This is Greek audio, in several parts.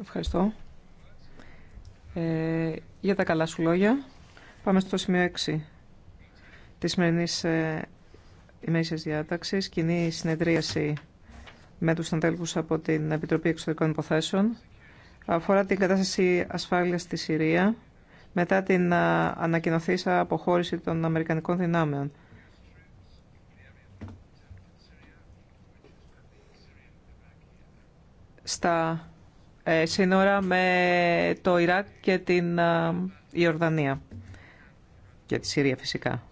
Ευχαριστώ. Ε, για τα καλά σου λόγια. Πάμε στο σημείο 6 της σημερινής ε, ημέρησης διάταξης. Κοινή συνεδρίαση με τους αντέλφους από την Επιτροπή Εξωτερικών Υποθέσεων. Αφορά την κατάσταση ασφάλειας στη Συρία μετά την ε, ανακοινωθήσα αποχώρηση των Αμερικανικών δυνάμεων. στα ε, σύνορα με το Ιράκ και την ε, Ιορδανία και τη Συρία φυσικά.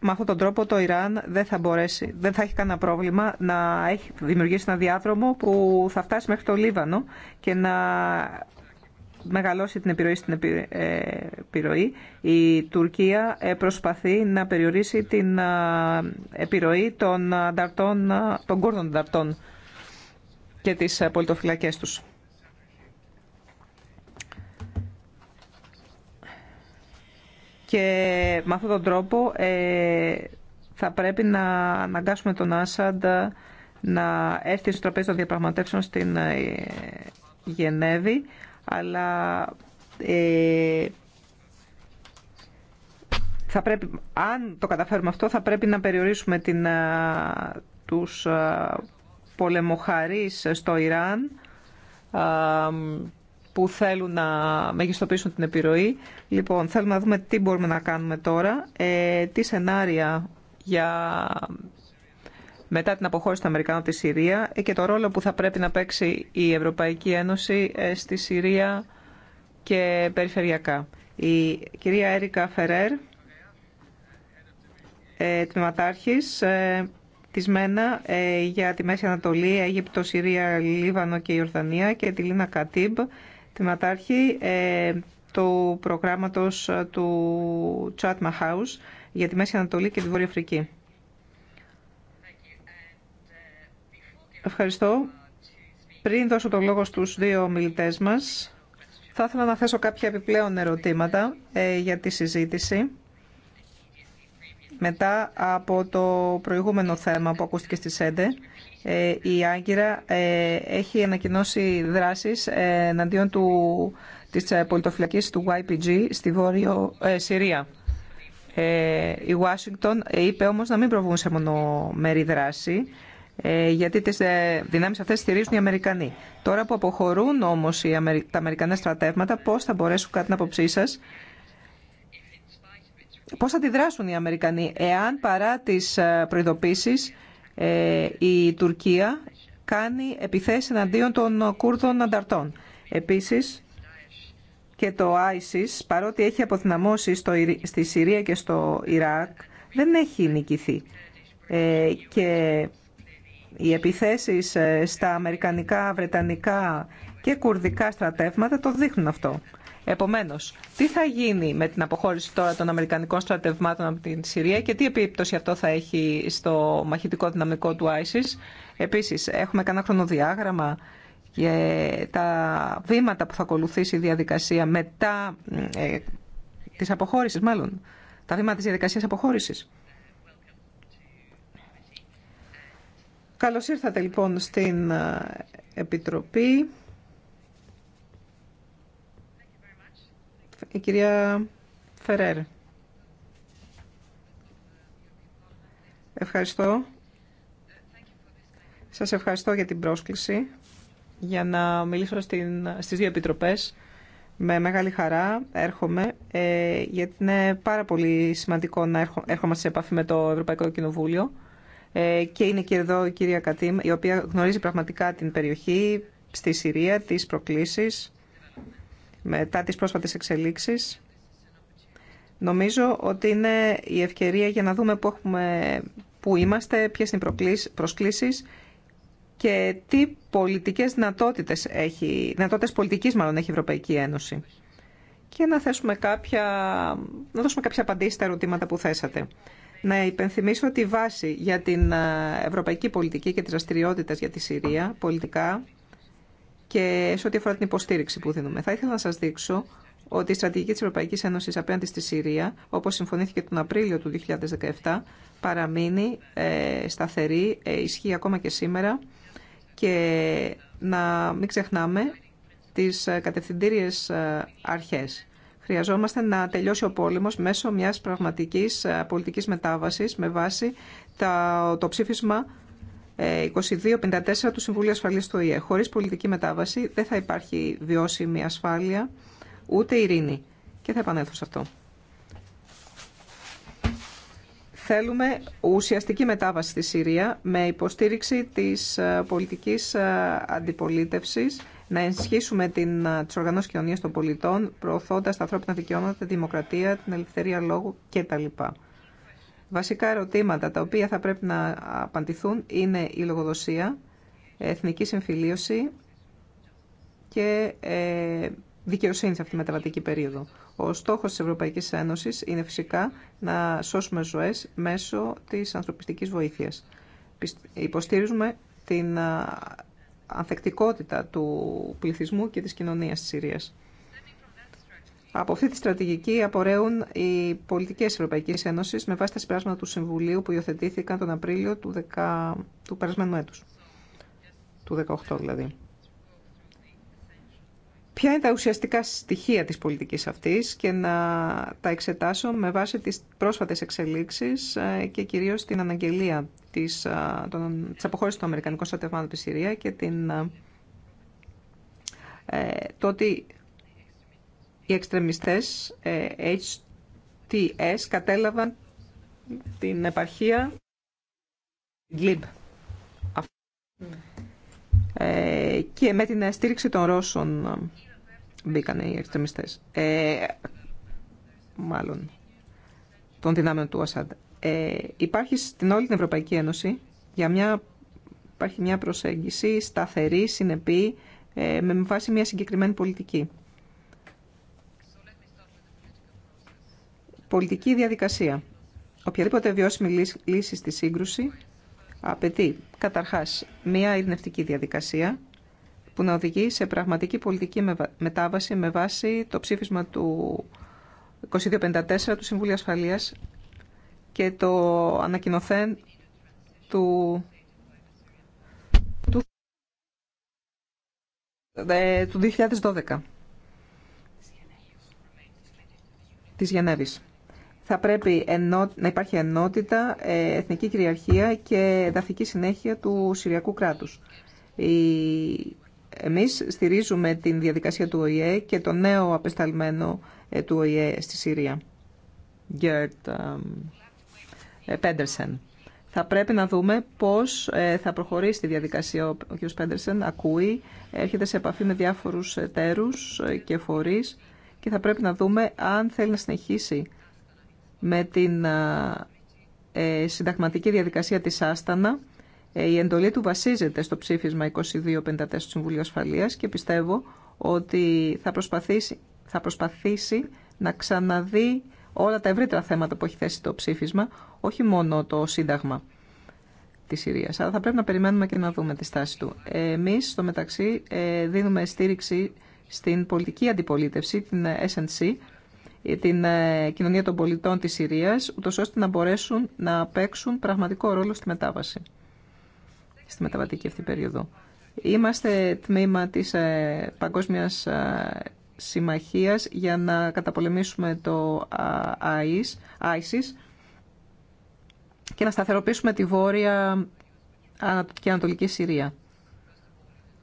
Με αυτόν τον τρόπο το Ιράν δεν θα, μπορέσει, δεν θα έχει κανένα πρόβλημα να έχει δημιουργήσει ένα διάδρομο που θα φτάσει μέχρι το Λίβανο και να μεγαλώσει την επιρροή στην ε, επιρροή. Η Τουρκία προσπαθεί να περιορίσει την επιρροή των, ανταρτών, των Κούρδων ανταρτών και τις ε, πολιτοφυλακές τους. Και με αυτόν τον τρόπο ε, θα πρέπει να αναγκάσουμε τον Άσαντ να έρθει στο τραπέζι των διαπραγματεύσεων στην ε, Γενέβη, αλλά θα πρέπει, αν το καταφέρουμε αυτό, θα πρέπει να περιορίσουμε την, τους πολεμοχαρείς στο Ιράν που θέλουν να μεγιστοποιήσουν την επιρροή. Λοιπόν, θέλουμε να δούμε τι μπορούμε να κάνουμε τώρα, ε, τι σενάρια για μετά την αποχώρηση των Αμερικανών από τη Συρία ε, και το ρόλο που θα πρέπει να παίξει η Ευρωπαϊκή Ένωση ε, στη Συρία και περιφερειακά. Η κυρία Έρικα Φερέρ, τμήματάρχης της ΜΕΝΑ ε, για τη Μέση Ανατολή, Αίγυπτο, Συρία, Λίβανο και Ιορδανία και τη Λίνα Κατίμπ, θεματάρχη ε, του προγράμματος του Chatma House για τη Μέση Ανατολή και τη Βόρεια Αφρική. Ευχαριστώ. Πριν δώσω το λόγο στους δύο μιλητές μας, θα ήθελα να θέσω κάποια επιπλέον ερωτήματα ε, για τη συζήτηση. Μετά από το προηγούμενο θέμα που ακούστηκε στη ΣΕΝΤΕ, ε, η Άγκυρα ε, έχει ανακοινώσει δράσεις ε, εναντίον του, της πολιτοφυλακής του YPG στη Βόρειο Συρία. η Ουάσιγκτον είπε όμως να μην προβούν σε μονομερή δράση, γιατί τις δυνάμεις αυτές στηρίζουν οι Αμερικανοί. Τώρα που αποχωρούν όμως τα Αμερικανά στρατεύματα, πώς θα μπορέσουν κάτι να αποψή σας πώς θα αντιδράσουν οι Αμερικανοί εάν παρά τις ε, προειδοποίησεις ε, η Τουρκία κάνει επιθέσεις εναντίον των Κούρδων ανταρτών. Επίσης και το ISIS παρότι έχει αποθυναμώσει στη Συρία και στο Ιράκ δεν έχει νικηθεί. Ε, και οι επιθέσεις στα αμερικανικά, βρετανικά και κουρδικά στρατεύματα το δείχνουν αυτό. Επομένω, τι θα γίνει με την αποχώρηση τώρα των Αμερικανικών στρατευμάτων από την Συρία και τι επίπτωση αυτό θα έχει στο μαχητικό δυναμικό του ISIS. Επίση, έχουμε κανένα χρονοδιάγραμμα για τα βήματα που θα ακολουθήσει η διαδικασία μετά ε, τη αποχώρηση, μάλλον. Τα βήματα τη διαδικασία αποχώρηση. Καλώς ήρθατε λοιπόν στην ε, Επιτροπή. η κυρία Φερέρ. Ευχαριστώ. Σας ευχαριστώ για την πρόσκληση για να μιλήσω στην, στις δύο επιτροπές. Με μεγάλη χαρά έρχομαι, ε, γιατί είναι πάρα πολύ σημαντικό να έρχομαι έρχομαστε σε επαφή με το Ευρωπαϊκό Κοινοβούλιο. Ε, και είναι και εδώ η κυρία Κατήμ, η οποία γνωρίζει πραγματικά την περιοχή στη Συρία, τις προκλήσεις μετά τις πρόσφατες εξελίξεις. Νομίζω ότι είναι η ευκαιρία για να δούμε πού, πού είμαστε, ποιες είναι οι προσκλήσεις και τι πολιτικές δυνατότητες, έχει, δυνατότητες πολιτικής μάλλον έχει η Ευρωπαϊκή Ένωση. Και να, θέσουμε κάποια, να δώσουμε κάποια απαντήσεις στα ερωτήματα που θέσατε. Να υπενθυμίσω ότι η βάση για την ε, ευρωπαϊκή πολιτική και τις δραστηριότητε για τη Συρία πολιτικά και σε ό,τι αφορά την υποστήριξη που δίνουμε. Θα ήθελα να σας δείξω ότι η στρατηγική της Ευρωπαϊκής Ένωσης απέναντι στη Συρία, όπως συμφωνήθηκε τον Απρίλιο του 2017, παραμείνει ε, σταθερή, ε, ισχύει ακόμα και σήμερα και να μην ξεχνάμε τις ε, κατευθυντήριες αρχές. Χρειαζόμαστε να τελειώσει ο πόλεμος μέσω μιας πραγματικής πολιτικής μετάβασης με βάση το ψήφισμα 2254 ε, του Συμβουλίου Ασφαλείας του ΟΗΕ. Χωρίς πολιτική μετάβαση δεν θα υπάρχει βιώσιμη ασφάλεια ούτε ειρήνη. Και θα επανέλθω σε αυτό. Θέλουμε ουσιαστική μετάβαση στη Συρία με υποστήριξη της ε, πολιτικής ε, αντιπολίτευσης να ενισχύσουμε την, τις οργανώσεις των πολιτών, προωθώντας τα ανθρώπινα δικαιώματα, τη δημοκρατία, την ελευθερία λόγου κτλ. Βασικά ερωτήματα τα οποία θα πρέπει να απαντηθούν είναι η λογοδοσία, ε, εθνική συμφιλίωση και ε, δικαιοσύνη σε αυτή τη μεταβατική περίοδο. Ο στόχο τη Ευρωπαϊκή Ένωση είναι φυσικά να σώσουμε ζωέ μέσω τη ανθρωπιστική βοήθεια. Υποστήριζουμε την ανθεκτικότητα του πληθυσμού και της κοινωνίας της Συρίας. Από αυτή τη στρατηγική απορρέουν οι πολιτικέ Ευρωπαϊκή Ένωση με βάση τα συμπράσματα του Συμβουλίου που υιοθετήθηκαν τον Απρίλιο του, 10... του περασμένου έτου. Του 18 δηλαδή. Ποια είναι τα ουσιαστικά στοιχεία της πολιτικής αυτής και να τα εξετάσω με βάση τις πρόσφατες εξελίξεις ε, και κυρίως την αναγγελία της, ε, αποχώρησης των Αμερικανικών στρατευμάτων στη Συρία και την, ε, το ότι οι εξτρεμιστές ε, HTS κατέλαβαν την επαρχία Γκλίμπ. Ε, και με την στήριξη των Ρώσων ε, μπήκαν οι εξτρεμιστές. Ε, μάλλον των δυνάμεων του Ασάντ. Ε, υπάρχει στην όλη την Ευρωπαϊκή Ένωση για μια, υπάρχει μια προσέγγιση σταθερή, συνεπή, ε, με βάση μια συγκεκριμένη πολιτική. πολιτική διαδικασία. Οποιαδήποτε βιώσιμη λύση στη σύγκρουση απαιτεί καταρχάς μία ειρνευτική διαδικασία που να οδηγεί σε πραγματική πολιτική μετάβαση με βάση το ψήφισμα του 2254 του Συμβουλίου Ασφαλείας και το ανακοινωθέν του, του, ε, του 2012 της Γενέβης θα πρέπει να υπάρχει ενότητα, ε, εθνική κυριαρχία και δαφική συνέχεια του Συριακού κράτους. Εμείς στηρίζουμε την διαδικασία του ΟΗΕ και το νέο απεσταλμένο ε, του ΟΗΕ στη Συρία. Γκέρτ ε, Πέντερσεν. Θα πρέπει να δούμε πώς θα προχωρήσει τη διαδικασία. Ο κ. Πέντερσεν ακούει, έρχεται σε επαφή με διάφορους τέρους και φορείς και θα πρέπει να δούμε αν θέλει να συνεχίσει με την ε, συνταγματική διαδικασία της Άστανα. Ε, η εντολή του βασίζεται στο ψήφισμα 2254 του Συμβουλίου Ασφαλείας και πιστεύω ότι θα προσπαθήσει, θα προσπαθήσει να ξαναδεί όλα τα ευρύτερα θέματα που έχει θέσει το ψήφισμα, όχι μόνο το Σύνταγμα της Συρίας. Αλλά θα πρέπει να περιμένουμε και να δούμε τη στάση του. Εμείς, στο μεταξύ, ε, δίνουμε στήριξη στην πολιτική αντιπολίτευση, την SNC, την ε, κοινωνία των πολιτών της Συρίας, ούτως ώστε να μπορέσουν να παίξουν πραγματικό ρόλο στη μετάβαση, στη μεταβατική αυτή περίοδο. Είμαστε τμήμα της ε, Παγκόσμιας ε, Συμμαχίας για να καταπολεμήσουμε το ISIS και να σταθεροποιήσουμε τη Βόρεια και Ανατολική Συρία.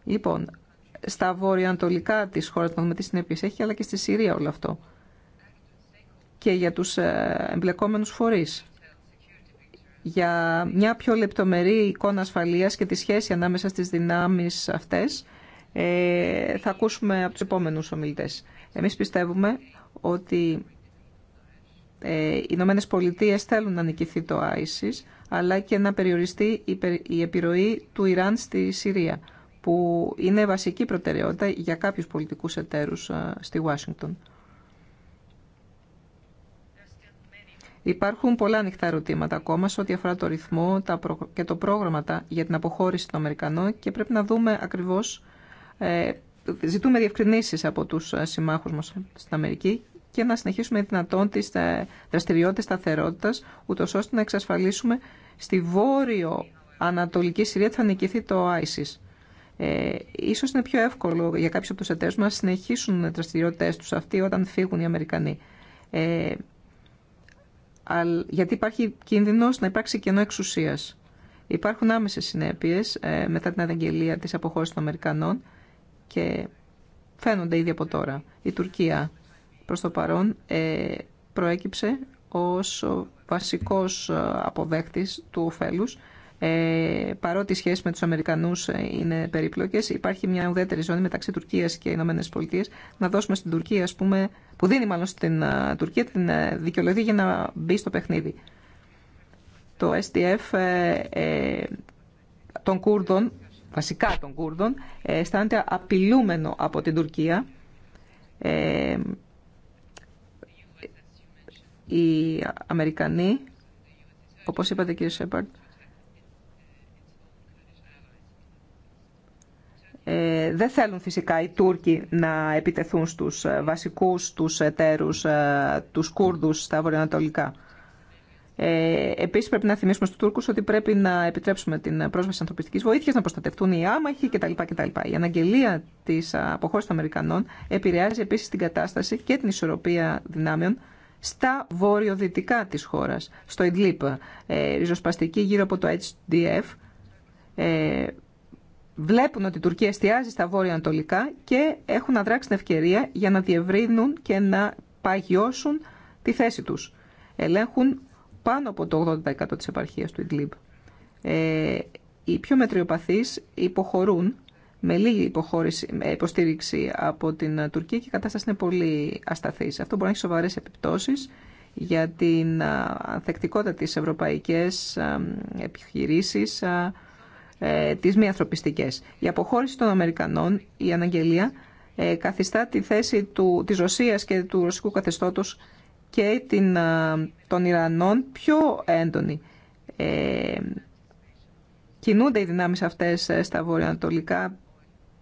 Λοιπόν, στα βόρεια-ανατολικά της χώρας, να δούμε τι συνέπειες έχει, αλλά και στη Συρία όλο αυτό και για τους ε, εμπλεκόμενους φορείς για μια πιο λεπτομερή εικόνα ασφαλείας και τη σχέση ανάμεσα στις δυνάμεις αυτές ε, θα ακούσουμε από τους επόμενους ομιλητές. Εμείς πιστεύουμε ότι ε, οι Ηνωμένε Πολιτείε θέλουν να νικηθεί το ISIS αλλά και να περιοριστεί η επιρροή του Ιράν στη Συρία που είναι βασική προτεραιότητα για κάποιους πολιτικούς εταίρους στη Ουάσιγκτον. Υπάρχουν πολλά ανοιχτά ερωτήματα ακόμα σε ό,τι αφορά το ρυθμό και το πρόγραμμα για την αποχώρηση των Αμερικανών και πρέπει να δούμε ακριβώς, ε, ζητούμε διευκρινήσεις από τους ε, συμμάχους μας στην Αμερική και να συνεχίσουμε δυνατόν τις ε, δραστηριότητες σταθερότητα, ούτω ώστε να εξασφαλίσουμε στη βόρειο Ανατολική Συρία θα νικηθεί το ISIS. Ε, ίσως είναι πιο εύκολο για κάποιους από τους εταίρους να συνεχίσουν δραστηριότητες τους αυτοί όταν φύγουν οι Αμερικανοί. Ε, γιατί υπάρχει κίνδυνος να υπάρξει κενό εξουσίας. Υπάρχουν άμεσες συνέπειες ε, μετά την αναγγελία της αποχώρησης των Αμερικανών και φαίνονται ήδη από τώρα. Η Τουρκία προς το παρόν ε, προέκυψε ως βασικός ε, αποδέκτης του ωφέλου. Ε, παρότι οι σχέσεις με του Αμερικανού ε, είναι περίπλοκες υπάρχει μια ουδέτερη ζώνη μεταξύ Τουρκία και Ηνωμένε Πολιτείε. Να δώσουμε στην Τουρκία, ας πούμε, που δίνει μάλλον στην ε, Τουρκία την ε, δικαιολογία για να μπει στο παιχνίδι. Το STF ε, των Κούρδων, βασικά των Κούρδων, αισθάνεται απειλούμενο από την Τουρκία. οι Αμερικανοί, όπως είπατε κύριε Σέπαρτ, Ε, δεν θέλουν φυσικά οι Τούρκοι να επιτεθούν στους ε, βασικούς τους εταίρους, ε, τους Κούρδους στα βορειοανατολικά. Ε, Επίση, πρέπει να θυμίσουμε στους Τούρκους ότι πρέπει να επιτρέψουμε την πρόσβαση ανθρωπιστική βοήθεια, να προστατευτούν οι άμαχοι κτλ. κτλ. Η αναγγελία της αποχώρησης των Αμερικανών επηρεάζει επίσης την κατάσταση και την ισορροπία δυνάμεων στα βορειοδυτικά της χώρας, στο Ιντλίπ, ριζοσπαστική γύρω από το HDF, ε, βλέπουν ότι η Τουρκία εστιάζει στα βόρεια-ανατολικά και έχουν αδράξει την ευκαιρία για να διευρύνουν και να παγιώσουν τη θέση τους. Ελέγχουν πάνω από το 80% της επαρχίας του Ιντλίμπ. Ε, οι πιο μετριοπαθείς υποχωρούν με λίγη υποχώρηση, υποστήριξη από την Τουρκία και η κατάσταση είναι πολύ ασταθής. Αυτό μπορεί να έχει σοβαρές επιπτώσεις για την ανθεκτικότητα της ευρωπαϊκές επιχειρήσης ε, τις μη ανθρωπιστικές. Η αποχώρηση των Αμερικανών, η αναγγελία, ε, καθιστά τη θέση του, της Ρωσίας και του ρωσικού καθεστώτος και την, ε, των Ιρανών πιο έντονη. Ε, κινούνται οι δυνάμεις αυτές ε, στα βορειοανατολικά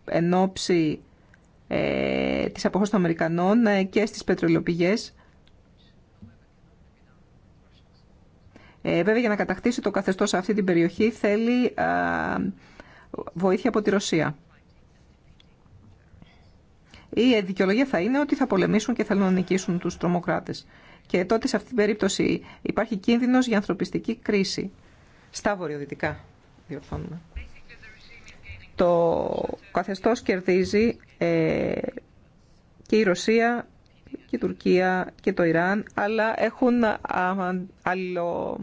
εν ώψη ε, της αποχώρησης των Αμερικανών και στις πετρελοπηγές Ε, βέβαια για να κατακτήσει το καθεστώς σε αυτή την περιοχή θέλει α, βοήθεια από τη Ρωσία. Η δικαιολογία θα είναι ότι θα πολεμήσουν και θέλουν να νικήσουν τους τρομοκράτες. Και τότε σε αυτή την περίπτωση υπάρχει κίνδυνος για ανθρωπιστική κρίση. Στα βορειοδυτικά διορθώνουμε. Το καθεστώς κερδίζει ε, και η Ρωσία και η Τουρκία και το Ιράν, αλλά έχουν άλλο,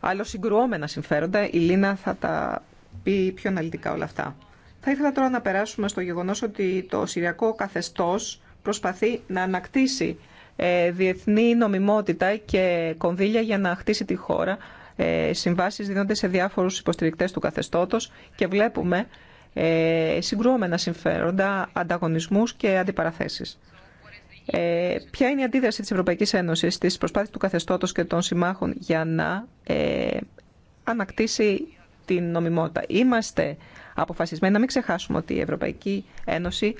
άλλο συγκρουόμενα συμφέροντα. Η Λίνα θα τα πει πιο αναλυτικά όλα αυτά. Θα ήθελα τώρα να περάσουμε στο γεγονός ότι το Συριακό καθεστώς προσπαθεί να ανακτήσει ε, διεθνή νομιμότητα και κονδύλια για να χτίσει τη χώρα. Ε, συμβάσεις δίνονται σε διάφορους υποστηρικτές του καθεστώτος και βλέπουμε ε, συμφέροντα, ανταγωνισμούς και αντιπαραθέσεις. Ε, ποια είναι η αντίδραση της Ευρωπαϊκής Ένωσης στις προσπάθειες του καθεστώτος και των συμμάχων για να ε, ανακτήσει την νομιμότητα. Είμαστε αποφασισμένοι να μην ξεχάσουμε ότι η Ευρωπαϊκή Ένωση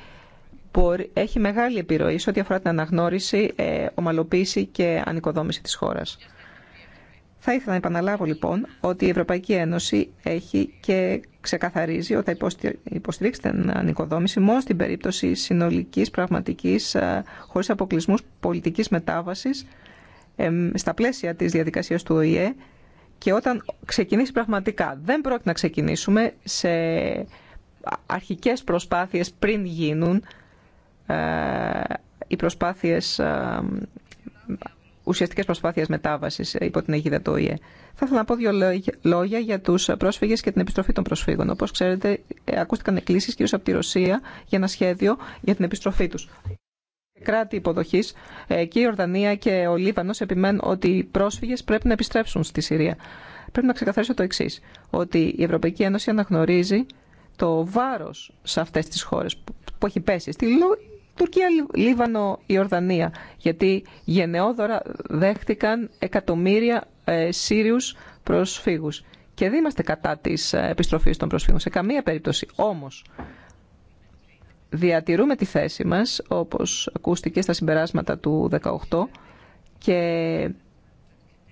μπορεί, έχει μεγάλη επιρροή σε ό,τι αφορά την αναγνώριση, ε, ομαλοποίηση και ανοικοδόμηση της χώρας. Θα ήθελα να επαναλάβω λοιπόν ότι η Ευρωπαϊκή Ένωση έχει και ξεκαθαρίζει ότι θα υποστηρίξει την ανοικοδόμηση μόνο στην περίπτωση συνολικής, πραγματικής, ε, χωρίς αποκλεισμού πολιτικής μετάβασης στα πλαίσια της διαδικασίας του ΟΗΕ και όταν ξεκινήσει πραγματικά. Δεν πρόκειται να ξεκινήσουμε σε αρχικές προσπάθειες πριν γίνουν ε, οι προσπάθειες ε, Ουσιαστικέ προσπάθειε μετάβαση υπό την αιγίδα του ΟΗΕ. Θα ήθελα να πω δύο λόγια για του πρόσφυγες και την επιστροφή των προσφύγων. Όπω ξέρετε, ε, ακούστηκαν εκκλήσει κυρίω από τη Ρωσία για ένα σχέδιο για την επιστροφή του. Κράτη υποδοχή ε, και η Ορδανία και ο Λίβανο, επιμένουν ότι οι πρόσφυγε πρέπει να επιστρέψουν στη Συρία. Πρέπει να ξεκαθαρίσω το εξή, ότι η Ευρωπαϊκή Ένωση αναγνωρίζει το βάρο σε αυτές τι χώρε που έχει πέσει στη Τουρκία, Λίβανο, Ιορδανία, γιατί γενναιόδωρα δέχτηκαν εκατομμύρια ε, Σύριους προσφύγους. Και δεν είμαστε κατά της ε, επιστροφής των προσφύγων, σε καμία περίπτωση. Όμως, διατηρούμε τη θέση μας, όπως ακούστηκε στα συμπεράσματα του 18, και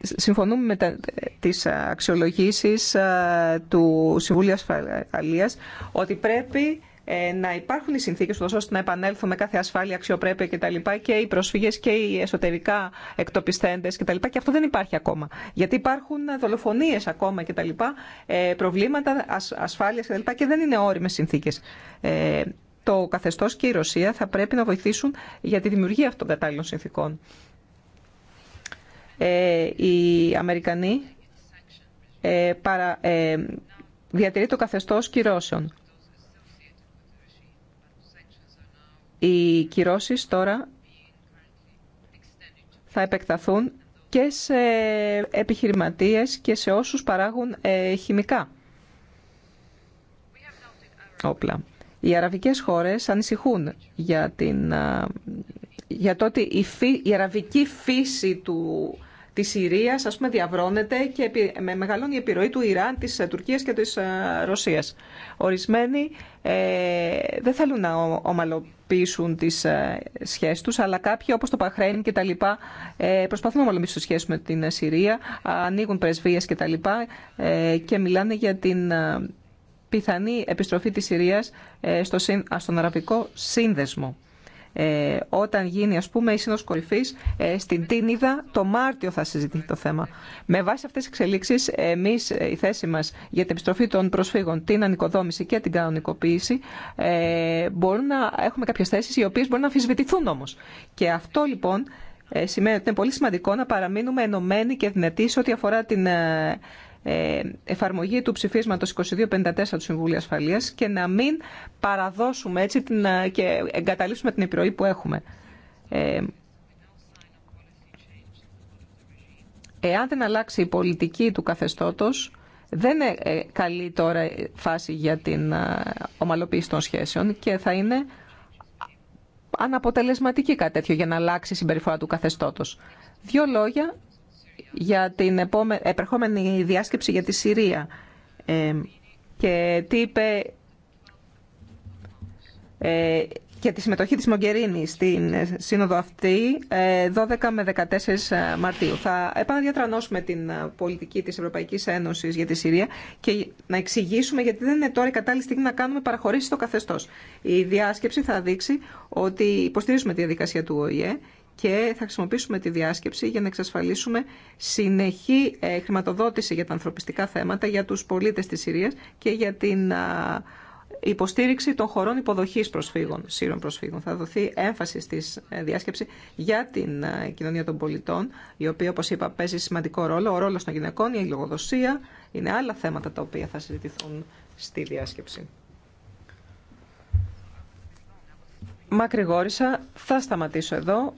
συμφωνούμε με τα, τις αξιολογήσεις ε, του Συμβουλίου Ασφαλείας ότι πρέπει ε, να υπάρχουν οι συνθήκες ώστε να επανέλθουμε κάθε ασφάλεια, αξιοπρέπεια κτλ. και οι προσφυγές και οι εσωτερικά εκτοπιστέντες κτλ. Και, και αυτό δεν υπάρχει ακόμα. Γιατί υπάρχουν δολοφονίες ακόμα κτλ. Ε, προβλήματα ασφάλειας τα λοιπά και δεν είναι όριμες συνθήκες. Ε, το καθεστώς και η Ρωσία θα πρέπει να βοηθήσουν για τη δημιουργία αυτών των κατάλληλων συνθήκων. οι Αμερικανοί ε, παρα, ε, διατηρεί το καθεστώς κυρώσεων. Οι κυρώσεις τώρα θα επεκταθούν και σε επιχειρηματίες και σε όσους παράγουν ε, χημικά όπλα. Οι αραβικές χώρες ανησυχούν για, την, για το ότι η, αραβική φύση του, της Συρίας ας πούμε διαβρώνεται και με μεγαλώνει η επιρροή του Ιράν, της ε, Τουρκίας και της ε, Ρωσίας. Ορισμένοι δεν θέλουν να ομαλοποιήσουν πείσουν τι ε, σχέσει του, αλλά κάποιοι όπω το Παχρέιν και τα λοιπά ε, προσπαθούν να μολυμίσουν τι σχέσει με την ε, Συρία, ανοίγουν πρεσβείε και τα λοιπά και μιλάνε για την πιθανή επιστροφή της στο στον Αραβικό Σύνδεσμο ε, όταν γίνει ας πούμε η Σύνοδος Κορυφής ε, στην Τίνιδα το Μάρτιο θα συζητηθεί το θέμα. Με βάση αυτές τις εξελίξεις εμείς ε, η θέση μας για την επιστροφή των προσφύγων, την ανοικοδόμηση και την κανονικοποίηση ε, μπορούν να έχουμε κάποιες θέσεις οι οποίες μπορούν να αμφισβητηθούν όμως. Και αυτό λοιπόν ε, σημαίνει ότι είναι πολύ σημαντικό να παραμείνουμε ενωμένοι και δυνατοί σε ό,τι αφορά την ε, εφαρμογή του ψηφίσματο 2254 του Συμβουλίου Ασφαλείας και να μην παραδώσουμε έτσι την, ε, και εγκαταλείψουμε την επιρροή που έχουμε. Ε, εάν δεν αλλάξει η πολιτική του καθεστώτος, δεν είναι καλή τώρα φάση για την ομαλοποίηση των σχέσεων και θα είναι αναποτελεσματική κάτι τέτοιο για να αλλάξει η συμπεριφορά του καθεστώτος. Δύο λόγια για την επερχόμενη διάσκεψη για τη Συρία ε, και τι είπε ε, και τη συμμετοχή της Μογκερίνη στην σύνοδο αυτή 12 ε, με 14 ε, Μαρτίου. Θα επαναδιατρανώσουμε την ε, πολιτική της Ευρωπαϊκής Ένωσης για τη Συρία και να εξηγήσουμε γιατί δεν είναι τώρα η κατάλληλη στιγμή να κάνουμε παραχωρήσει στο καθεστώς. Η διάσκεψη θα δείξει ότι υποστηρίζουμε τη διαδικασία του ΟΗΕ και θα χρησιμοποιήσουμε τη διάσκεψη για να εξασφαλίσουμε συνεχή ε, χρηματοδότηση για τα ανθρωπιστικά θέματα, για τους πολίτες της Συρίας και για την υποστήριξη των χωρών υποδοχής προσφύγων, σύρων προσφύγων. Θα δοθεί έμφαση στη ε, διάσκεψη για την κοινωνία των πολιτών, η οποία, όπως είπα, παίζει σημαντικό ρόλο. Ο ρόλος των γυναικών, η λογοδοσία, είναι άλλα θέματα τα οποία θα συζητηθούν στη διάσκεψη. Μακρηγόρησα, θα σταματήσω εδώ.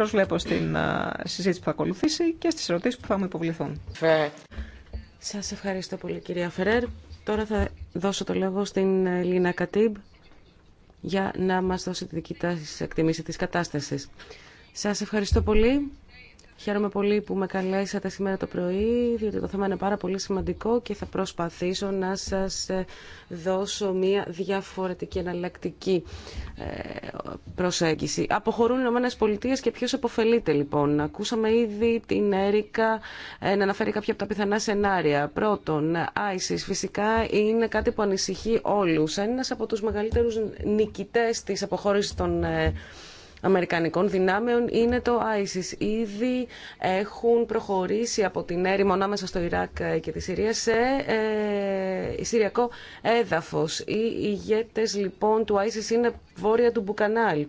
Προσβλέπω στην συζήτηση που θα ακολουθήσει και στις ερωτήσεις που θα μου υποβληθούν. Σας ευχαριστώ πολύ κυρία Φερέρ. Τώρα θα δώσω το λόγο στην ε, Λίνα Κατίμπ για να μας δώσει τη δική της εκτιμήση της κατάστασης. Σας ευχαριστώ πολύ. Χαίρομαι πολύ που με καλέσατε σήμερα το πρωί, διότι το θέμα είναι πάρα πολύ σημαντικό και θα προσπαθήσω να σας ε, δώσω μια διαφορετική εναλλακτική ε, προσέγγιση. Αποχωρούν οι Ηνωμένες Πολιτείες και ποιος αποφελείται λοιπόν. Ακούσαμε ήδη την Έρικα ε, να αναφέρει κάποια από τα πιθανά σενάρια. Πρώτον, ISIS φυσικά είναι κάτι που ανησυχεί όλους. Ένας από τους μεγαλύτερους νικητές της αποχώρησης των Αμερικανικών δυνάμεων είναι το ISIS. Ήδη έχουν προχωρήσει από την έρημο ανάμεσα στο Ιράκ ε, και τη Συρία σε ε, Συριακό έδαφος. Οι ηγέτες λοιπόν του ISIS είναι βόρεια του Μπουκανάλ.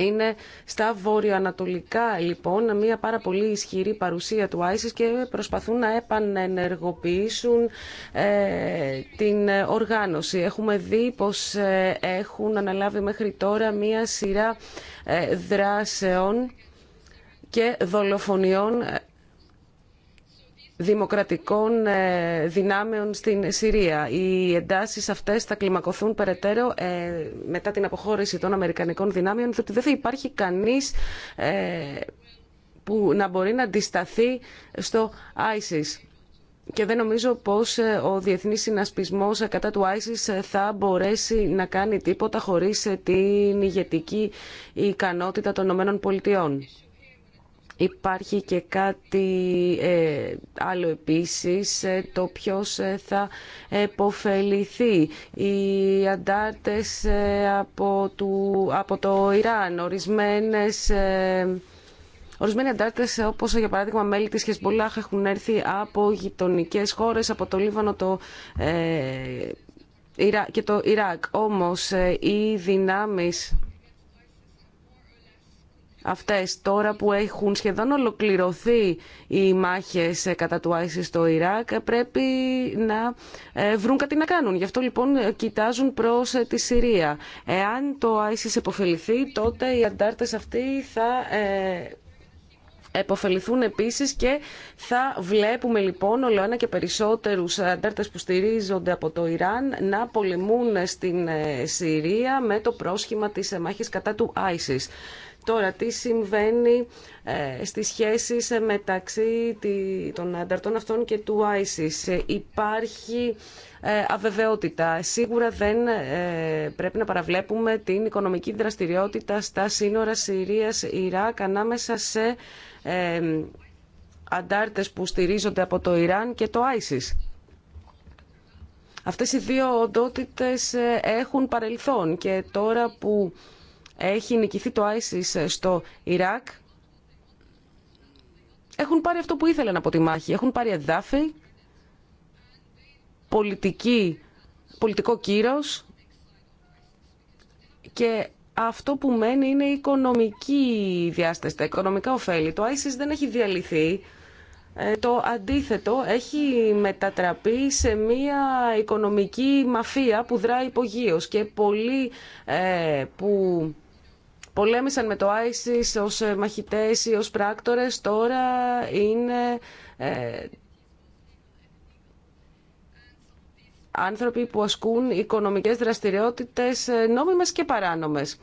Είναι στα βορειοανατολικά λοιπόν μια πάρα πολύ ισχυρή παρουσία του ISIS και προσπαθούν να επανενεργοποιήσουν ε, την οργάνωση. Έχουμε δει πως ε, έχουν αναλάβει μέχρι τώρα μια σειρά ε, δράσεων και δολοφονιών δημοκρατικών ε, δυνάμεων στην Συρία. Οι εντάσεις αυτές θα κλιμακωθούν περαιτέρω ε, μετά την αποχώρηση των Αμερικανικών δυνάμεων, διότι δεν θα υπάρχει κανείς ε, που να μπορεί να αντισταθεί στο ISIS. Και δεν νομίζω πως ο διεθνής συνασπισμός κατά του ISIS θα μπορέσει να κάνει τίποτα χωρίς την ηγετική ικανότητα των ΗΠΑ. Υπάρχει και κάτι ε, άλλο επίσης, ε, το ποιος ε, θα επωφεληθεί. Οι αντάρτες από, από το Ιράν, ορισμένες... Ε, Ορισμένοι αντάρτε, όπω για παράδειγμα μέλη τη Χεσμολάχ, έχουν έρθει από γειτονικέ χώρε, από το Λίβανο το, και το Ιράκ. Όμω οι δυνάμει αυτές τώρα που έχουν σχεδόν ολοκληρωθεί οι μάχες κατά του ISIS στο Ιράκ πρέπει να ε, βρουν κάτι να κάνουν. Γι' αυτό λοιπόν κοιτάζουν προς ε, τη Συρία. Εάν το ISIS επωφεληθεί τότε οι αντάρτες αυτοί θα ε, επωφεληθούν επίσης και θα βλέπουμε λοιπόν όλο ένα και περισσότερους αντάρτες που στηρίζονται από το Ιράν να πολεμούν στην ε, Συρία με το πρόσχημα της μάχης κατά του ISIS. Τώρα, τι συμβαίνει ε, στις σχέσεις μεταξύ των ανταρτών αυτών και του ISIS. Υπάρχει ε, αβεβαιότητα. Σίγουρα δεν ε, πρέπει να παραβλέπουμε την οικονομική δραστηριότητα στα σύνορα Συρίας-Ιράκ ανάμεσα σε αντάρτες που στηρίζονται από το Ιράν και το ISIS. Αυτές οι δύο οντότητες έχουν παρελθόν και τώρα που έχει νικηθεί το ISIS στο Ιράκ, έχουν πάρει αυτό που ήθελαν από τη μάχη. Έχουν πάρει εδάφη, πολιτική, πολιτικό κύρος και αυτό που μένει είναι η οικονομική διάσταση, τα οικονομικά ωφέλη. Το ISIS δεν έχει διαλυθεί. Ε, το αντίθετο έχει μετατραπεί σε μια οικονομική μαφία που δράει υπογείως και πολλοί ε, που πολέμησαν με το ISIS ως ε, μαχητές ή ως πράκτορες, τώρα είναι ε, άνθρωποι που ασκούν οικονομικές δραστηριότητες ε, νόμιμες και παράνομες.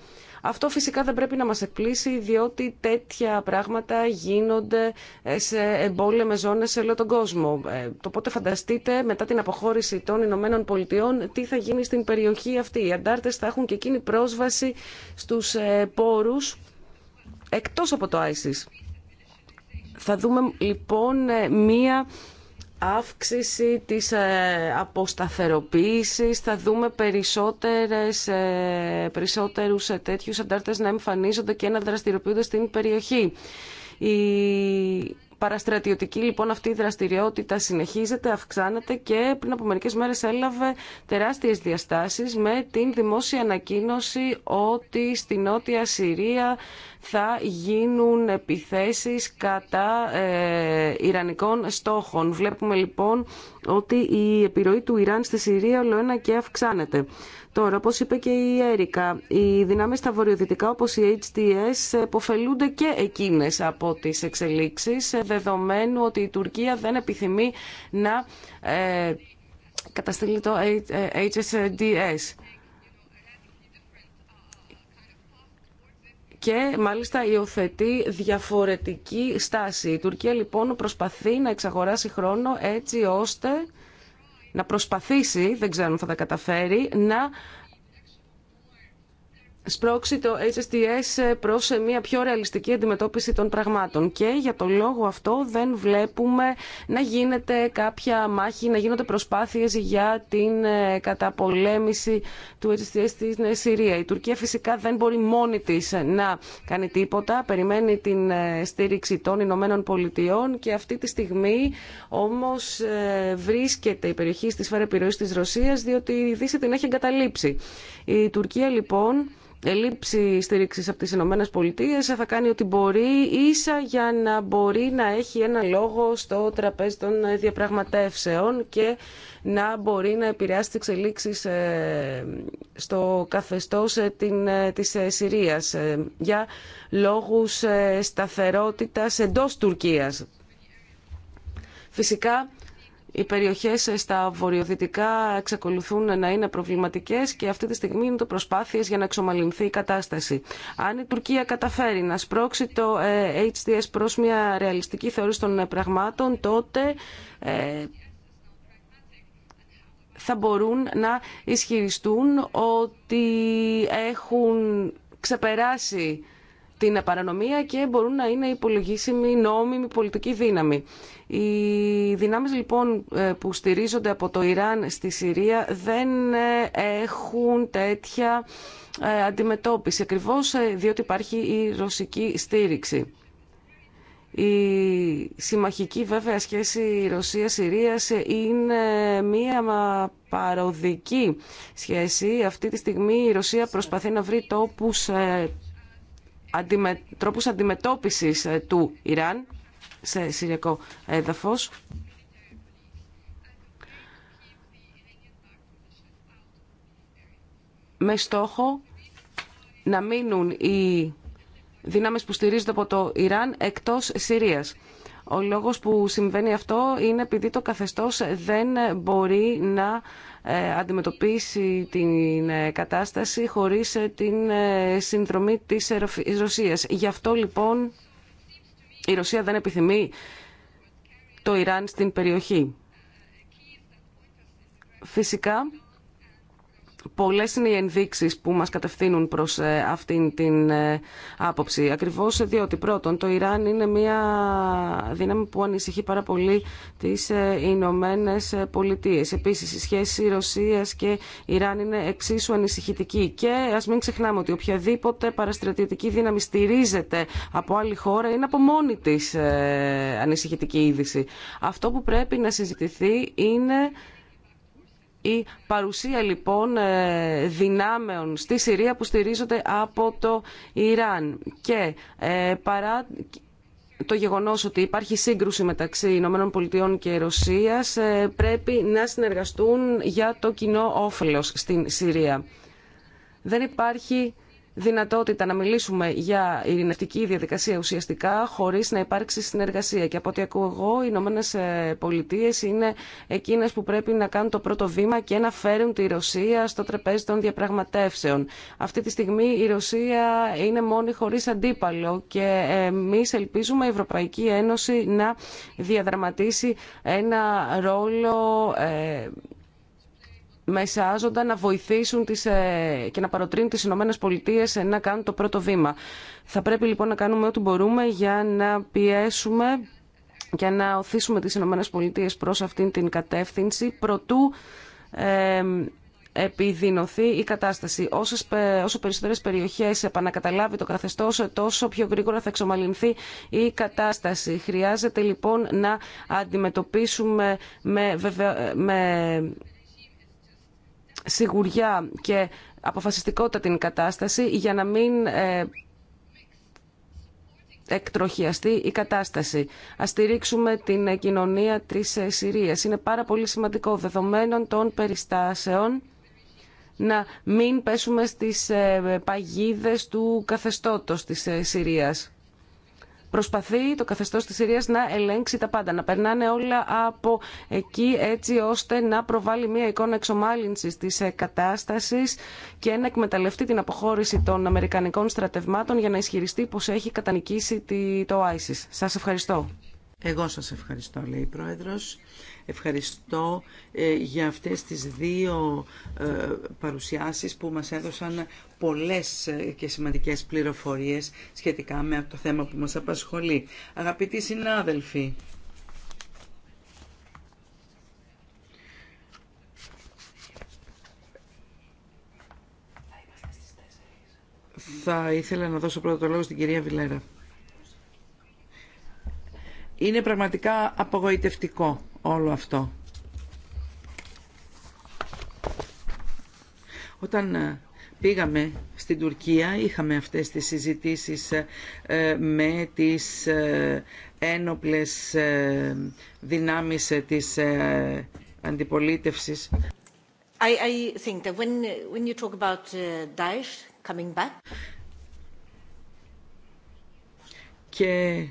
Αυτό φυσικά δεν πρέπει να μας εκπλήσει, διότι τέτοια πράγματα γίνονται ε, σε εμπόλεμε ζώνες σε όλο τον κόσμο. Ε, το πότε φανταστείτε μετά την αποχώρηση των Ηνωμένων Πολιτειών τι θα γίνει στην περιοχή αυτή. Οι αντάρτες θα έχουν και εκείνη πρόσβαση στους ε, πόρους εκτός από το ISIS. Θα δούμε λοιπόν μία αύξηση της ε, αποσταθεροποίησης, θα δούμε περισσότερες, ε, περισσότερους ε, τέτοιους αντάρτες να εμφανίζονται και να δραστηριοποιούνται στην περιοχή. Η Παραστρατιωτική λοιπόν αυτή η δραστηριότητα συνεχίζεται, αυξάνεται και πριν από μερικές μέρες έλαβε τεράστιες διαστάσεις με την δημόσια ανακοίνωση ότι στη Νότια Συρία θα γίνουν επιθέσεις κατά ε, Ιρανικών στόχων. Βλέπουμε λοιπόν ότι η επιρροή του Ιράν στη Συρία ολοένα και αυξάνεται. Τώρα, όπως είπε και η Έρικα, οι δυνάμει στα βορειοδυτικά όπως η HTS υποφελούνται και εκείνες από τις εξελίξεις, ε, δεδομένου ότι η Τουρκία δεν επιθυμεί να ε, καταστήλει το HSDS. Ε, και μάλιστα υιοθετεί διαφορετική στάση. Η Τουρκία λοιπόν προσπαθεί να εξαγοράσει χρόνο έτσι ώστε να προσπαθήσει, δεν ξέρω αν θα τα καταφέρει, να σπρώξει το HSTS προς μια πιο ρεαλιστική αντιμετώπιση των πραγμάτων. Και για τον λόγο αυτό δεν βλέπουμε να γίνεται κάποια μάχη, να γίνονται προσπάθειες για την ε, καταπολέμηση του HSTS στην ε, Συρία. Η Τουρκία φυσικά δεν μπορεί μόνη της ε, να κάνει τίποτα, περιμένει την στήριξη των Ηνωμένων Πολιτειών και αυτή τη στιγμή όμως βρίσκεται η περιοχή στη σφαίρα επιρροής της Ρωσίας διότι η Δύση την έχει εγκαταλείψει. Η Τουρκία λοιπόν Ελήψη στήριξη από τι Ηνωμένε Πολιτείε θα κάνει ότι μπορεί ίσα για να μπορεί να έχει ένα λόγο στο τραπέζι των διαπραγματεύσεων και να μπορεί να επηρεάσει τι εξελίξει ε, στο καθεστώ ε, τη ε, Συρία για λόγου σταθερότητα εντό Τουρκία. Φυσικά οι περιοχές στα βορειοδυτικά εξακολουθούν να είναι προβληματικές και αυτή τη στιγμή είναι το προσπάθειες για να εξομαλυνθεί η κατάσταση. Αν η Τουρκία καταφέρει να σπρώξει το ε, HDS προς μια ρεαλιστική θεωρήση των ε, πραγμάτων, τότε ε, θα μπορούν να ισχυριστούν ότι έχουν ξεπεράσει την παρανομία και μπορούν να είναι υπολογίσιμοι νόμιμη πολιτική δύναμη. Οι δυνάμεις λοιπόν ε, που στηρίζονται από το Ιράν στη Συρία δεν ε, έχουν τέτοια ε, αντιμετώπιση, ακριβώς διότι υπάρχει η ρωσική στήριξη. Η συμμαχική βέβαια σχέση Ρωσίας-Συρίας είναι μία παροδική σχέση. Αυτή τη στιγμή η Ρωσία προσπαθεί να βρει τόπους τρόπους αντιμετώπισης ε, του Ιράν σε Συριακό έδαφος. με στόχο να μείνουν οι δυνάμεις που στηρίζονται από το Ιράν εκτός Συρίας. Ο λόγος που συμβαίνει αυτό είναι επειδή το καθεστώς δεν μπορεί να ε, αντιμετωπίσει την ε, κατάσταση χωρίς ε, την συνδρομή της Ρωσίας. Γι' αυτό λοιπόν η Ρωσία δεν επιθυμεί το Ιράν στην περιοχή. Φυσικά Πολλέ είναι οι ενδείξεις που μας κατευθύνουν προς ε, αυτήν την ε, άποψη. Ακριβώς διότι πρώτον το Ιράν είναι μια δύναμη που ανησυχεί πάρα πολύ τις ε, Ηνωμένε Πολιτείε. Επίση, η σχέση Ρωσία και Ιράν είναι εξίσου ανησυχητική και α μην ξεχνάμε ότι οποιαδήποτε παραστρατιωτική δύναμη στηρίζεται από άλλη χώρα είναι από μόνη τη ανησυχητική είδηση. Αυτό που πρέπει να συζητηθεί είναι η παρουσία λοιπόν ε, δυνάμεων στη Συρία που στηρίζονται από το Ιράν και ε, παρά το γεγονός ότι υπάρχει σύγκρουση μεταξύ Ηνωμένων Πολιτειών και Ρωσίας ε, πρέπει να συνεργαστούν για το κοινό όφελος στην Συρία. Δεν υπάρχει δυνατότητα να μιλήσουμε για ειρηνευτική διαδικασία ουσιαστικά χωρίς να υπάρξει συνεργασία. Και από ό,τι ακούω εγώ, οι Ηνωμένε Πολιτείε είναι εκείνες που πρέπει να κάνουν το πρώτο βήμα και να φέρουν τη Ρωσία στο τραπέζι των διαπραγματεύσεων. Αυτή τη στιγμή η Ρωσία είναι μόνη χωρίς αντίπαλο και εμεί ελπίζουμε η Ευρωπαϊκή Ένωση να διαδραματίσει ένα ρόλο ε, μεσάζοντα να βοηθήσουν τις, ε, και να παροτρύνουν τις Ηνωμένε Πολιτείες ε, να κάνουν το πρώτο βήμα. Θα πρέπει λοιπόν να κάνουμε ό,τι μπορούμε για να πιέσουμε και να οθήσουμε τις Ηνωμένε Πολιτείες προς αυτήν την κατεύθυνση προτού ε, επιδεινωθεί η κατάσταση. όσο περισσότερες περιοχές επανακαταλάβει το καθεστώς, τόσο πιο γρήγορα θα εξομαλυνθεί η κατάσταση. Χρειάζεται λοιπόν να αντιμετωπίσουμε με, με σιγουριά και αποφασιστικότητα την κατάσταση για να μην ε, εκτροχιαστεί η κατάσταση. Α στηρίξουμε την κοινωνία τη ε, συρία Είναι πάρα πολύ σημαντικό δεδομένων των περιστάσεων να μην πέσουμε στις ε, παγίδες του καθεστώτος της Συρίας προσπαθεί το καθεστώς της Συρίας να ελέγξει τα πάντα, να περνάνε όλα από εκεί έτσι ώστε να προβάλλει μια εικόνα εξομάλυνσης της ε, κατάστασης και να εκμεταλλευτεί την αποχώρηση των Αμερικανικών στρατευμάτων για να ισχυριστεί πως έχει κατανικήσει το ISIS. Σας ευχαριστώ. Εγώ σας ευχαριστώ, λέει η Πρόεδρος. Ευχαριστώ ε, για αυτές τις δύο ε, παρουσιάσεις που μας έδωσαν πολλές ε, και σημαντικές πληροφορίες σχετικά με το θέμα που μας απασχολεί. Αγαπητοί συνάδελφοι, θα ήθελα να δώσω πρώτα το λόγο στην κυρία Βιλέρα. Είναι πραγματικά απογοητευτικό όλο αυτό. Όταν ε, πήγαμε στην Τουρκία, είχαμε αυτές τις συζητήσεις ε, με τις ε, ένοπλες δυνάμεις της αντιπολίτευσης. I, I think that when, when you talk about uh, Daesh coming back... Και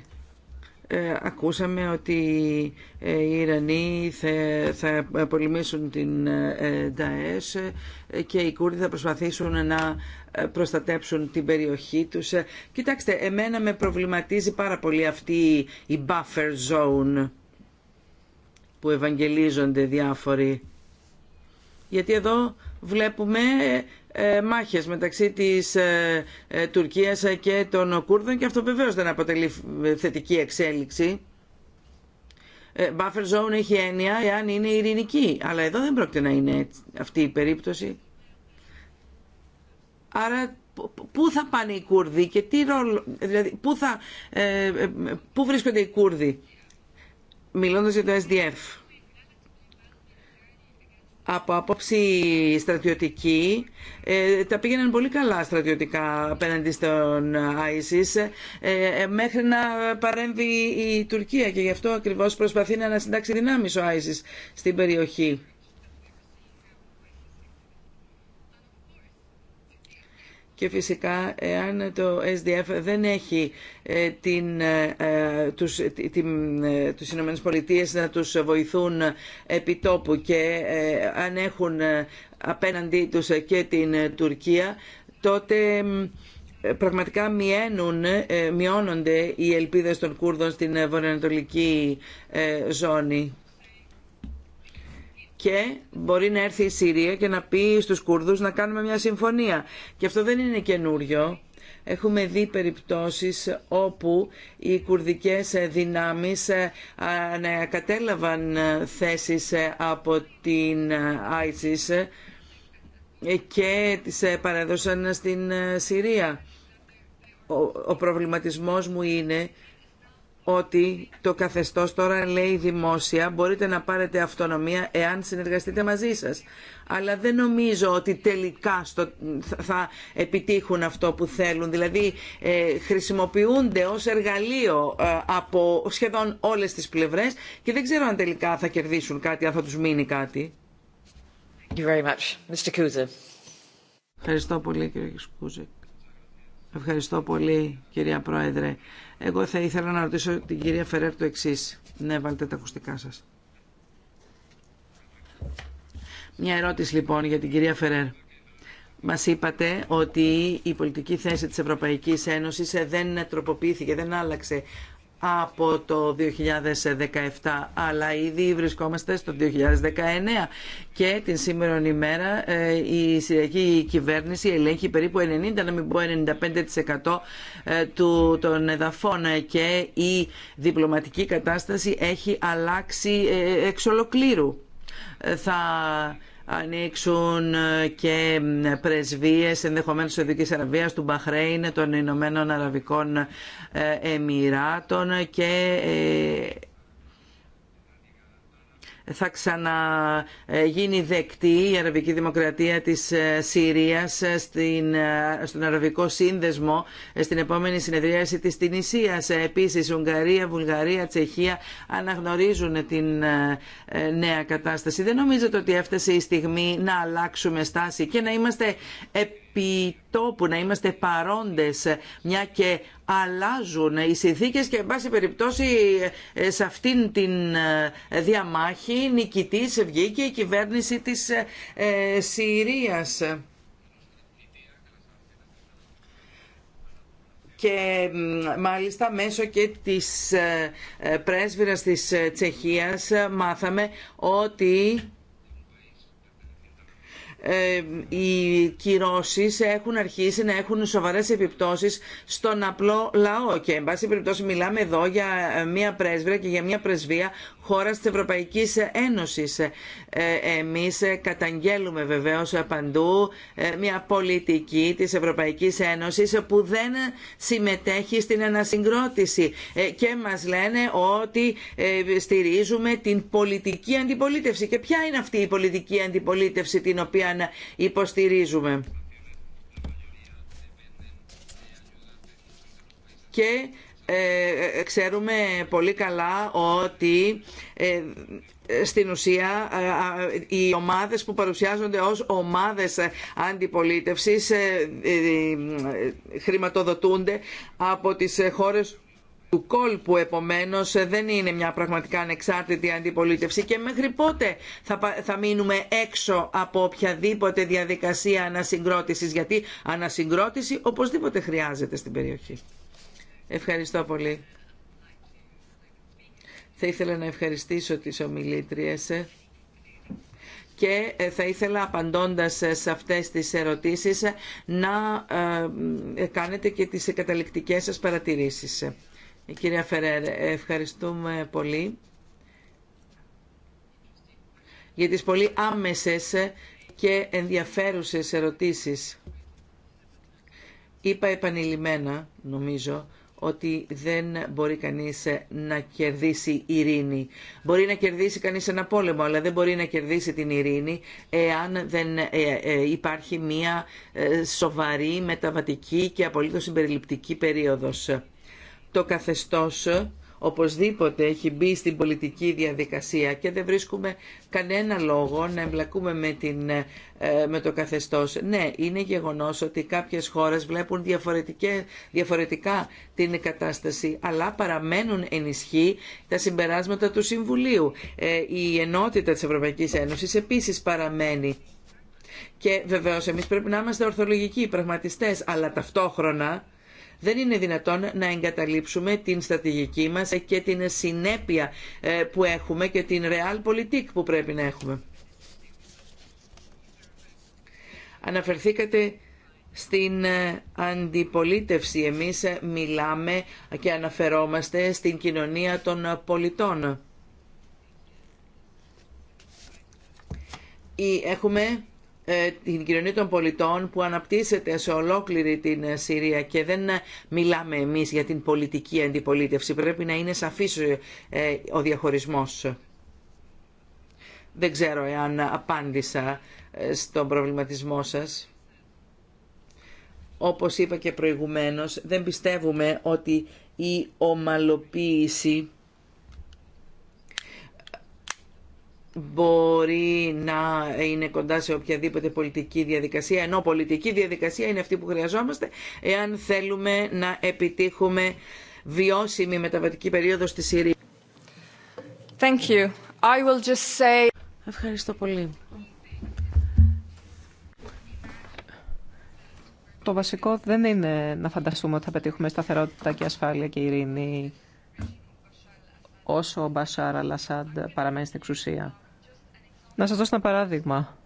ε, ακούσαμε ότι ε, οι Ιρανοί θα, θα πολεμήσουν την ε, ΝΤΑΕΣ και οι Κούρδοι θα προσπαθήσουν να προστατέψουν την περιοχή τους. Κοιτάξτε, εμένα με προβληματίζει πάρα πολύ αυτή η buffer zone που ευαγγελίζονται διάφοροι. Γιατί εδώ βλέπουμε ε, μάχες μεταξύ της ε, ε, Τουρκίας και των Κούρδων και αυτό βεβαίως δεν αποτελεί θετική εξέλιξη. Buffer zone έχει έννοια εάν είναι ειρηνική, αλλά εδώ δεν πρόκειται να είναι αυτή η περίπτωση. Άρα πού θα πάνε οι Κούρδοι και τι ρόλο, δηλαδή πού, θα, πού βρίσκονται οι Κούρδοι, μιλώντας για το SDF από άποψη στρατιωτική ε, τα πήγαιναν πολύ καλά στρατιωτικά απέναντι στον ISIS ε, ε, μέχρι να παρέμβει η Τουρκία και γι' αυτό ακριβώς προσπαθεί να ανασυντάξει δυνάμεις ο ISIS στην περιοχή. και φυσικά εάν το SDF δεν έχει ε, την, ε, τους, την, ε, τους να τους βοηθούν επιτόπου και αν έχουν απέναντί τους και την Τουρκία τότε πραγματικά μειώνονται οι ελπίδες των Κούρδων στην βορειοανατολική ζώνη και μπορεί να έρθει η Συρία και να πει στους Κούρδους να κάνουμε μια συμφωνία. Και αυτό δεν είναι καινούριο. Έχουμε δει περιπτώσεις όπου οι κουρδικές δυνάμεις ε, κατέλαβαν ε, θέσεις ε, από την ISIS και τις παρέδωσαν στην Συρία. Ο προβληματισμός μου είναι ότι το καθεστώς τώρα λέει δημόσια μπορείτε να πάρετε αυτονομία εάν συνεργαστείτε μαζί σας. Αλλά δεν νομίζω ότι τελικά θα επιτύχουν αυτό που θέλουν. Δηλαδή ε, χρησιμοποιούνται ως εργαλείο ε, από σχεδόν όλες τις πλευρές και δεν ξέρω αν τελικά θα κερδίσουν κάτι, αν θα τους μείνει κάτι. Ευχαριστώ πολύ κύριε Κουζεκ Ευχαριστώ πολύ κυρία Πρόεδρε. Εγώ θα ήθελα να ρωτήσω την κυρία Φερέρ το εξή. Ναι, βάλτε τα ακουστικά σας. Μια ερώτηση λοιπόν για την κυρία Φερέρ. Μας είπατε ότι η πολιτική θέση της Ευρωπαϊκής Ένωσης δεν τροποποιήθηκε, δεν άλλαξε από το 2017 αλλά ήδη βρισκόμαστε στο 2019 και την σήμερα ημέρα ε, η Συριακή κυβέρνηση ελέγχει περίπου 90 να μην πω 95% ε, του, των εδαφών και η διπλωματική κατάσταση έχει αλλάξει ε, εξ ολοκλήρου. Θα ανοίξουν ε, και ε, πρεσβείες ενδεχομένως της Ειδικής Αραβίας, του Μπαχρέιν, των Ηνωμένων Αραβικών ε, Εμμυράτων και θα ξαναγίνει δεκτή η Αραβική Δημοκρατία της ε, Συρίας ε, στην, ε, στον Αραβικό Σύνδεσμο στην επόμενη συνεδρίαση της Τινησίας. Επίσης, Ουγγαρία, Βουλγαρία, Τσεχία αναγνωρίζουν την νέα κατάσταση. Δεν νομίζετε ότι έφτασε η στιγμή να αλλάξουμε στάση και να είμαστε επιτόπου, να είμαστε παρόντες, μια και αλλάζουν οι συνθήκε και εν πάση περιπτώσει ε, σε αυτήν την ε, διαμάχη νικητής βγήκε η κυβέρνηση της ε, Συρίας. και μάλιστα μέσω και της πρέσβυρας της Τσεχίας μάθαμε ότι ε, οι κυρώσεις έχουν αρχίσει να έχουν σοβαρές επιπτώσεις στον απλό λαό και εν πάση περιπτώσει μιλάμε εδώ για ε, μια πρέσβυρα και για μια πρεσβεία χώρας της Ευρωπαϊκής Ένωσης ε, εμείς καταγγέλουμε βεβαίως παντού ε, μια πολιτική της Ευρωπαϊκής Ένωσης που δεν συμμετέχει στην ανασυγκρότηση ε, και μας λένε ότι στηρίζουμε την πολιτική αντιπολίτευση. Και ποια είναι αυτή η πολιτική αντιπολίτευση την οποία υποστηρίζουμε. Και ξέρουμε πολύ καλά ότι στην ουσία ε, οι ομάδες που παρουσιάζονται ως ομάδες αντιπολίτευσης ε, ε, χρηματοδοτούνται από τις χώρες του κόλπου επομένως δεν είναι μια πραγματικά ανεξάρτητη αντιπολίτευση και μέχρι πότε θα, θα μείνουμε έξω από οποιαδήποτε διαδικασία ανασυγκρότησης γιατί ανασυγκρότηση οπωσδήποτε χρειάζεται στην περιοχή. Ευχαριστώ πολύ. Θα ήθελα να ευχαριστήσω τις ομιλήτριες και ε, θα ήθελα απαντώντας σε αυτές τις ερωτήσεις να ε, κάνετε και τις καταληκτικές σας παρατηρήσεις. Ε, κυρία Φερέρ, ευχαριστούμε πολύ για τις πολύ άμεσες και ενδιαφέρουσες ερωτήσεις. Είπα επανειλημμένα, νομίζω, ότι δεν μπορεί κανείς να κερδίσει ειρήνη. Μπορεί να κερδίσει κανείς ένα πόλεμο, αλλά δεν μπορεί να κερδίσει την ειρήνη εάν δεν ε, ε, υπάρχει μία ε, σοβαρή, μεταβατική και απολύτως συμπεριληπτική περίοδος. Το καθεστώς οπωσδήποτε έχει μπει στην πολιτική διαδικασία και δεν βρίσκουμε κανένα λόγο να εμπλακούμε με, την, ε, το καθεστώς. Ναι, είναι γεγονός ότι κάποιες χώρες βλέπουν διαφορετικά την κατάσταση, αλλά παραμένουν ενισχύ τα συμπεράσματα του Συμβουλίου. Ε, η ενότητα της Ευρωπαϊκής Ένωσης επίσης παραμένει. Και βεβαίως εμείς πρέπει να είμαστε ορθολογικοί, πραγματιστές, αλλά ταυτόχρονα δεν είναι δυνατόν να εγκαταλείψουμε την στρατηγική μας και την συνέπεια ε, που έχουμε και την realpolitik που πρέπει να έχουμε. Αναφερθήκατε στην ε, αντιπολίτευση. Εμείς ε, μιλάμε και αναφερόμαστε στην κοινωνία των πολιτών. Έχουμε ε, την κοινωνία των πολιτών που αναπτύσσεται σε ολόκληρη την ε, Συρία και δεν ε, μιλάμε εμείς για την πολιτική αντιπολίτευση. Πρέπει να είναι σαφής ο διαχωρισμός. Δεν ξέρω εάν απάντησα στον προβληματισμό σας. Όπως είπα και προηγουμένως, δεν πιστεύουμε ότι η ομαλοποίηση μπορεί να είναι κοντά σε οποιαδήποτε πολιτική διαδικασία, ενώ πολιτική διαδικασία είναι αυτή που χρειαζόμαστε εάν θέλουμε να επιτύχουμε βιώσιμη μεταβατική περίοδο στη Συρία. Thank you. I will just say... Ευχαριστώ πολύ. Το βασικό δεν είναι να φανταστούμε ότι θα πετύχουμε σταθερότητα και ασφάλεια και ειρήνη όσο ο Μπασάρα Λασάντ παραμένει στην εξουσία. Να σας δώσω ένα παράδειγμα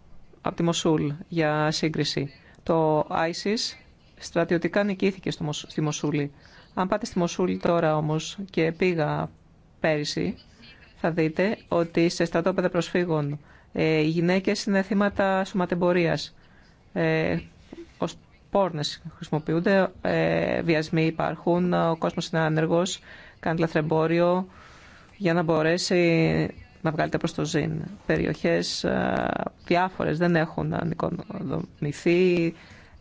από τη Μοσούλ για σύγκριση. Το ISIS στρατιωτικά νικήθηκε στη Μοσούλη. Αν πάτε στη Μοσούλη τώρα όμως και πήγα πέρυσι, θα δείτε ότι σε στρατόπεδα προσφύγων ε, οι γυναίκες είναι θύματα σωματεμπορίας. Ε, ως πόρνες χρησιμοποιούνται, ε, βιασμοί υπάρχουν, ο κόσμος είναι άνεργος, κάνει λαθρεμπόριο για να μπορέσει να βγάλετε προς το ΖΙΝ. Περιοχές ε, διάφορες δεν έχουν ανοικοδομηθεί.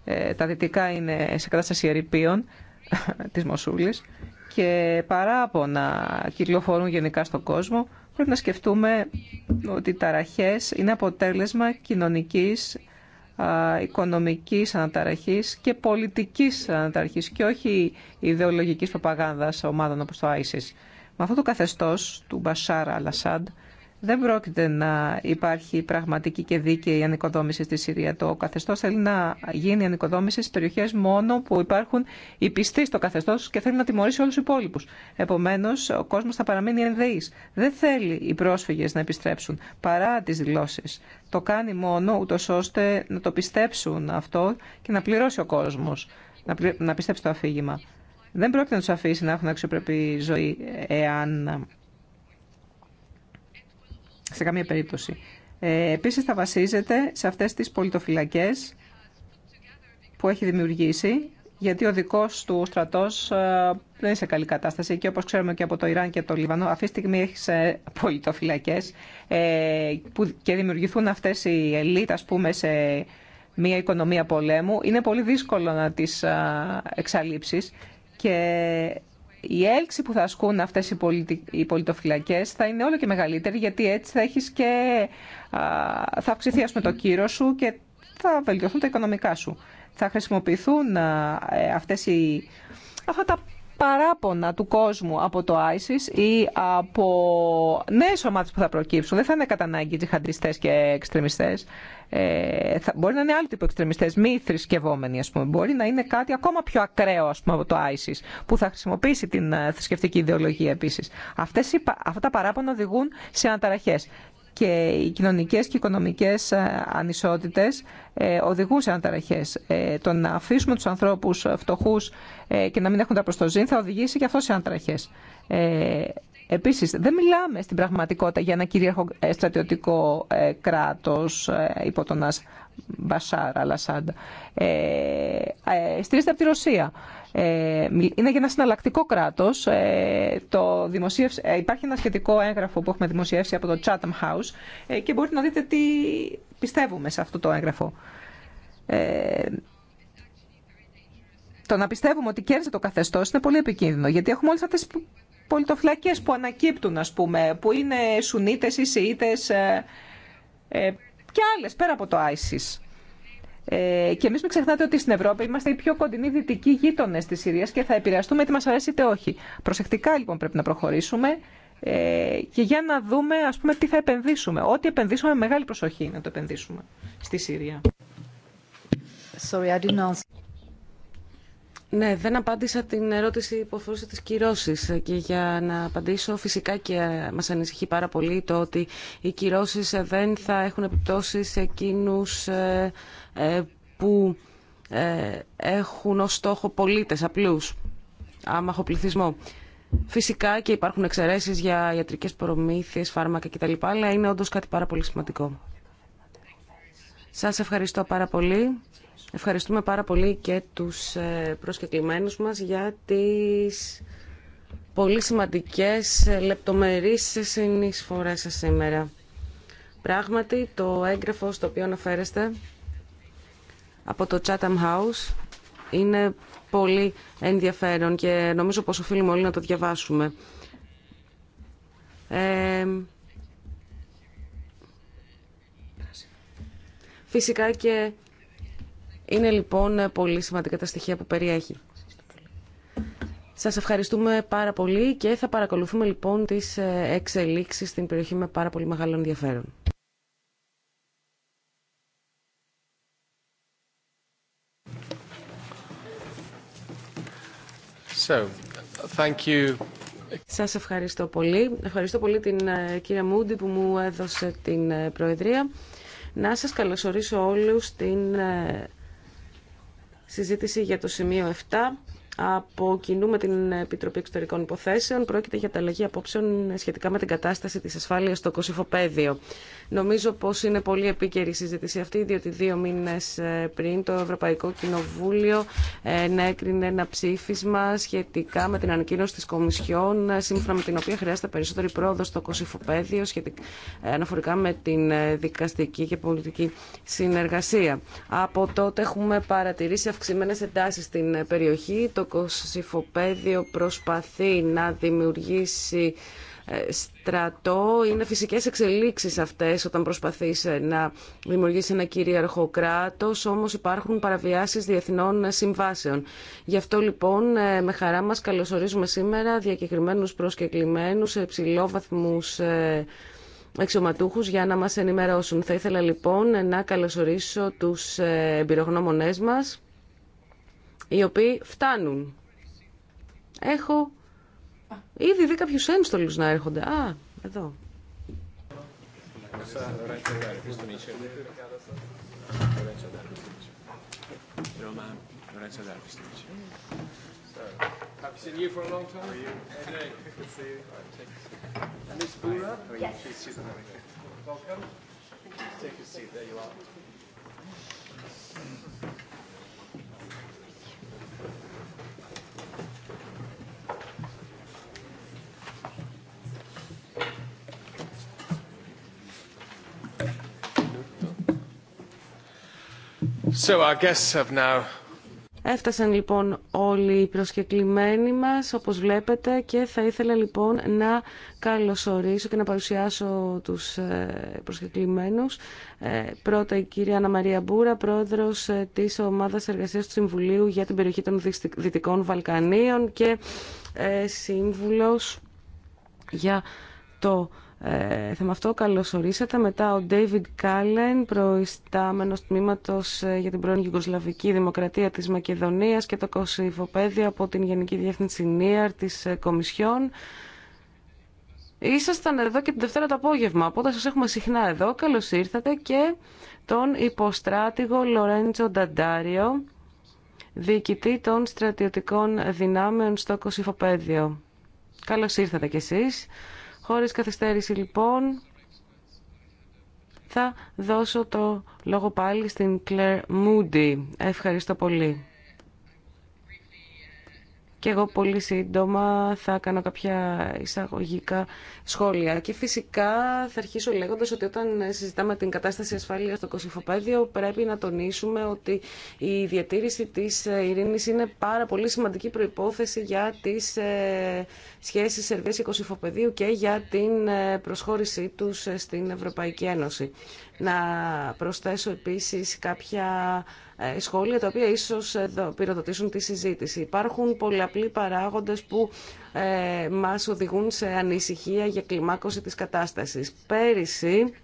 Ε, τα δυτικά είναι σε κατάσταση ερηπείων της Μοσούλης και παρά να κυκλοφορούν γενικά στον κόσμο. Πρέπει να σκεφτούμε ότι οι ταραχές είναι αποτέλεσμα κοινωνικής, οικονομικής αναταραχής και πολιτικής αναταραχής και όχι ιδεολογικής προπαγάνδας ομάδων όπως το ISIS. Με αυτό το καθεστώς του Μπασάρα Αλασάντ δεν πρόκειται να υπάρχει πραγματική και δίκαιη ανοικοδόμηση στη Συρία. Το καθεστώ θέλει να γίνει ανοικοδόμηση στι περιοχέ μόνο που υπάρχουν οι πιστοί στο καθεστώ και θέλει να τιμωρήσει όλου του υπόλοιπου. Επομένω, ο κόσμο θα παραμείνει ενδεή. Δεν θέλει οι πρόσφυγε να επιστρέψουν παρά τι δηλώσει. Το κάνει μόνο ούτω ώστε να το πιστέψουν αυτό και να πληρώσει ο κόσμο. Να πιστέψει το αφήγημα. Δεν πρόκειται να του αφήσει να έχουν αξιοπρεπή ζωή εάν σε καμία περίπτωση. Ε, επίσης θα βασίζεται σε αυτές τις πολιτοφυλακές που έχει δημιουργήσει, γιατί ο δικός του στρατός ε, δεν είναι σε καλή κατάσταση και όπως ξέρουμε και από το Ιράν και το Λίβανο, αυτή τη στιγμή έχει σε πολιτοφυλακές ε, που και δημιουργηθούν αυτές οι ελίτ, ας πούμε, σε μια οικονομία πολέμου. Είναι πολύ δύσκολο να τις ε, εξαλείψεις και η έλξη που θα ασκούν αυτές οι, πολιτι... οι πολιτοφυλακές θα είναι όλο και μεγαλύτερη γιατί έτσι θα έχεις και θα αυξηθεί ας πούμε, το κύρο σου και θα βελτιωθούν τα οικονομικά σου. Θα χρησιμοποιηθούν ε, αυτές οι... αυτά τα παράπονα του κόσμου από το ISIS ή από νέε ομάδε που θα προκύψουν. Δεν θα είναι κατά ανάγκη τζιχαντιστές και εξτρεμιστέ. Ε, μπορεί να είναι άλλοι τύποι εξτρεμιστέ, μη θρησκευόμενοι ας πούμε. Μπορεί να είναι κάτι ακόμα πιο ακραίο ας πούμε, από το ISIS που θα χρησιμοποιήσει την ε, θρησκευτική ιδεολογία επίσης. αυτά τα παράπονα οδηγούν σε αναταραχές και οι κοινωνικές και οικονομικές ε, ανισότητες ε, οδηγούν σε αναταραχές. Ε, το να αφήσουμε τους ανθρώπους φτωχούς και να μην έχουν τα προστοζήν θα οδηγήσει και αυτό σε αναταραχές. Επίσης, δεν μιλάμε στην πραγματικότητα για ένα κυρίαρχο στρατιωτικό κράτος υπό τον Μπασάρα, Λασάντα. Στηρίζεται από τη Ρωσία. Ε, είναι για ένα συναλλακτικό κράτος. Ε, το ε, υπάρχει ένα σχετικό έγγραφο που έχουμε δημοσιεύσει από το Chatham House και μπορείτε να δείτε τι πιστεύουμε σε αυτό το έγγραφο. το να πιστεύουμε ότι κέρδισε το καθεστώς είναι πολύ επικίνδυνο, γιατί έχουμε όλε αυτέ τι πολιτοφυλακέ που ανακύπτουν, α πούμε, που είναι Σουνίτε ή και άλλες πέρα από το ISIS. Ε, και εμεί μην ξεχνάτε ότι στην Ευρώπη είμαστε οι πιο κοντινοί δυτικοί γείτονε τη Συρία και θα επηρεαστούμε είτε μα αρέσει είτε όχι. Προσεκτικά λοιπόν πρέπει να προχωρήσουμε ε, και για να δούμε ας πούμε τι θα επενδύσουμε. Ό,τι επενδύσουμε με μεγάλη προσοχή να το επενδύσουμε στη Συρία. Ναι, δεν απάντησα την ερώτηση που αφορούσε τις κυρώσεις και για να απαντήσω φυσικά και μας ανησυχεί πάρα πολύ το ότι οι κυρώσεις δεν θα έχουν επιπτώσει σε εκείνους ε, ε, που ε, έχουν ως στόχο πολίτες απλούς, άμαχο πληθυσμό. Φυσικά και υπάρχουν εξαιρέσεις για ιατρικές προμήθειες, φάρμακα κτλ. Αλλά είναι όντως κάτι πάρα πολύ σημαντικό. Σας ευχαριστώ πάρα πολύ. Ευχαριστούμε πάρα πολύ και τους ε, προσκεκλημένους μας για τις πολύ σημαντικές ε, λεπτομερείς συνεισφορές σας σήμερα. Πράγματι, το έγγραφο στο οποίο αναφέρεστε από το Chatham House είναι πολύ ενδιαφέρον και νομίζω πως οφείλουμε όλοι να το διαβάσουμε. Ε, φυσικά και είναι λοιπόν πολύ σημαντικά τα στοιχεία που περιέχει. Σας ευχαριστούμε πάρα πολύ και θα παρακολουθούμε λοιπόν τις ε, εξελίξεις στην περιοχή με πάρα πολύ μεγάλο ενδιαφέρον. So, thank you. Σας ευχαριστώ πολύ. Ευχαριστώ πολύ την ε, κυρία Μούντι που μου έδωσε την ε, Προεδρία. Να σας καλωσορίσω όλους στην Συζήτηση για το σημείο 7 από κοινού με την Επιτροπή Εξωτερικών Υποθέσεων πρόκειται για τα αλλαγή απόψεων σχετικά με την κατάσταση της ασφάλειας στο Κωσυφοπαίδιο. Νομίζω πως είναι πολύ επίκαιρη η συζήτηση αυτή, διότι δύο μήνες ε, πριν το Ευρωπαϊκό Κοινοβούλιο ε, ενέκρινε ένα ψήφισμα σχετικά με την ανακοίνωση τη Κομισιόν, ε, σύμφωνα με την οποία χρειάζεται περισσότερη πρόοδο στο κοσυφοπαίδιο αναφορικά με την δικαστική και πολιτική συνεργασία. Από τότε έχουμε παρατηρήσει αυξημένε εντάσει στην περιοχή. Το κοσυφοπαίδιο προσπαθεί να δημιουργήσει είναι φυσικές εξελίξεις αυτές όταν προσπαθεί ε, να δημιουργήσει ένα κυρίαρχο κράτο. όμως υπάρχουν παραβιάσεις διεθνών συμβάσεων. Γι' αυτό λοιπόν ε, με χαρά μας καλωσορίζουμε σήμερα διακεκριμένους προσκεκλημένους ψηλόβαθμου ε, αξιωματούχους για να μας ενημερώσουν. Θα ήθελα λοιπόν να καλωσορίσω τους εμπειρογνώμονές μας, οι οποίοι φτάνουν. Έχω Ήδη δει κάποιους ένστολους να έρχονται. Α, εδώ. Thank you So Έφτασαν λοιπόν όλοι οι προσκεκλημένοι μας, όπως βλέπετε, και θα ήθελα λοιπόν να καλωσορίσω και να παρουσιάσω τους ε, προσκεκλημένους. Ε, πρώτα η κυρία Αννα Μαρία Μπούρα, πρόεδρος ε, της Ομάδας Εργασίας του Συμβουλίου για την περιοχή των Δυτικών Βαλκανίων και σύμβουλος για το ε, με αυτό. Καλώς ορίσατε. Μετά ο David Κάλεν, προϊστάμενος τμήματο ε, για την πρώην Γιουγκοσλαβική Δημοκρατία της Μακεδονία και το Κωσυφοπέδιο από την Γενική Διεύθυνση ΝΙΑΡ της ε, Κομισιόν. Ήσασταν εδώ και την Δευτέρα το απόγευμα, οπότε σας έχουμε συχνά εδώ. Καλώς ήρθατε και τον υποστράτηγο Λορέντζο Νταντάριο, διοικητή των στρατιωτικών δυνάμεων στο Κωσυφοπέδιο. Καλώς ήρθατε κι εσείς. Χωρίς καθυστέρηση λοιπόν, θα δώσω το λόγο πάλι στην Claire Moody. Ευχαριστώ πολύ. Και εγώ πολύ σύντομα θα κάνω κάποια εισαγωγικά σχόλια. Και φυσικά θα αρχίσω λέγοντας ότι όταν συζητάμε την κατάσταση ασφάλεια στο Κωσυφοπαίδιο πρέπει να τονίσουμε ότι η διατήρηση της ειρήνη είναι πάρα πολύ σημαντική προϋπόθεση για τις ε, σχέσεις σερβία και Κωσυφοπαιδίου και για την ε, προσχώρησή τους στην Ευρωπαϊκή Ένωση να προσθέσω επίσης κάποια ε, σχόλια τα οποία ίσως πυροδοτήσουν τη συζήτηση. Υπάρχουν πολλαπλοί παράγοντες που ε, μας οδηγούν σε ανησυχία για κλιμάκωση της κατάστασης. Πέρυσι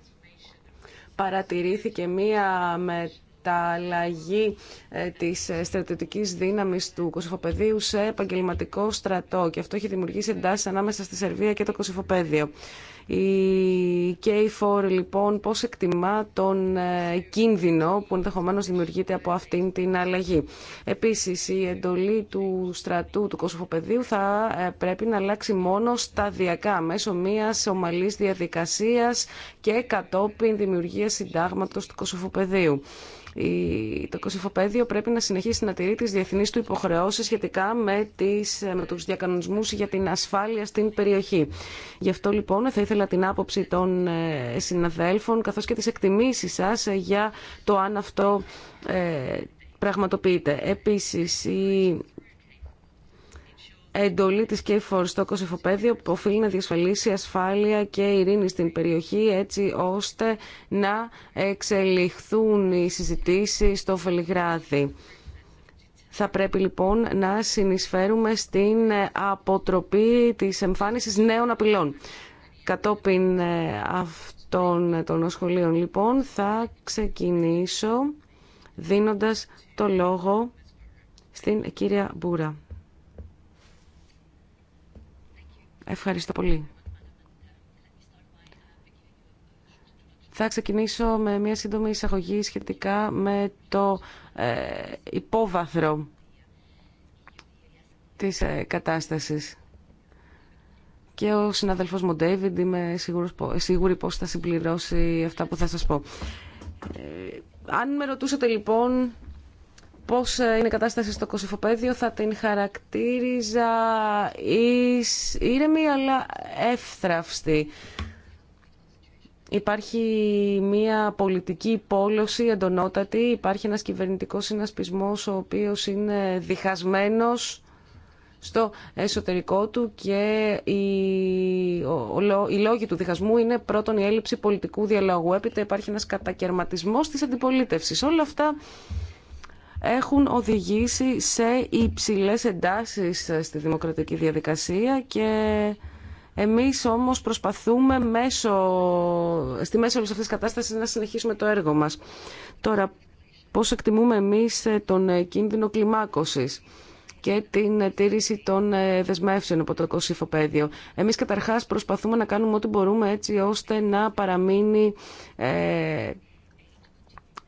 παρατηρήθηκε μία με μεταλλαγή ε, της ε, στρατιωτικής δύναμης του Κωσυφοπεδίου σε επαγγελματικό στρατό και αυτό έχει δημιουργήσει εντάσεις ανάμεσα στη Σερβία και το Κωσυφοπέδιο. Η K4 λοιπόν πώς εκτιμά τον ε, κίνδυνο που ενδεχομένω δημιουργείται από αυτήν την αλλαγή. Επίσης η εντολή του στρατού του Κωσοφοπεδίου θα πρέπει να αλλάξει μόνο σταδιακά μέσω μιας ομαλής διαδικασίας και κατόπιν δημιουργίας συντάγματος του Κωσοφοπεδίου το κοσυφοπαίδιο πρέπει να συνεχίσει να τηρεί τις διεθνείς του υποχρεώσεις σχετικά με, τις, με τους διακανονισμούς για την ασφάλεια στην περιοχή. Γι' αυτό λοιπόν θα ήθελα την άποψη των ε, συναδέλφων καθώς και τις εκτιμήσεις σας ε, για το αν αυτό ε, πραγματοποιείται. Επίσης, η εντολή της ΚΕΙΦΟΡ στο Κωσυφοπέδιο που οφείλει να διασφαλίσει ασφάλεια και ειρήνη στην περιοχή έτσι ώστε να εξελιχθούν οι συζητήσεις στο Φελιγράδι. Θα πρέπει λοιπόν να συνεισφέρουμε στην αποτροπή της εμφάνισης νέων απειλών. Κατόπιν ε, αυτών των σχολείων λοιπόν θα ξεκινήσω δίνοντας το λόγο στην κυρία Μπούρα. Ευχαριστώ πολύ. Θα ξεκινήσω με μια σύντομη εισαγωγή σχετικά με το ε, υπόβαθρο της ε, κατάστασης. Και ο συναδελφός μου, Ντέιβιντ, είμαι σίγουρος, σίγουρη πώς θα συμπληρώσει αυτά που θα σας πω. Ε, αν με ρωτούσατε λοιπόν πώς ε, είναι η κατάσταση στο κοσυφοπαίδιο θα την χαρακτήριζα ήρεμη αλλά εύθραυστη. Υπάρχει μια πολιτική πόλωση εντονότατη, υπάρχει ένας κυβερνητικός συνασπισμός ο οποίος είναι διχασμένος στο εσωτερικό του και οι, οι λόγοι του διχασμού είναι πρώτον η έλλειψη πολιτικού διαλόγου. Έπειτα υπάρχει ένας κατακαιρματισμός της αντιπολίτευσης. Όλα αυτά έχουν οδηγήσει σε υψηλές εντάσεις στη δημοκρατική διαδικασία και εμείς όμως προσπαθούμε μέσω, στη μέση όλης αυτής της κατάστασης να συνεχίσουμε το έργο μας. Τώρα, πώς εκτιμούμε εμείς τον κίνδυνο κλιμάκωσης και την τήρηση των δεσμεύσεων από το κοσυφοπαίδιο. Εμείς καταρχάς προσπαθούμε να κάνουμε ό,τι μπορούμε έτσι ώστε να παραμείνει ε,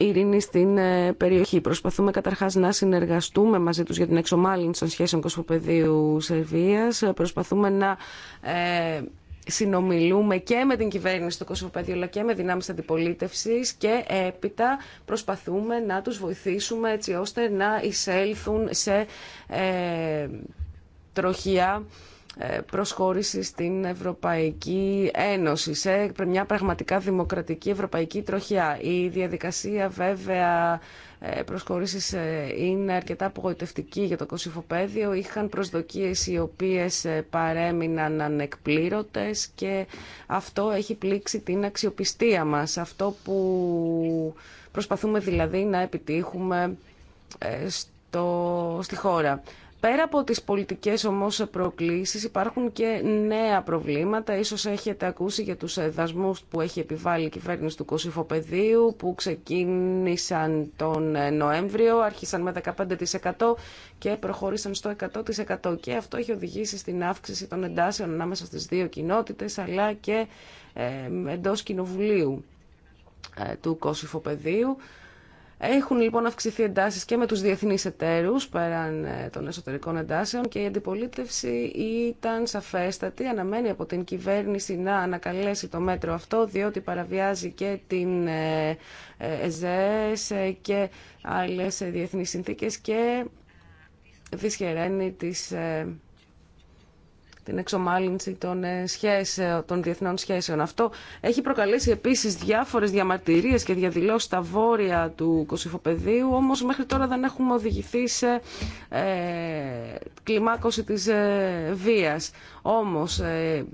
ειρήνη στην ε, περιοχή. Προσπαθούμε καταρχά να συνεργαστούμε μαζί του για την εξομάλυνση των σχέσεων Κοσμοπεδίου Σερβία. Προσπαθούμε να ε, συνομιλούμε και με την κυβέρνηση του Κοσμοπεδίου αλλά και με δυνάμει αντιπολίτευση και έπειτα προσπαθούμε να του βοηθήσουμε έτσι ώστε να εισέλθουν σε ε, τροχιά ε, προσχώρηση στην Ευρωπαϊκή Ένωση, σε μια πραγματικά δημοκρατική ευρωπαϊκή τροχιά. Η διαδικασία βέβαια ε, προσχώρηση ε, είναι αρκετά απογοητευτική για το κοσυφοπαίδιο. Είχαν προσδοκίες οι οποίε παρέμειναν ανεκπλήρωτες και αυτό έχει πλήξει την αξιοπιστία μας. Αυτό που προσπαθούμε δηλαδή να επιτύχουμε στο, στη χώρα. Πέρα από τις πολιτικές όμως προκλήσεις υπάρχουν και νέα προβλήματα. Ίσως έχετε ακούσει για τους δασμούς που έχει επιβάλει η κυβέρνηση του Κωσυφοπεδίου που ξεκίνησαν τον Νοέμβριο, άρχισαν με 15% και προχώρησαν στο 100% και αυτό έχει οδηγήσει στην αύξηση των εντάσεων ανάμεσα στις δύο κοινότητες αλλά και ε, εντός κοινοβουλίου ε, του Κωσυφοπεδίου έχουν λοιπόν αυξηθεί εντάσεις και με τους διεθνείς εταίρους πέραν ε, των εσωτερικών εντάσεων και η αντιπολίτευση ήταν σαφέστατη, αναμένει από την κυβέρνηση να ανακαλέσει το μέτρο αυτό διότι παραβιάζει και την ε, ε, ΕΖΕΣ και άλλες διεθνείς συνθήκες και δυσχεραίνει τις την εξομάλυνση των, ε, σχέσεων, των διεθνών σχέσεων. Αυτό έχει προκαλέσει επίσης διάφορες διαμαρτυρίες και διαδηλώσεις στα βόρεια του Κωσυφοπεδίου, όμως μέχρι τώρα δεν έχουμε οδηγηθεί σε ε, κλιμάκωση της ε, βίας. Όμως ε,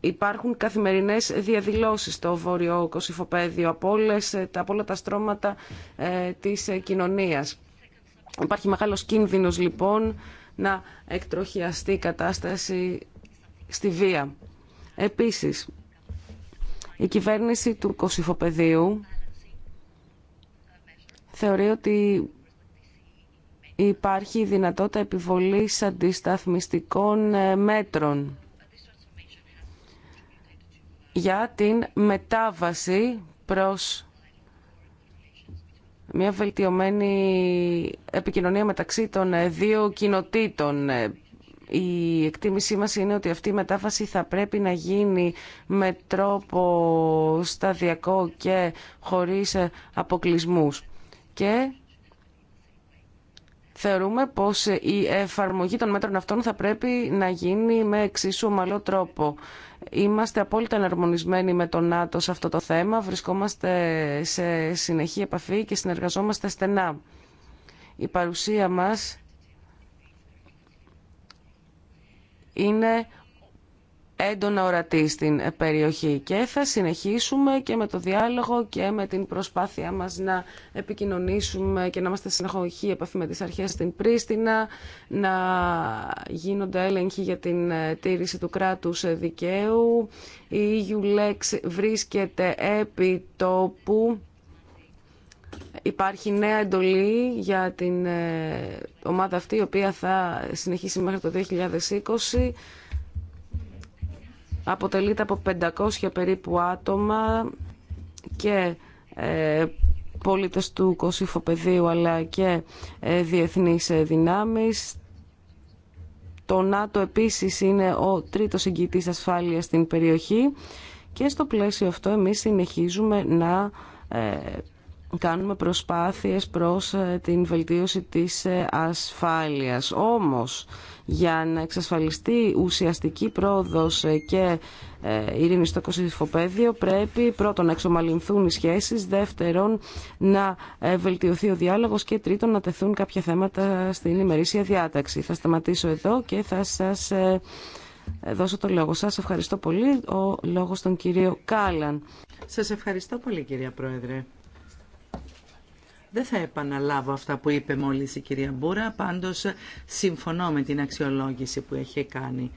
υπάρχουν καθημερινές διαδηλώσεις στο βόρειο Κωσυφοπέδιο από, όλες, από όλα τα στρώματα της κοινωνίας. Υπάρχει μεγάλος κίνδυνος λοιπόν να εκτροχιαστεί η κατάσταση στη βία. Επίσης, η κυβέρνηση του Κωσυφοπεδίου θεωρεί ότι υπάρχει δυνατότητα επιβολής αντισταθμιστικών ε, μέτρων για την μετάβαση προς μια βελτιωμένη επικοινωνία μεταξύ των ε, δύο κοινοτήτων. Ε, η εκτίμησή μας είναι ότι αυτή η μετάφαση θα πρέπει να γίνει με τρόπο σταδιακό και χωρίς ε, αποκλισμούς Και Θεωρούμε πως η εφαρμογή των μέτρων αυτών θα πρέπει να γίνει με εξίσου ομαλό τρόπο. Είμαστε απόλυτα εναρμονισμένοι με τον ΝΑΤΟ σε αυτό το θέμα. Βρισκόμαστε σε συνεχή επαφή και συνεργαζόμαστε στενά. Η παρουσία μας είναι έντονα ορατή στην περιοχή και θα συνεχίσουμε και με το διάλογο και με την προσπάθειά μας να επικοινωνήσουμε και να είμαστε συνεχοχοί επαφή με τις αρχές στην Πρίστινα, να γίνονται έλεγχοι για την ε, τήρηση του κράτους ε, δικαίου. Η EULEX βρίσκεται επί τόπου. Υπάρχει νέα εντολή για την ε, ομάδα αυτή, η οποία θα συνεχίσει μέχρι το 2020 αποτελείται από 500 περίπου άτομα και ε, πολίτες του Κωσίφοπεδίου αλλά και ε, διεθνείς ε, δυνάμεις. Το ΝΑΤΟ επίσης είναι ο τρίτος εγγυητής ασφάλειας στην περιοχή και στο πλαίσιο αυτό εμείς συνεχίζουμε να ε, κάνουμε προσπάθειες προς ε, την βελτίωση της ε, ασφάλειας. Όμως, για να εξασφαλιστεί ουσιαστική πρόοδος ε, και ειρήνη στο κοσυφοπαίδιο, πρέπει πρώτον να εξομαλυνθούν οι σχέσεις, δεύτερον να βελτιωθεί ο διάλογος και τρίτον να τεθούν κάποια θέματα στην ημερήσια διάταξη. Θα σταματήσω εδώ και θα σας δώσω το λόγο. Σας ευχαριστώ πολύ. Ο λόγος τον κύριο Κάλαν. Σας ευχαριστώ πολύ κυρία Πρόεδρε. Δεν θα επαναλάβω αυτά που είπε μόλις η κυρία Μπούρα, πάντως συμφωνώ με την αξιολόγηση που έχει κάνει.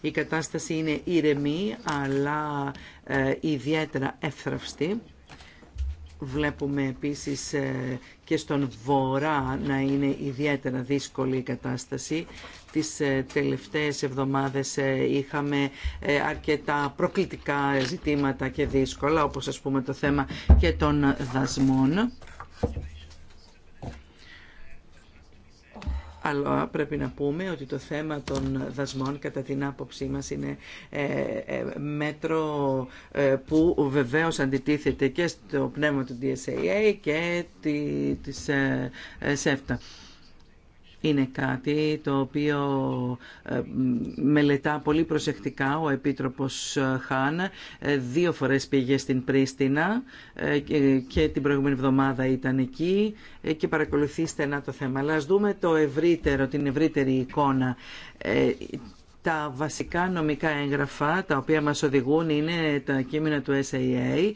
Η κατάσταση είναι ήρεμη, αλλά ε, ιδιαίτερα εύθραυστη. Βλέπουμε επίσης ε, και στον Βορρά να είναι ιδιαίτερα δύσκολη η κατάσταση. Τις ε, τελευταίες εβδομάδες είχαμε αρκετά προκλητικά ζητήματα και δύσκολα, όπως ας πούμε το θέμα και των δασμών. Αλλά πρέπει να πούμε ότι το θέμα των δασμών κατά την άποψή μας είναι ε, ε, μέτρο ε, που βεβαίως αντιτίθεται και στο πνεύμα του DSAA και της ΣΕΦΤΑ είναι κάτι το οποίο ε, μελετά πολύ προσεκτικά ο Επίτροπος ε, Χάν. Ε, δύο φορές πήγε στην Πρίστινα και την προηγούμενη εβδομάδα ήταν εκεί και παρακολουθεί στενά το θέμα. Αλλά ας δούμε το ευρύτερο, την ευρύτερη εικόνα. Τα βασικά νομικά έγγραφα τα οποία μας οδηγούν είναι τα κείμενα του SAA.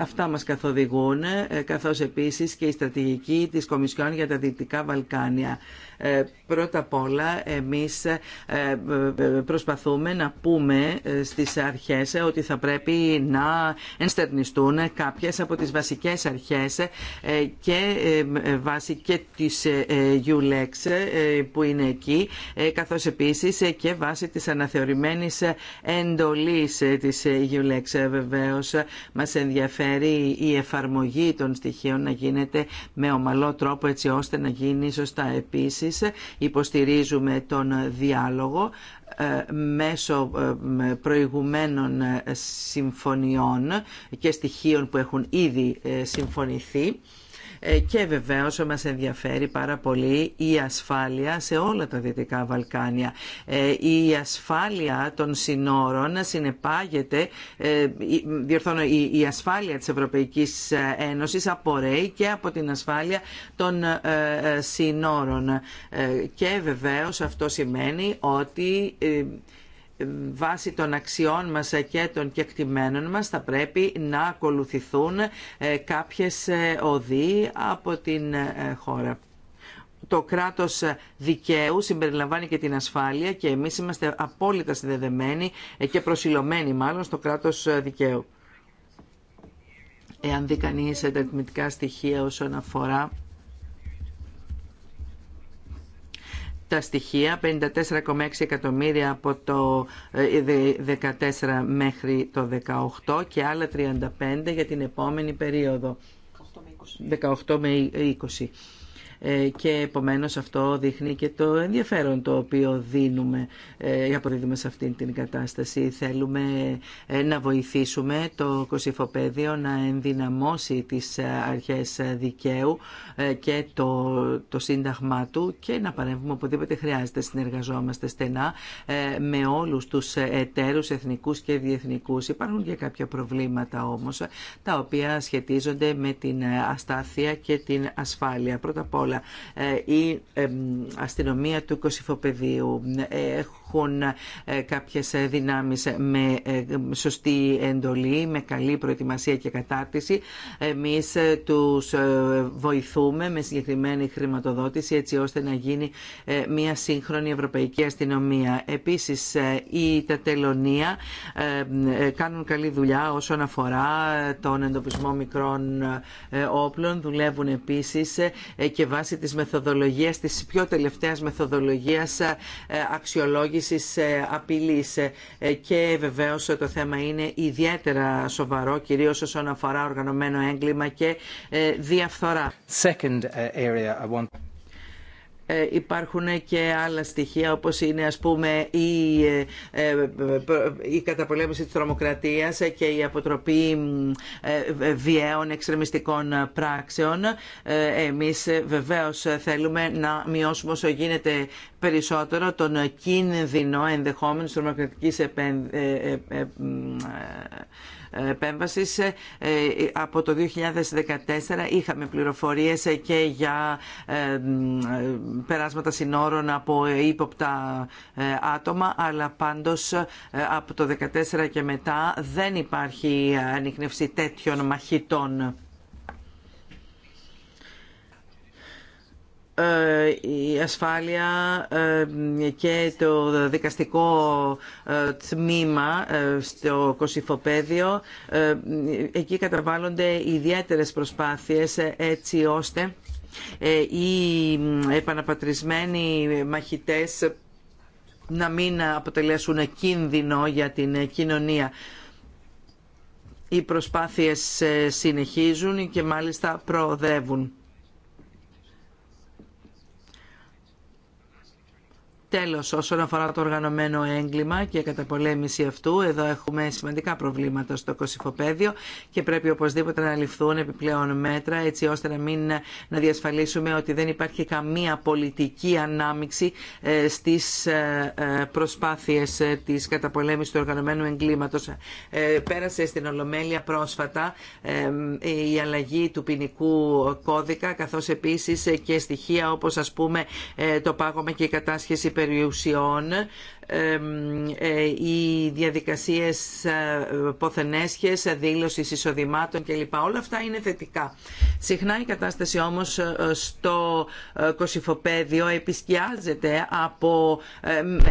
Αυτά μας καθοδηγούν, καθώς επίσης και η στρατηγική της Κομισιόν για τα Δυτικά Βαλκάνια. Ε, πρώτα απ' όλα εμείς ε, ε, προσπαθούμε να πούμε στις αρχές ότι θα πρέπει να ενστερνιστούν κάποιες από τις βασικές αρχές και βάσει και της ULEX που είναι εκεί καθώς επίσης και βάσει της αναθεωρημένης εντολής της ULEX βεβαίως μας ενδιαφέρει η εφαρμογή των στοιχείων να γίνεται με ομαλό τρόπο έτσι ώστε να γίνει σωστά επίσης υποστηρίζουμε τον διάλογο ε, μέσω ε, προηγουμένων ε, συμφωνιών και στοιχείων που έχουν ήδη συμφωνηθεί ε, και βεβαίως μας ενδιαφέρει πάρα πολύ η ασφάλεια σε όλα τα Δυτικά Βαλκάνια. Ε, η ασφάλεια των συνόρων συνεπάγεται, ε, διορθώνω, η ασφάλεια της Ευρωπαϊκής Ένωσης απορρέει και από την ασφάλεια των συνόρων. Και βεβαίως αυτό σημαίνει ότι βάσει των αξιών μας και των κεκτημένων μας θα πρέπει να ακολουθηθούν ε, κάποιες ε, οδοί από την ε, χώρα. Το κράτος δικαίου συμπεριλαμβάνει και την ασφάλεια και εμείς είμαστε απόλυτα συνδεδεμένοι και προσιλωμένοι μάλλον στο κράτος δικαίου. Εάν δει κανείς τα στοιχεία όσον αφορά τα στοιχεία 54,6 εκατομμύρια από το 14 ε, μέχρι το 18 και άλλα 35 για την επόμενη περίοδο 18 18 με 20. Ε, και επομένως αυτό δείχνει και το ενδιαφέρον το οποίο δίνουμε, αποδίδουμε σε αυτήν την κατάσταση. Θέλουμε ε, να βοηθήσουμε το κοσυφοπέδιο να ενδυναμώσει τις ε, αρχές δικαίου και το, το σύνταγμά του και να παρέμβουμε οπουδήποτε χρειάζεται. Συνεργαζόμαστε στενά με όλους τους εταίρους εθνικούς και διεθνικούς. Υπάρχουν και κάποια προβλήματα όμως τα οποία σχετίζονται με την αστάθεια και την ασφάλεια. Πρώτα απ' όλα ε, η αστυνομία του Κωσυφοπεδίου ε, έχουν ε, κάποιες δυνάμεις με σωστή εντολή, με καλή προετοιμασία και κατάρτιση. Εμείς τους βοηθούμε με συγκεκριμένη χρηματοδότηση έτσι ώστε να γίνει μια σύγχρονη ευρωπαϊκή αστυνομία. Επίσης, η τα τελωνία κάνουν καλή δουλειά όσον αφορά τον εντοπισμό μικρών όπλων. Δουλεύουν επίσης και βάση της μεθοδολογίας, της πιο τελευταίας μεθοδολογίας ε, αξιολόγησης ε, απειλής. Ε, και βεβαίως το θέμα είναι ιδιαίτερα σοβαρό, κυρίως όσον αφορά οργανωμένο έγκλημα και διαφθορά. Second area I want... Ε, υπάρχουν και άλλα στοιχεία όπως είναι ας πούμε η, ε, ε, η καταπολέμηση της τρομοκρατίας και η αποτροπή βιαίων εξερμιστικών πράξεων. Εμείς βεβαίως θέλουμε να μειώσουμε όσο γίνεται περισσότερο τον κίνδυνο ενδεχόμενης τρομοκρατικής επεν επέμβασης. Ε, από το 2014 είχαμε πληροφορίες και για ε, περάσματα συνόρων από ύποπτα ε, άτομα, αλλά πάντως από το 2014 και μετά δεν υπάρχει ανοιχνεύση τέτοιων μαχητών. Ε, η ασφάλεια ε, και το δικαστικό ε, τμήμα στο Κωσυφοπαίδιο. Εκεί καταβάλλονται ιδιαίτερες προσπάθειες έτσι ώστε οι επαναπατρισμένοι μαχητές να μην αποτελέσουν κίνδυνο για την κοινωνία. Οι προσπάθειες συνεχίζουν και μάλιστα προοδεύουν. Τέλος, όσον αφορά το οργανωμένο έγκλημα και καταπολέμηση αυτού, εδώ έχουμε σημαντικά προβλήματα στο κοσυφοπαίδιο και πρέπει οπωσδήποτε να ληφθούν επιπλέον μέτρα έτσι ώστε να μην να διασφαλίσουμε ότι δεν υπάρχει καμία πολιτική ανάμειξη ε, στις ε, ε, προσπάθειες της καταπολέμησης του οργανωμένου εγκλήματος. Πέρασε στην Ολομέλεια πρόσφατα η αλλαγή του ποινικού κώδικα καθώς επίσης και στοιχεία όπως ας πούμε το πάγωμα και η κατάσχεση περιουσιών ε, οι διαδικασίες ε, ποθενέσχες, δήλωση εισοδημάτων κλπ. Όλα αυτά είναι θετικά. Συχνά η κατάσταση όμως ε, στο κοσυφοπέδιο επισκιάζεται από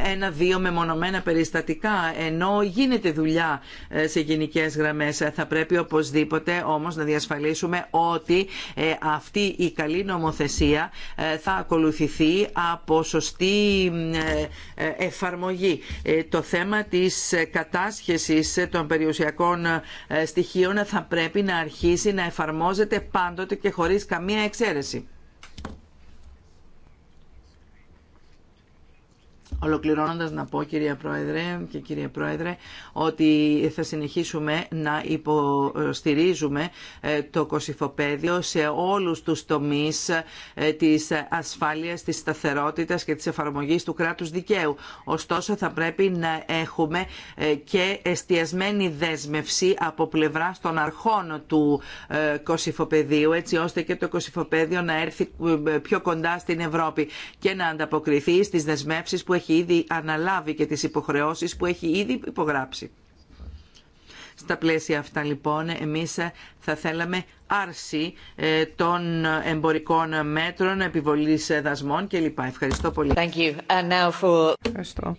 ένα-δύο μεμονωμένα περιστατικά, ενώ γίνεται δουλειά σε γενικές γραμμές. Θα πρέπει οπωσδήποτε όμως να διασφαλίσουμε ότι αυτή η καλή νομοθεσία θα ακολουθηθεί από σωστή εφαρμογή ε, το θέμα της ε, κατάσχεσης ε, των περιουσιακών στοιχείων θα πρέπει να αρχίσει να εφαρμόζεται πάντοτε και χωρίς καμία εξαίρεση. Ολοκληρώνοντας να πω κυρία Πρόεδρε και κύριε Πρόεδρε ότι θα συνεχίσουμε να υποστηρίζουμε ε, το κοσυφοπαίδιο σε όλους τους τομείς ε, της ασφάλειας, της σταθερότητας και της εφαρμογής του κράτους δικαίου. Ωστόσο θα πρέπει να έχουμε ε, και εστιασμένη δέσμευση από πλευρά των αρχών του κοσυφοπεδίου έτσι ώστε και το Κωσυφοπαίδιο να έρθει πιο κοντά στην Ευρώπη και να ανταποκριθεί στις δεσμεύσεις που έχει ήδη αναλάβει και τις υποχρεώσεις που έχει ήδη υπογράψει. Στα πλαίσια αυτά λοιπόν εμείς θα θέλαμε άρση ε, των εμπορικών μέτρων, επιβολής δασμών κλπ. Ευχαριστώ πολύ. Thank you. Ευχαριστώ.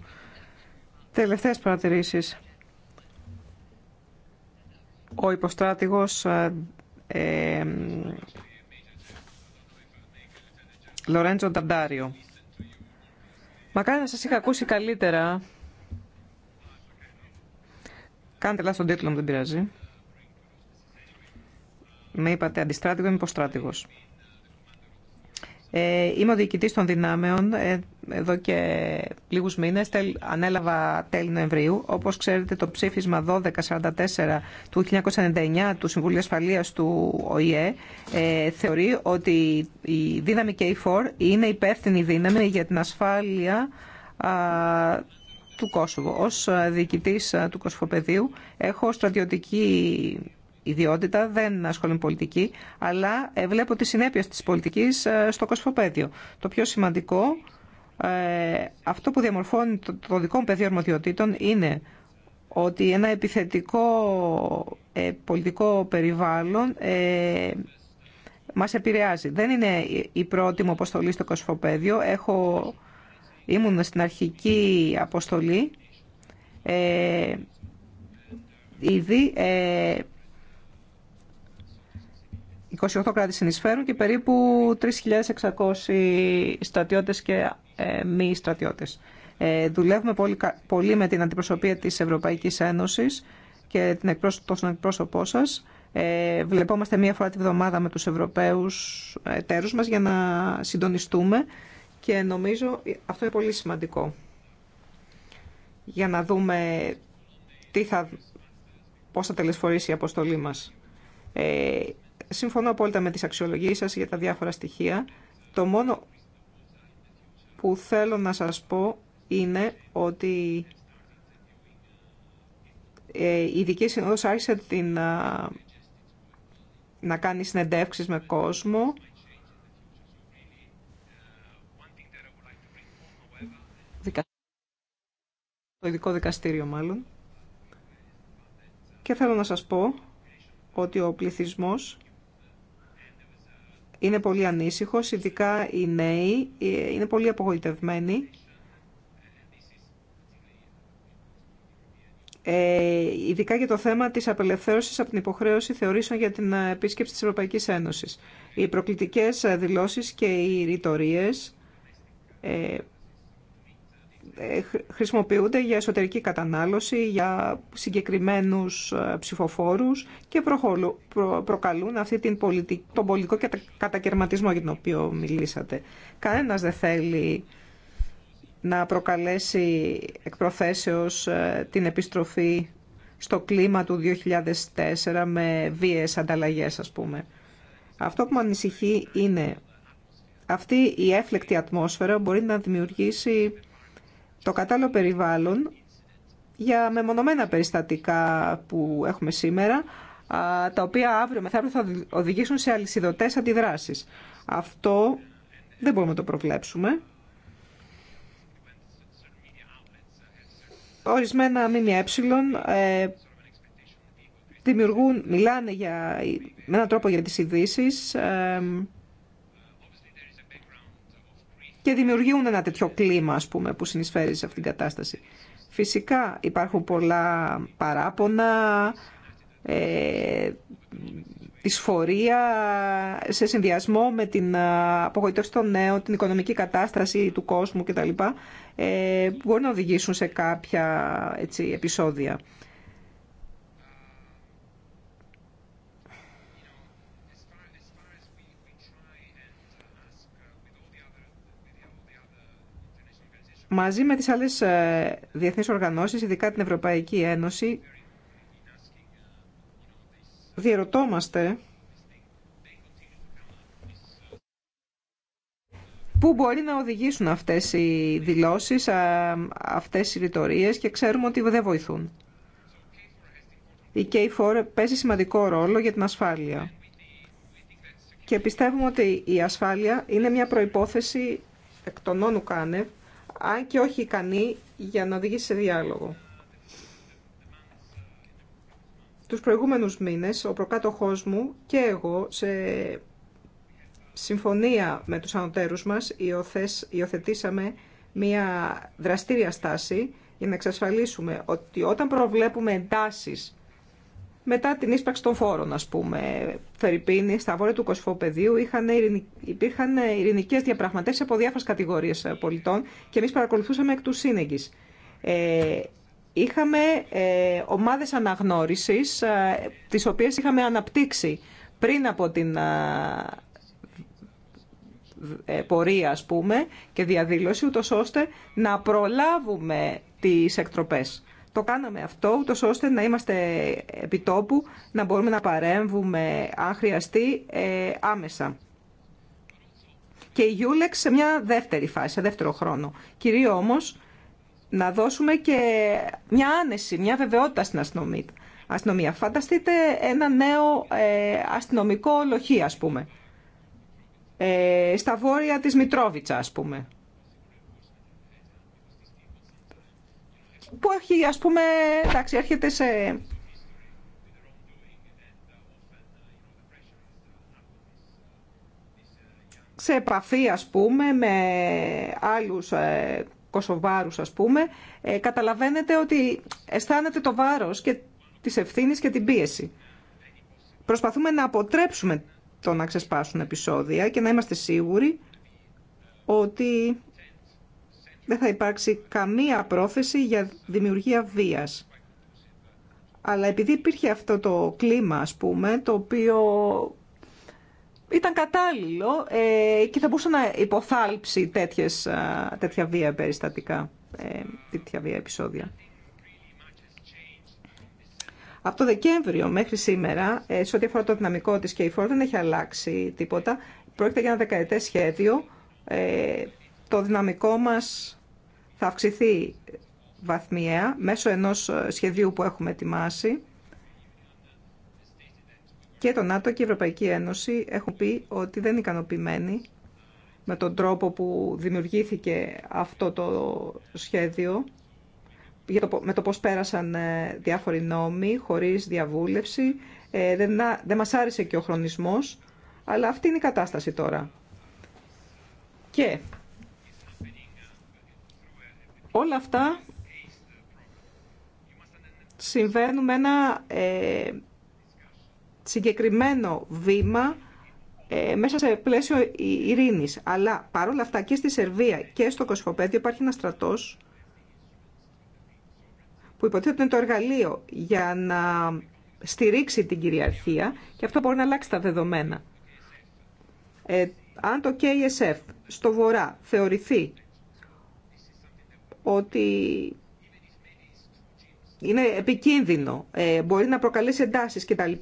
Τελευταίες παρατηρήσεις. Ο υποστράτηγος ε, ε, Λορέντζο Νταντάριο. Μακάρι να σας είχα ακούσει καλύτερα. Κάντε λάθος τον τίτλο μου, δεν πειράζει. Με είπατε αντιστράτηγο, είμαι υποστράτηγος. Ε, είμαι ο διοικητής των δυνάμεων ε, εδώ και λίγους μήνες, ανέλαβα τέλη Νοεμβρίου. Όπως ξέρετε το ψήφισμα 1244 του 1999 του Συμβουλίου Ασφαλείας του ΟΗΕ ε, θεωρεί ότι η δύναμη K4 είναι υπεύθυνη δύναμη για την ασφάλεια α, του Κόσοβο. Ως διοικητής του Κοσφοπεδίου έχω στρατιωτική ιδιότητα, δεν ασχολούμαι πολιτική, αλλά ε, βλέπω τις συνέπειες της πολιτικής ε, στο Κοσφοπέδιο. Το πιο σημαντικό ε, αυτό που διαμορφώνει το, δικό μου πεδίο αρμοδιοτήτων είναι ότι ένα επιθετικό ε, πολιτικό περιβάλλον ε, μας επηρεάζει. Δεν είναι η πρώτη μου αποστολή στο Κοσφοπέδιο. Έχω, ήμουν στην αρχική αποστολή. Ε, ήδη ε, 28 κράτη συνεισφέρουν και περίπου 3.600 στρατιώτες και ε, μη στρατιώτες. Ε, δουλεύουμε πολύ, πολύ με την αντιπροσωπεία της Ευρωπαϊκής Ένωσης και την τον εκπρόσωπό σας. Ε, βλεπόμαστε μία φορά τη βδομάδα με τους Ευρωπαίους εταίρους μας για να συντονιστούμε και νομίζω ε, αυτό είναι πολύ σημαντικό για να δούμε τι θα, πώς θα τελεσφορήσει η αποστολή μας. Ε, συμφωνώ απόλυτα με τις αξιολογίες σας για τα διάφορα στοιχεία. Το μόνο που θέλω να σας πω είναι ότι ε, η Ειδική Συνόδος άρχισε την, να κάνει συνεντεύξεις με κόσμο. Το ειδικό δικαστήριο μάλλον. Και θέλω να σας πω ότι ο πληθυσμός είναι πολύ ανήσυχος, ειδικά οι νέοι ε, είναι πολύ απογοητευμένοι. Ε, ειδικά για το θέμα της απελευθέρωσης από την υποχρέωση θεωρήσεων για την ε, επίσκεψη της Ευρωπαϊκής Ένωσης. Οι προκλητικές ε, δηλώσεις και οι ρητορίες ε, χρησιμοποιούνται για εσωτερική κατανάλωση, για συγκεκριμένους ε, ψηφοφόρους και προκαλούν αυτή την τον πολιτικό κατακαιρματισμό για τον οποίο μιλήσατε. Κανένας δεν θέλει να προκαλέσει εκ ε, την επιστροφή στο κλίμα του 2004 με βίες ανταλλαγές ας πούμε. Αυτό που με ανησυχεί είναι αυτή η έφλεκτη ατμόσφαιρα μπορεί να δημιουργήσει το κατάλληλο περιβάλλον για μεμονωμένα περιστατικά που έχουμε σήμερα, τα οποία αύριο μεθαύριο θα οδηγήσουν σε αλυσιδωτές αντιδράσεις. Αυτό δεν μπορούμε να το προβλέψουμε. Ορισμένα ΜΜΕ ε, δημιουργούν, μιλάνε για, με έναν τρόπο για τις ειδήσει. Ε, και δημιουργούν ένα τέτοιο κλίμα, ας πούμε, που συνεισφέρει σε αυτήν την κατάσταση. Φυσικά υπάρχουν πολλά παράπονα, ε, δυσφορία σε συνδυασμό με την ε, απογοητεύση των νέων, την οικονομική κατάσταση του κόσμου κτλ. Ε, μπορεί να οδηγήσουν σε κάποια έτσι, επεισόδια. μαζί με τις άλλες ε, διεθνείς οργανώσεις, ειδικά την Ευρωπαϊκή Ένωση, διερωτόμαστε πού μπορεί να οδηγήσουν αυτές οι δηλώσεις, αυτές οι ρητορίες και ξέρουμε ότι δεν βοηθούν. Η K4 παίζει σημαντικό ρόλο για την ασφάλεια και πιστεύουμε ότι η ασφάλεια είναι μια προϋπόθεση εκ των όνου αν και όχι ικανή για να οδηγήσει σε διάλογο. Τους προηγούμενους μήνες ο προκάτοχός μου και εγώ σε συμφωνία με τους ανωτέρους μας υιοθετήσαμε μια δραστήρια στάση για να εξασφαλίσουμε ότι όταν προβλέπουμε εντάσεις μετά την ίσπραξη των φόρων, ας πούμε, Φερρυπίνη, στα βόρεια του Κοσφοπεδίου, υπήρχαν ειρηνικέ διαπραγματεύσει από διάφορε κατηγορίε ε, πολιτών και εμεί παρακολουθούσαμε εκ του σύνεγγυ. Ε, είχαμε ε, ομάδε αναγνώριση, ε, τι οποίε είχαμε αναπτύξει πριν από την ε, ε, πορεία, ας πούμε, και διαδήλωση, ούτως ώστε να προλάβουμε τις εκτροπές το κάναμε αυτό, ούτως ώστε να είμαστε επιτόπου, να μπορούμε να παρέμβουμε, αν χρειαστεί, ε, άμεσα. Και η Γιούλεξ σε μια δεύτερη φάση, σε δεύτερο χρόνο. Κυρίω όμως, να δώσουμε και μια άνεση, μια βεβαιότητα στην αστυνομία. αστυνομία. Φανταστείτε ένα νέο ε, αστυνομικό λοχείο, ας πούμε, ε, στα βόρεια της Μητρόβιτσα, ας πούμε. που έχει, ας πούμε, εντάξει, έρχεται σε σε επαφή ας πούμε με άλλους ε, ας πούμε ε, καταλαβαίνετε ότι αισθάνεται το βάρος και της ευθύνης και την πίεση. Προσπαθούμε να αποτρέψουμε το να ξεσπάσουν επεισόδια και να είμαστε σίγουροι ότι δεν θα υπάρξει καμία πρόθεση για δημιουργία βίας. Αλλά επειδή υπήρχε αυτό το κλίμα, ας πούμε, το οποίο ήταν κατάλληλο ε, και θα μπορούσε να υποθάλψει τέτοιες, τέτοια βία περιστατικά, ε, τέτοια βία επεισόδια. Από το Δεκέμβριο μέχρι σήμερα, ε, σε ό,τι αφορά το δυναμικό της και η δεν έχει αλλάξει τίποτα. Πρόκειται για ένα δεκαετές σχέδιο ε, το δυναμικό μας θα αυξηθεί βαθμιαία μέσω ενός σχεδίου που έχουμε ετοιμάσει. Και το ΝΑΤΟ και η Ευρωπαϊκή Ένωση έχουν πει ότι δεν είναι ικανοποιημένοι με τον τρόπο που δημιουργήθηκε αυτό το σχέδιο, με το πώς πέρασαν ε, διάφοροι νόμοι χωρίς διαβούλευση. Ε, δεν, δεν μας άρεσε και ο χρονισμός, αλλά αυτή είναι η κατάσταση τώρα. Και Όλα αυτά συμβαίνουν με ένα ε, συγκεκριμένο βήμα ε, μέσα σε πλαίσιο ειρήνης. Αλλά παρόλα αυτά και στη Σερβία και στο Κοσμοπέδιο υπάρχει ένα στρατός που υποτίθεται είναι το εργαλείο για να στηρίξει την κυριαρχία και αυτό μπορεί να αλλάξει τα δεδομένα. Ε, αν το KSF στο βορρά θεωρηθεί ότι είναι επικίνδυνο, ε, μπορεί να προκαλέσει εντάσεις κτλ.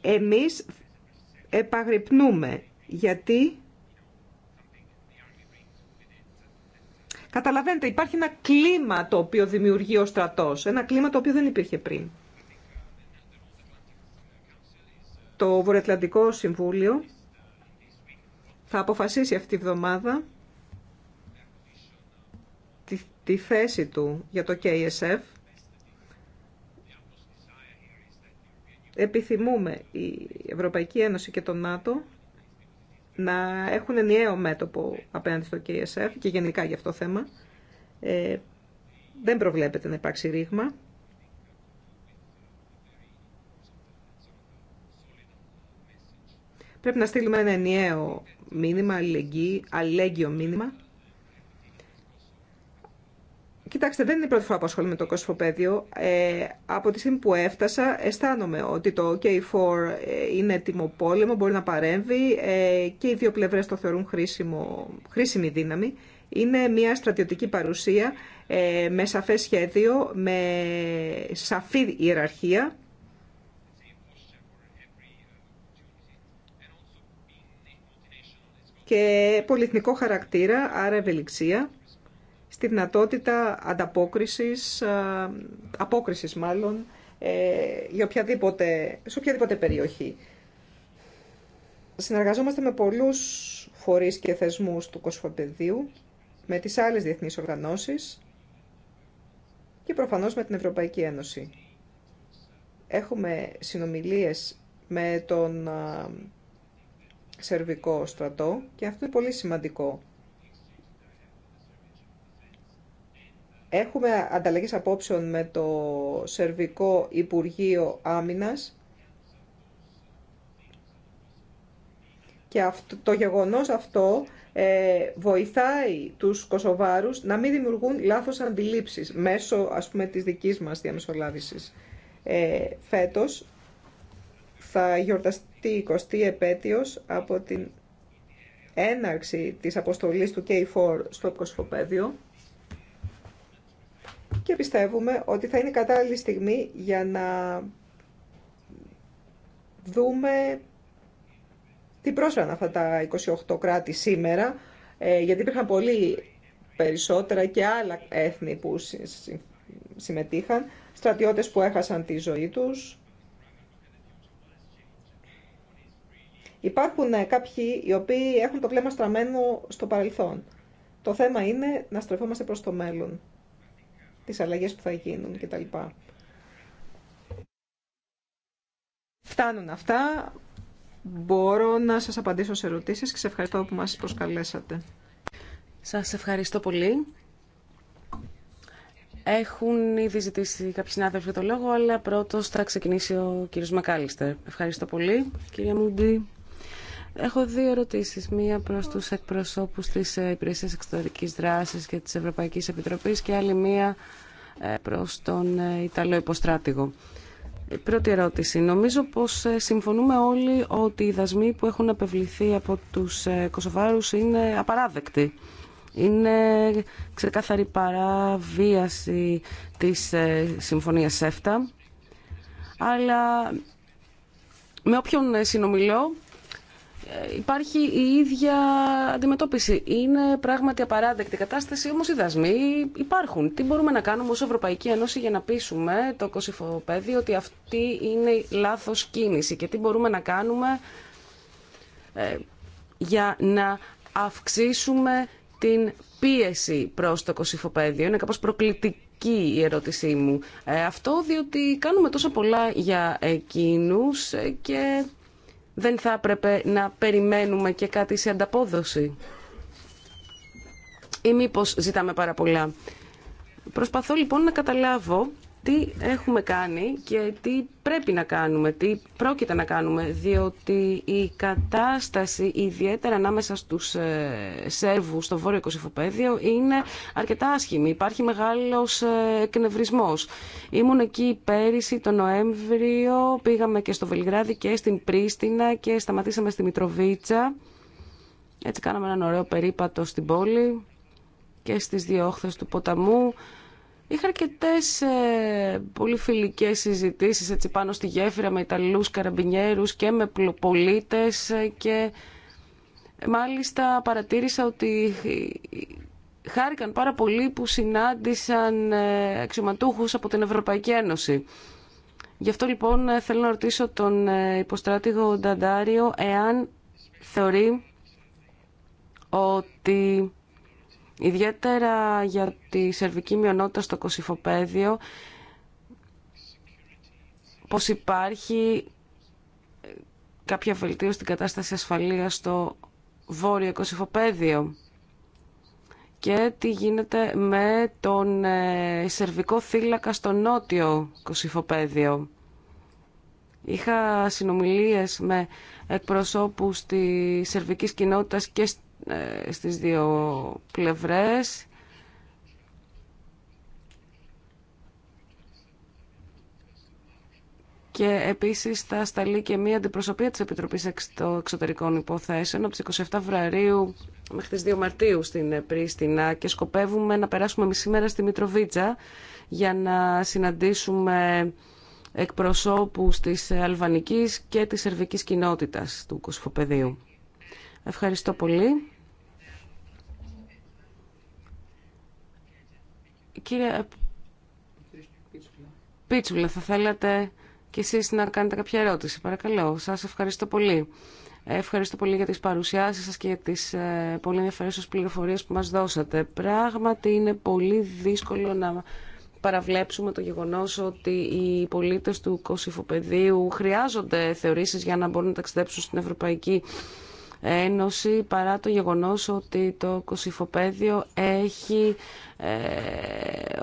Εμείς επαγρυπνούμε γιατί Καταλαβαίνετε, υπάρχει ένα κλίμα το οποίο δημιουργεί ο στρατός, ένα κλίμα το οποίο δεν υπήρχε πριν. Το Βορειοατλαντικό Συμβούλιο θα αποφασίσει αυτή τη βδομάδα τη θέση του για το KSF. Επιθυμούμε η Ευρωπαϊκή Ένωση και το ΝΑΤΟ να έχουν ενιαίο μέτωπο απέναντι στο KSF και γενικά για αυτό το θέμα. Ε, δεν προβλέπεται να υπάρξει ρήγμα. Πρέπει να στείλουμε ένα ενιαίο μήνυμα, αλληλεγγύη, αλληλέγγυο μήνυμα Κοιτάξτε, δεν είναι η πρώτη φορά που ασχολούμαι με το κοσμοπέδιο. Ε, από τη στιγμή που έφτασα, αισθάνομαι ότι το K4 ε, είναι έτοιμο πόλεμο, μπορεί να παρέμβει ε, και οι δύο πλευρές το θεωρούν χρήσιμο, χρήσιμη δύναμη. Είναι μια στρατιωτική παρουσία ε, με σαφέ σχέδιο, με σαφή ιεραρχία. και πολυεθνικό χαρακτήρα, άρα ευελιξία τη δυνατότητα ανταπόκρισης, απόκρισης μάλλον, ε, για οποιαδήποτε, σε οποιαδήποτε περιοχή. Συνεργαζόμαστε με πολλούς φορείς και θεσμούς του κοσφοπεδίου, με τις άλλες διεθνείς οργανώσεις και προφανώς με την Ευρωπαϊκή Ένωση. Έχουμε συνομιλίες με τον Σερβικό στρατό και αυτό είναι πολύ σημαντικό Έχουμε ανταλλαγές απόψεων με το Σερβικό Υπουργείο Άμυνας και το γεγονός αυτό ε, βοηθάει τους Κωσοβάρους να μην δημιουργούν λάθος αντιλήψεις μέσω ας πούμε της δικής μας διαμεσολάβησης. Ε, φέτος θα γιορταστεί η 20η επέτειος από την έναρξη της αποστολής του K4 στο Κωσφοπέδιο και πιστεύουμε ότι θα είναι κατάλληλη στιγμή για να δούμε τι πρόσφεραν αυτά τα 28 κράτη σήμερα, ε, γιατί υπήρχαν πολύ περισσότερα και άλλα έθνη που συμμετείχαν, στρατιώτες που έχασαν τη ζωή τους. Υπάρχουν ε, κάποιοι οι οποίοι έχουν το βλέμμα στραμμένο στο παρελθόν. Το θέμα είναι να στρεφόμαστε προς το μέλλον τις αλλαγές που θα γίνουν κτλ. Φτάνουν αυτά. Μπορώ να σας απαντήσω σε ερωτήσεις και σε ευχαριστώ που μας προσκαλέσατε. Σας ευχαριστώ πολύ. Έχουν ήδη ζητήσει κάποιοι συνάδελφοι το λόγο, αλλά πρώτος θα ξεκινήσει ο κύριος Μακάλιστερ. Ευχαριστώ πολύ, κύριε Μούντι. Έχω δύο ερωτήσεις. Μία προς τους εκπροσώπους της ε, Υπηρεσίας Εξωτερικής Δράσης και της Ευρωπαϊκής Επιτροπής και άλλη μία ε, προς τον ε, Ιταλό υποστράτηγο. Πρώτη ερώτηση. Νομίζω πως συμφωνούμε όλοι ότι οι δασμοί που έχουν απευληθεί από τους Κωσοβάρους είναι απαράδεκτοι. Είναι ξεκάθαρη παραβίαση της συμφωνίας ΣΕΦΤΑ. Αλλά με όποιον συνομιλώ υπάρχει η ίδια αντιμετώπιση. Είναι πράγματι απαράδεκτη κατάσταση, όμως οι δασμοί υπάρχουν. Τι μπορούμε να κάνουμε ως Ευρωπαϊκή Ένωση για να πείσουμε το κοσυφοπέδιο ότι αυτή είναι λάθος κίνηση και τι μπορούμε να κάνουμε ε, για να αυξήσουμε την πίεση προς το κοσυφοπέδιο. Είναι κάπως προκλητική η ερώτησή μου. Ε, αυτό διότι κάνουμε τόσο πολλά για εκείνους ε, και δεν θα έπρεπε να περιμένουμε και κάτι σε ανταπόδοση. Ή μήπως ζητάμε πάρα πολλά. Προσπαθώ λοιπόν να καταλάβω τι έχουμε κάνει και τι πρέπει να κάνουμε, τι πρόκειται να κάνουμε, διότι η κατάσταση ιδιαίτερα ανάμεσα στους ε, Σέρβους στο Βόρειο Κωσυφοπαίδιο είναι αρκετά άσχημη. Υπάρχει μεγάλος ε, εκνευρισμός. Ήμουν εκεί πέρυσι το Νοέμβριο, πήγαμε και στο Βελιγράδι και στην Πρίστινα και σταματήσαμε στη Μητροβίτσα. Έτσι κάναμε έναν ωραίο περίπατο στην πόλη και στις διόχθες του ποταμού. Είχα αρκετέ ε, πολύ φιλικέ συζητήσει πάνω στη γέφυρα με Ιταλού καραμπινιέρου και με πολίτε ε, και μάλιστα παρατήρησα ότι χάρηκαν πάρα πολύ που συνάντησαν ε, αξιωματούχους από την Ευρωπαϊκή Ένωση. Γι' αυτό λοιπόν θέλω να ρωτήσω τον υποστράτηγο Νταντάριο εάν θεωρεί ότι Ιδιαίτερα για τη σερβική μειονότητα στο Κωσυφοπαίδιο, πως υπάρχει κάποια βελτίωση στην κατάσταση ασφαλείας στο βόρειο Κωσυφοπαίδιο και τι γίνεται με τον ε, σερβικό θύλακα στο νότιο Κωσυφοπαίδιο. Είχα συνομιλίες με εκπροσώπους της σερβικής κοινότητας και ε, στις δύο πλευρές. Και επίσης θα σταλεί και μία αντιπροσωπεία της Επιτροπής Εξωτερικών Υποθέσεων από τις 27 Φεβρουαρίου μέχρι τις 2 Μαρτίου στην ε, Πρίστινα και σκοπεύουμε να περάσουμε μισή μέρα στη Μητροβίτσα για να συναντήσουμε εκπροσώπους της αλβανικής και της σερβικής κοινότητας του Κοσφοπεδίου. Ευχαριστώ πολύ. Κύριε Πίτσουλα, θα θέλατε κι εσείς να κάνετε κάποια ερώτηση. Παρακαλώ, σας ευχαριστώ πολύ. Ευχαριστώ πολύ για τις παρουσιάσεις σας και για τις ε, πολύ ενδιαφέρουσες πληροφορίες που μας δώσατε. Πράγματι είναι πολύ δύσκολο να παραβλέψουμε το γεγονός ότι οι πολίτες του Κωσυφοπεδίου χρειάζονται θεωρήσεις για να μπορούν να ταξιδέψουν στην Ευρωπαϊκή Ένωση παρά το γεγονός ότι το κοσυφοπαίδιο έχει ε,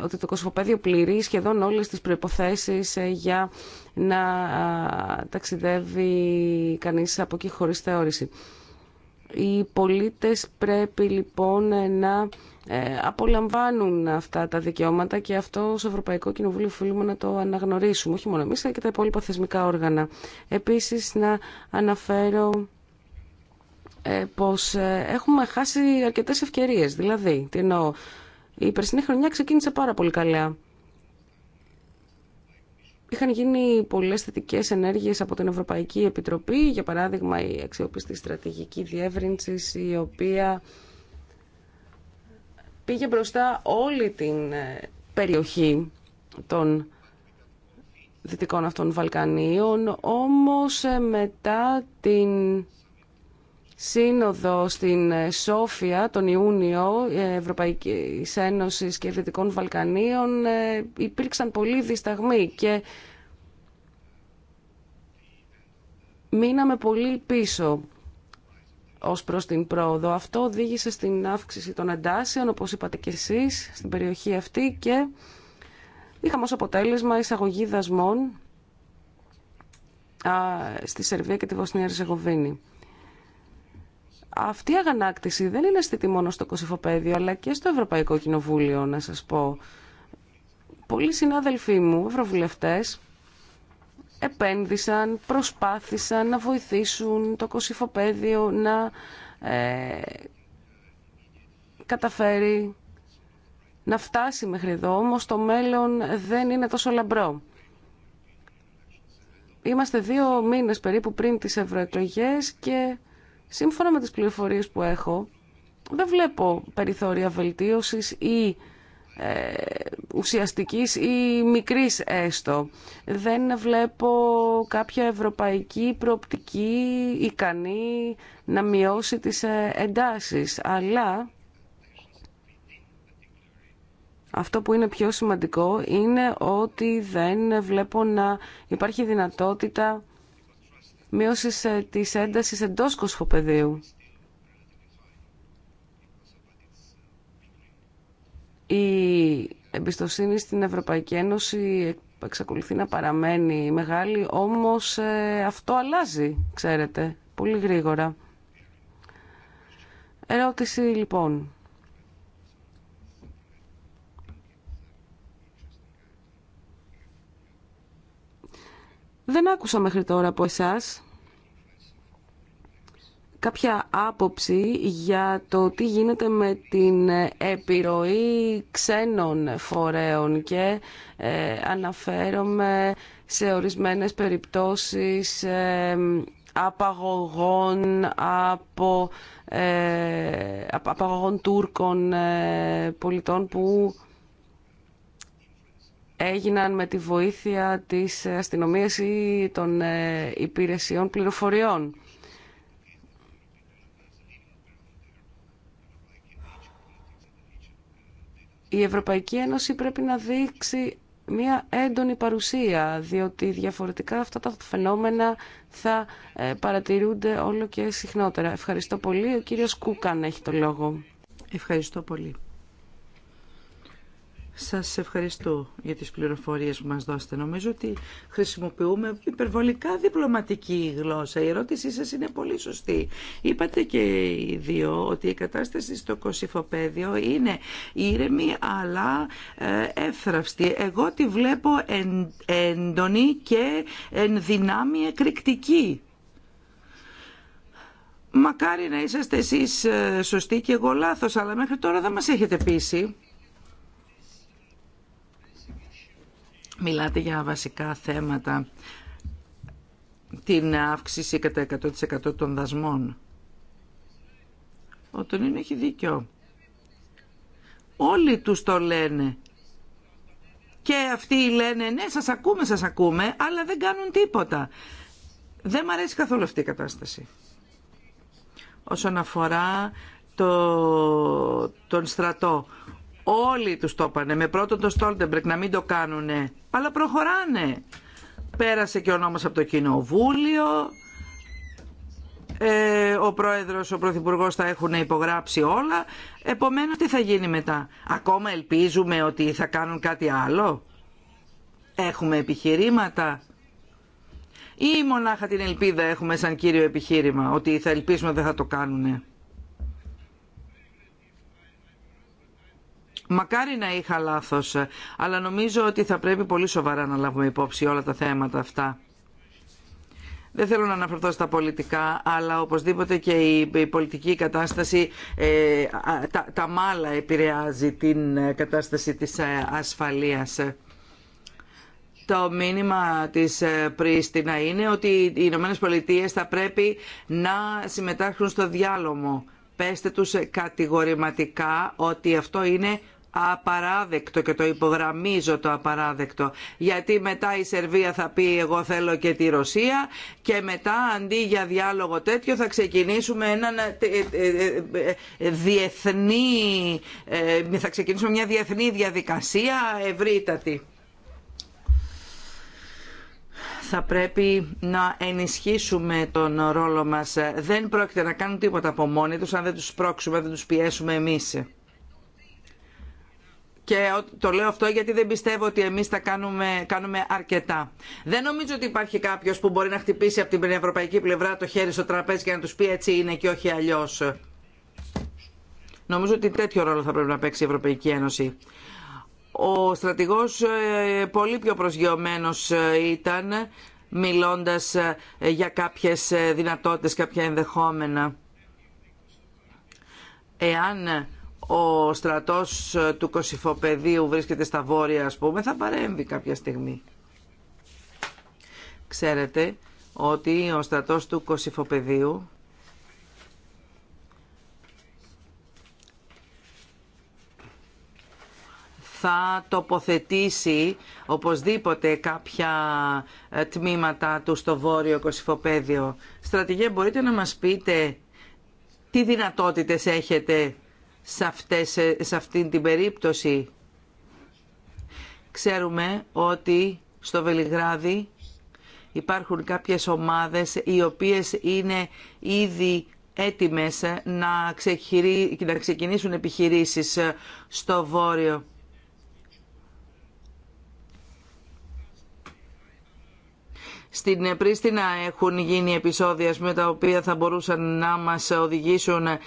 ότι το κοσυφοπαίδιο πληρεί σχεδόν όλες τις προϋποθέσεις ε, για να ταξιδεύει κανείς από εκεί χωρίς θεώρηση. Οι πολίτες πρέπει λοιπόν ε, να απολαμβάνουν αυτά τα δικαιώματα και αυτό στο Ευρωπαϊκό Κοινοβούλιο οφείλουμε να το αναγνωρίσουμε, όχι μόνο εμείς αλλά και τα υπόλοιπα θεσμικά όργανα. Επίσης να αναφέρω ε, πως ε, έχουμε χάσει αρκετές ευκαιρίες. Δηλαδή, τι εννοώ, η περσινή χρονιά ξεκίνησε πάρα πολύ καλά. Είχαν γίνει πολλές θετικές ενέργειες από την Ευρωπαϊκή Επιτροπή, για παράδειγμα η αξιόπιστη στρατηγική διεύρυνση, η οποία πήγε μπροστά όλη την ε, περιοχή των δυτικών αυτών Βαλκανίων, όμως μετά την σύνοδο στην ε, Σόφια τον Ιούνιο ε, Ευρωπαϊκής Ένωσης και Δυτικών Βαλκανίων ε, υπήρξαν πολλοί δισταγμοί και μείναμε πολύ πίσω ως προς την πρόοδο. Αυτό οδήγησε στην αύξηση των εντάσεων, όπως είπατε και εσείς, στην περιοχή αυτή και είχαμε ως αποτέλεσμα εισαγωγή δασμών στη Σερβία και τη Βοσνία Ριζεγοβίνη αυτή η αγανάκτηση δεν είναι αισθητή μόνο στο Κωσυφοπαίδιο αλλά και στο Ευρωπαϊκό Κοινοβούλιο να σας πω. Πολλοί συνάδελφοί μου, ευρωβουλευτές, επένδυσαν, προσπάθησαν να βοηθήσουν το Κωσυφοπαίδιο να ε, καταφέρει να φτάσει μέχρι εδώ, όμως το μέλλον δεν είναι τόσο λαμπρό. Είμαστε δύο μήνες περίπου πριν τις ευρωεκλογές και Σύμφωνα με τις πληροφορίες που έχω, δεν βλέπω περιθώρια βελτίωσης ή ε, ουσιαστικής ή μικρής έστω. Δεν βλέπω κάποια ευρωπαϊκή προοπτική ικανή να μειώσει τις ε, εντάσεις. Αλλά αυτό που είναι πιο σημαντικό είναι ότι δεν βλέπω να υπάρχει δυνατότητα μείωση ε, της ένταση εντό κοσμοπεδίου. Η εμπιστοσύνη στην Ευρωπαϊκή Ένωση εξακολουθεί να παραμένει μεγάλη, όμως ε, αυτό αλλάζει, ξέρετε, πολύ γρήγορα. Ερώτηση λοιπόν. Δεν άκουσα μέχρι τώρα από εσάς κάποια άποψη για το τι γίνεται με την επιρροή ξένων φορέων και ε, αναφέρομαι σε ορισμένες περιπτώσεις ε, από ε, απαγωγών Τούρκων ε, πολιτών που έγιναν με τη βοήθεια της αστυνομίας ή των ε, υπηρεσιών πληροφοριών. Η Ευρωπαϊκή Ένωση πρέπει να δείξει μία έντονη παρουσία, διότι διαφορετικά αυτά τα φαινόμενα θα ε, παρατηρούνται όλο και συχνότερα. Ευχαριστώ πολύ. Ο κύριος Κούκαν έχει το λόγο. Ευχαριστώ πολύ. Σας ευχαριστώ για τις πληροφορίες που μας δώσετε. Νομίζω ότι χρησιμοποιούμε υπερβολικά διπλωματική γλώσσα. Η ερώτησή σας είναι πολύ σωστή. Είπατε και οι δύο ότι η κατάσταση στο κοσυφοπαίδιο είναι ήρεμη αλλά ε, εύθραυστη. Εγώ τη βλέπω εντονή και εν δυνάμει εκρηκτική. Μακάρι να είσαστε εσείς ε, σωστοί και εγώ λάθος, αλλά μέχρι τώρα δεν μας έχετε πείσει. Μιλάτε για βασικά θέματα, την αύξηση κατά 100% των δασμών. Ο Τονίν έχει δίκιο. Όλοι τους το λένε. Και αυτοί λένε ναι σας ακούμε, σας ακούμε, αλλά δεν κάνουν τίποτα. Δεν μου αρέσει καθόλου αυτή η κατάσταση. Όσον αφορά το, τον στρατό. Όλοι τους το είπανε, με πρώτον το Στόλτεμπρεκ να μην το κάνουνε, αλλά προχωράνε. Πέρασε και ο νόμος από το Κοινοβούλιο, ε, ο πρόεδρος, ο πρωθυπουργός θα έχουν υπογράψει όλα, επομένως τι θα γίνει μετά. Ακόμα ελπίζουμε ότι θα κάνουν κάτι άλλο. Έχουμε επιχειρήματα ή μονάχα την ελπίδα έχουμε σαν κύριο επιχείρημα ότι θα ελπίσουμε δεν θα το κάνουνε. Μακάρι να είχα λάθος, αλλά νομίζω ότι θα πρέπει πολύ σοβαρά να λάβουμε υπόψη όλα τα θέματα αυτά. Δεν θέλω να αναφερθώ στα πολιτικά, αλλά οπωσδήποτε και η πολιτική κατάσταση ε, τα, τα μάλα επηρεάζει την ε, κατάσταση της ε, ασφαλείας. Το μήνυμα της Πρίστινα είναι ότι οι Ηνωμένε Πολιτείε θα πρέπει να συμμετάχουν στο διάλογο. Πέστε τους κατηγορηματικά ότι αυτό είναι απαράδεκτο και το υπογραμμίζω το απαράδεκτο γιατί μετά η Σερβία θα πει εγώ θέλω και τη Ρωσία και μετά αντί για διάλογο τέτοιο θα ξεκινήσουμε ένα ε, ε, ε, διεθνή θα ξεκινήσουμε μια διεθνή διαδικασία ευρύτατη θα πρέπει να ενισχύσουμε τον ρόλο μας. Δεν πρόκειται να κάνουν τίποτα από μόνοι τους αν δεν τους πρόξουμε, δεν τους πιέσουμε εμείς και το λέω αυτό γιατί δεν πιστεύω ότι εμείς τα κάνουμε, κάνουμε αρκετά. Δεν νομίζω ότι υπάρχει κάποιο που μπορεί να χτυπήσει από την ευρωπαϊκή πλευρά το χέρι στο τραπέζι και να τους πει έτσι είναι και όχι αλλιώ. Νομίζω ότι τέτοιο ρόλο θα πρέπει να παίξει η Ευρωπαϊκή Ένωση. Ο στρατηγός ε, πολύ πιο προσγειωμένος ε, ήταν μιλώντας ε, για κάποιες δυνατότητες, κάποια ενδεχόμενα. Εάν ο στρατός του Κωσυφοπεδίου βρίσκεται στα βόρεια ας πούμε θα παρέμβει κάποια στιγμή. Ξέρετε ότι ο στρατός του Κωσυφοπεδίου θα τοποθετήσει οπωσδήποτε κάποια ε, τμήματα του στο βόρειο Κωσυφοπέδιο. Στρατηγέ, μπορείτε να μας πείτε τι δυνατότητες έχετε σε, αυτές, αυτήν την περίπτωση. Ξέρουμε ότι στο Βελιγράδι υπάρχουν κάποιες ομάδες οι οποίες είναι ήδη έτοιμες να ξεκινήσουν επιχειρήσεις στο Βόρειο στην Πρίστινα έχουν γίνει επεισόδια με τα οποία θα μπορούσαν να μας οδηγήσουν ε,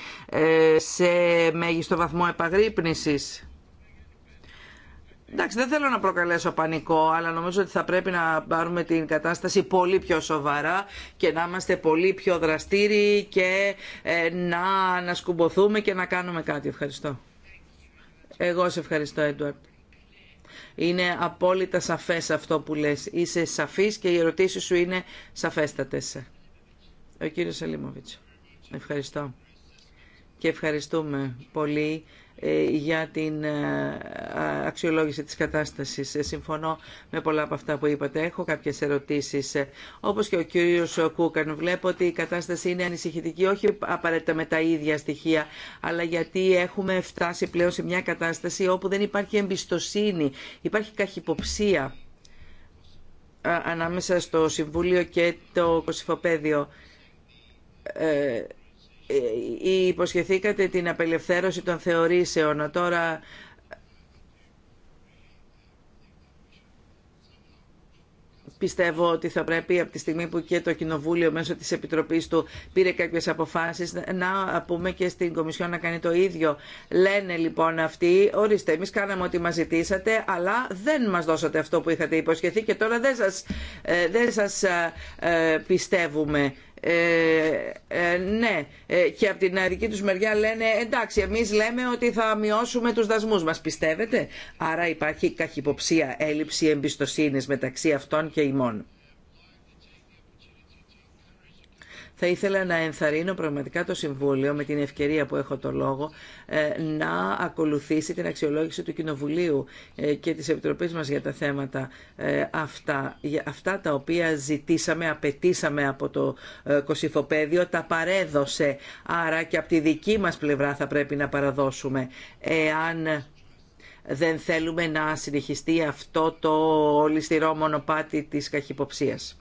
σε μέγιστο βαθμό επαγρύπνησης. Εντάξει, δεν θέλω να προκαλέσω πανικό, αλλά νομίζω ότι θα πρέπει να πάρουμε την κατάσταση πολύ πιο σοβαρά και να είμαστε πολύ πιο δραστήριοι και ε, να ανασκουμποθούμε και να κάνουμε κάτι. Ευχαριστώ. Εγώ σε ευχαριστώ, Έντουαρτ. Είναι απόλυτα σαφές αυτό που λες. Είσαι σαφής και οι ερωτήσεις σου είναι σαφέστατες. Ο κύριος Σελίμωβιτς. Ευχαριστώ. Και ευχαριστούμε πολύ ε, για την ε, αξιολόγηση της κατάστασης. Ε, συμφωνώ με πολλά από αυτά που είπατε. Έχω κάποιες ερωτήσεις. Όπως και ο κύριος Κούκαν, βλέπω ότι η κατάσταση είναι ανησυχητική, όχι απαραίτητα με τα ίδια στοιχεία, αλλά γιατί έχουμε φτάσει πλέον σε μια κατάσταση όπου δεν υπάρχει εμπιστοσύνη, υπάρχει καχυποψία ανάμεσα στο Συμβούλιο και το Κωσυφοπαίδιο. Ε, υποσχεθήκατε την απελευθέρωση των θεωρήσεων. Τώρα πιστεύω ότι θα πρέπει από τη στιγμή που και το Κοινοβούλιο μέσω της Επιτροπής του πήρε κάποιες αποφάσεις να πούμε και στην Κομισιόν να κάνει το ίδιο. Λένε λοιπόν αυτοί, ορίστε εμείς κάναμε ό,τι μας ζητήσατε αλλά δεν μας δώσατε αυτό που είχατε υποσχεθεί και τώρα δεν σας, ε, δεν σας ε, πιστεύουμε. Ε, ε, ναι, ε, και από την δική τους μεριά λένε εντάξει εμείς λέμε ότι θα μειώσουμε τους δασμούς μας, πιστεύετε. Άρα υπάρχει καχυποψία, έλλειψη εμπιστοσύνης μεταξύ αυτών και ημών. Θα ήθελα να ενθαρρύνω πραγματικά το Συμβούλιο, με την ευκαιρία που έχω το λόγο, ε, να ακολουθήσει την αξιολόγηση του Κοινοβουλίου ε, και της Επιτροπής μας για τα θέματα ε, αυτά. Αυτά τα οποία ζητήσαμε, απαιτήσαμε από το Κωσυφοπαίδιο, τα παρέδωσε. Άρα και από τη δική μας πλευρά θα πρέπει να παραδώσουμε. Εάν δεν θέλουμε να συνεχιστεί αυτό το ολιστηρό μονοπάτι της καχυποψίας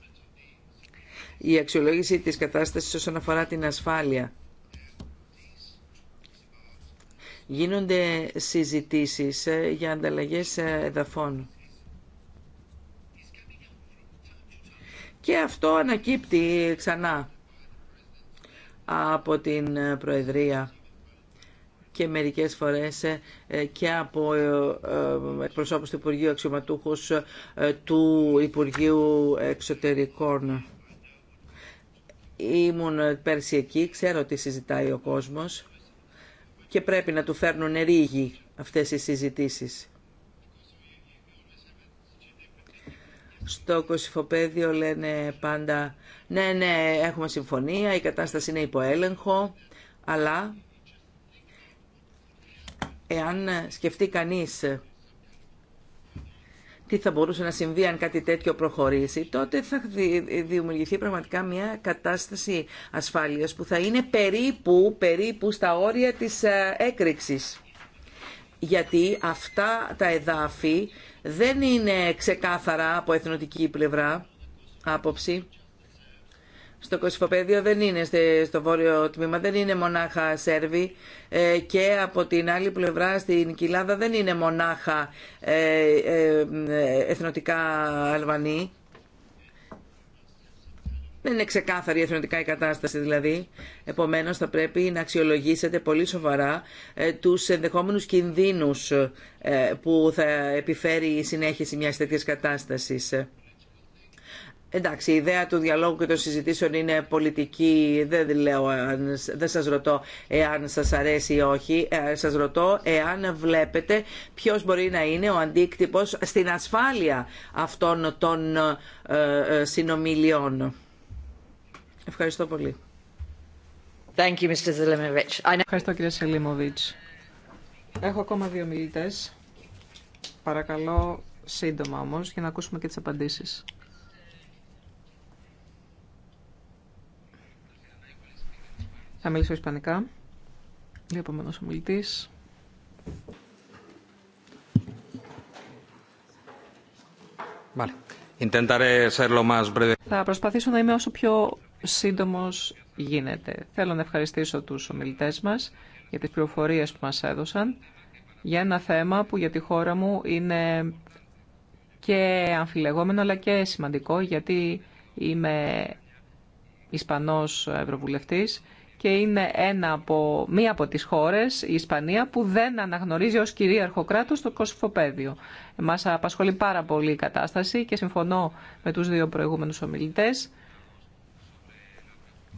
η αξιολόγηση της κατάστασης όσον αφορά την ασφάλεια. Γίνονται συζητήσεις ε, για ανταλλαγές ε, εδαφών. Και αυτό ανακύπτει ξανά από την ε, Προεδρία και μερικές φορές και από εκπροσώπους του Υπουργείου Αξιωματούχους του Υπουργείου Εξωτερικών. Ήμουν πέρσι εκεί, ξέρω τι συζητάει ο κόσμος και πρέπει να του φέρνουν ρίγη αυτές οι συζητήσεις. Στο κοσυφοπαίδιο λένε πάντα «Ναι, ναι, έχουμε συμφωνία, η κατάσταση είναι υποέλεγχο, αλλά εάν σκεφτεί κανείς τι θα μπορούσε να συμβεί αν κάτι τέτοιο προχωρήσει, τότε θα δημιουργηθεί πραγματικά μια κατάσταση ασφάλειας που θα είναι περίπου, περίπου στα όρια της ε, έκρηξης. Γιατί αυτά τα εδάφη δεν είναι ξεκάθαρα από εθνοτική πλευρά άποψη στο Κωσυφοπέδιο δεν είναι στο βόρειο τμήμα, δεν είναι μονάχα Σέρβοι ε, και από την άλλη πλευρά στην Κοιλάδα δεν είναι μονάχα ε, ε, εθνοτικά Αλβανοί. Δεν είναι ξεκάθαρη εθνοτικά η κατάσταση δηλαδή. Επομένως θα πρέπει να αξιολογήσετε πολύ σοβαρά τους ενδεχόμενους κινδύνους που θα επιφέρει η συνέχιση μιας τέτοιας κατάστασης. Εντάξει, η ιδέα του διαλόγου και των συζητήσεων είναι πολιτική. Δεν, λέω, δεν σας ρωτώ εάν σας αρέσει ή όχι. Ε, σας ρωτώ εάν βλέπετε ποιος μπορεί να είναι ο αντίκτυπος στην ασφάλεια αυτών των ε, ε, συνομιλιών. Ευχαριστώ πολύ. Thank you, Mr. Ευχαριστώ κύριε Σελίμοβιτς. Έχω ακόμα δύο μιλητές. Παρακαλώ σύντομα όμως για να ακούσουμε και τις απαντήσεις. Θα μιλήσω ισπανικά. ο επόμενος ομιλητής. Θα προσπαθήσω να είμαι όσο πιο σύντομος γίνεται. Θέλω να ευχαριστήσω τους ομιλητές μας για τις πληροφορίες που μας έδωσαν για ένα θέμα που για τη χώρα μου είναι και αμφιλεγόμενο αλλά και σημαντικό γιατί είμαι Ισπανός Ευρωβουλευτής και είναι ένα μία από τις χώρες, η Ισπανία, που δεν αναγνωρίζει ως κυρίαρχο κράτος το Κωσυφοπαίδιο. Μας απασχολεί πάρα πολύ η κατάσταση και συμφωνώ με τους δύο προηγούμενους ομιλητές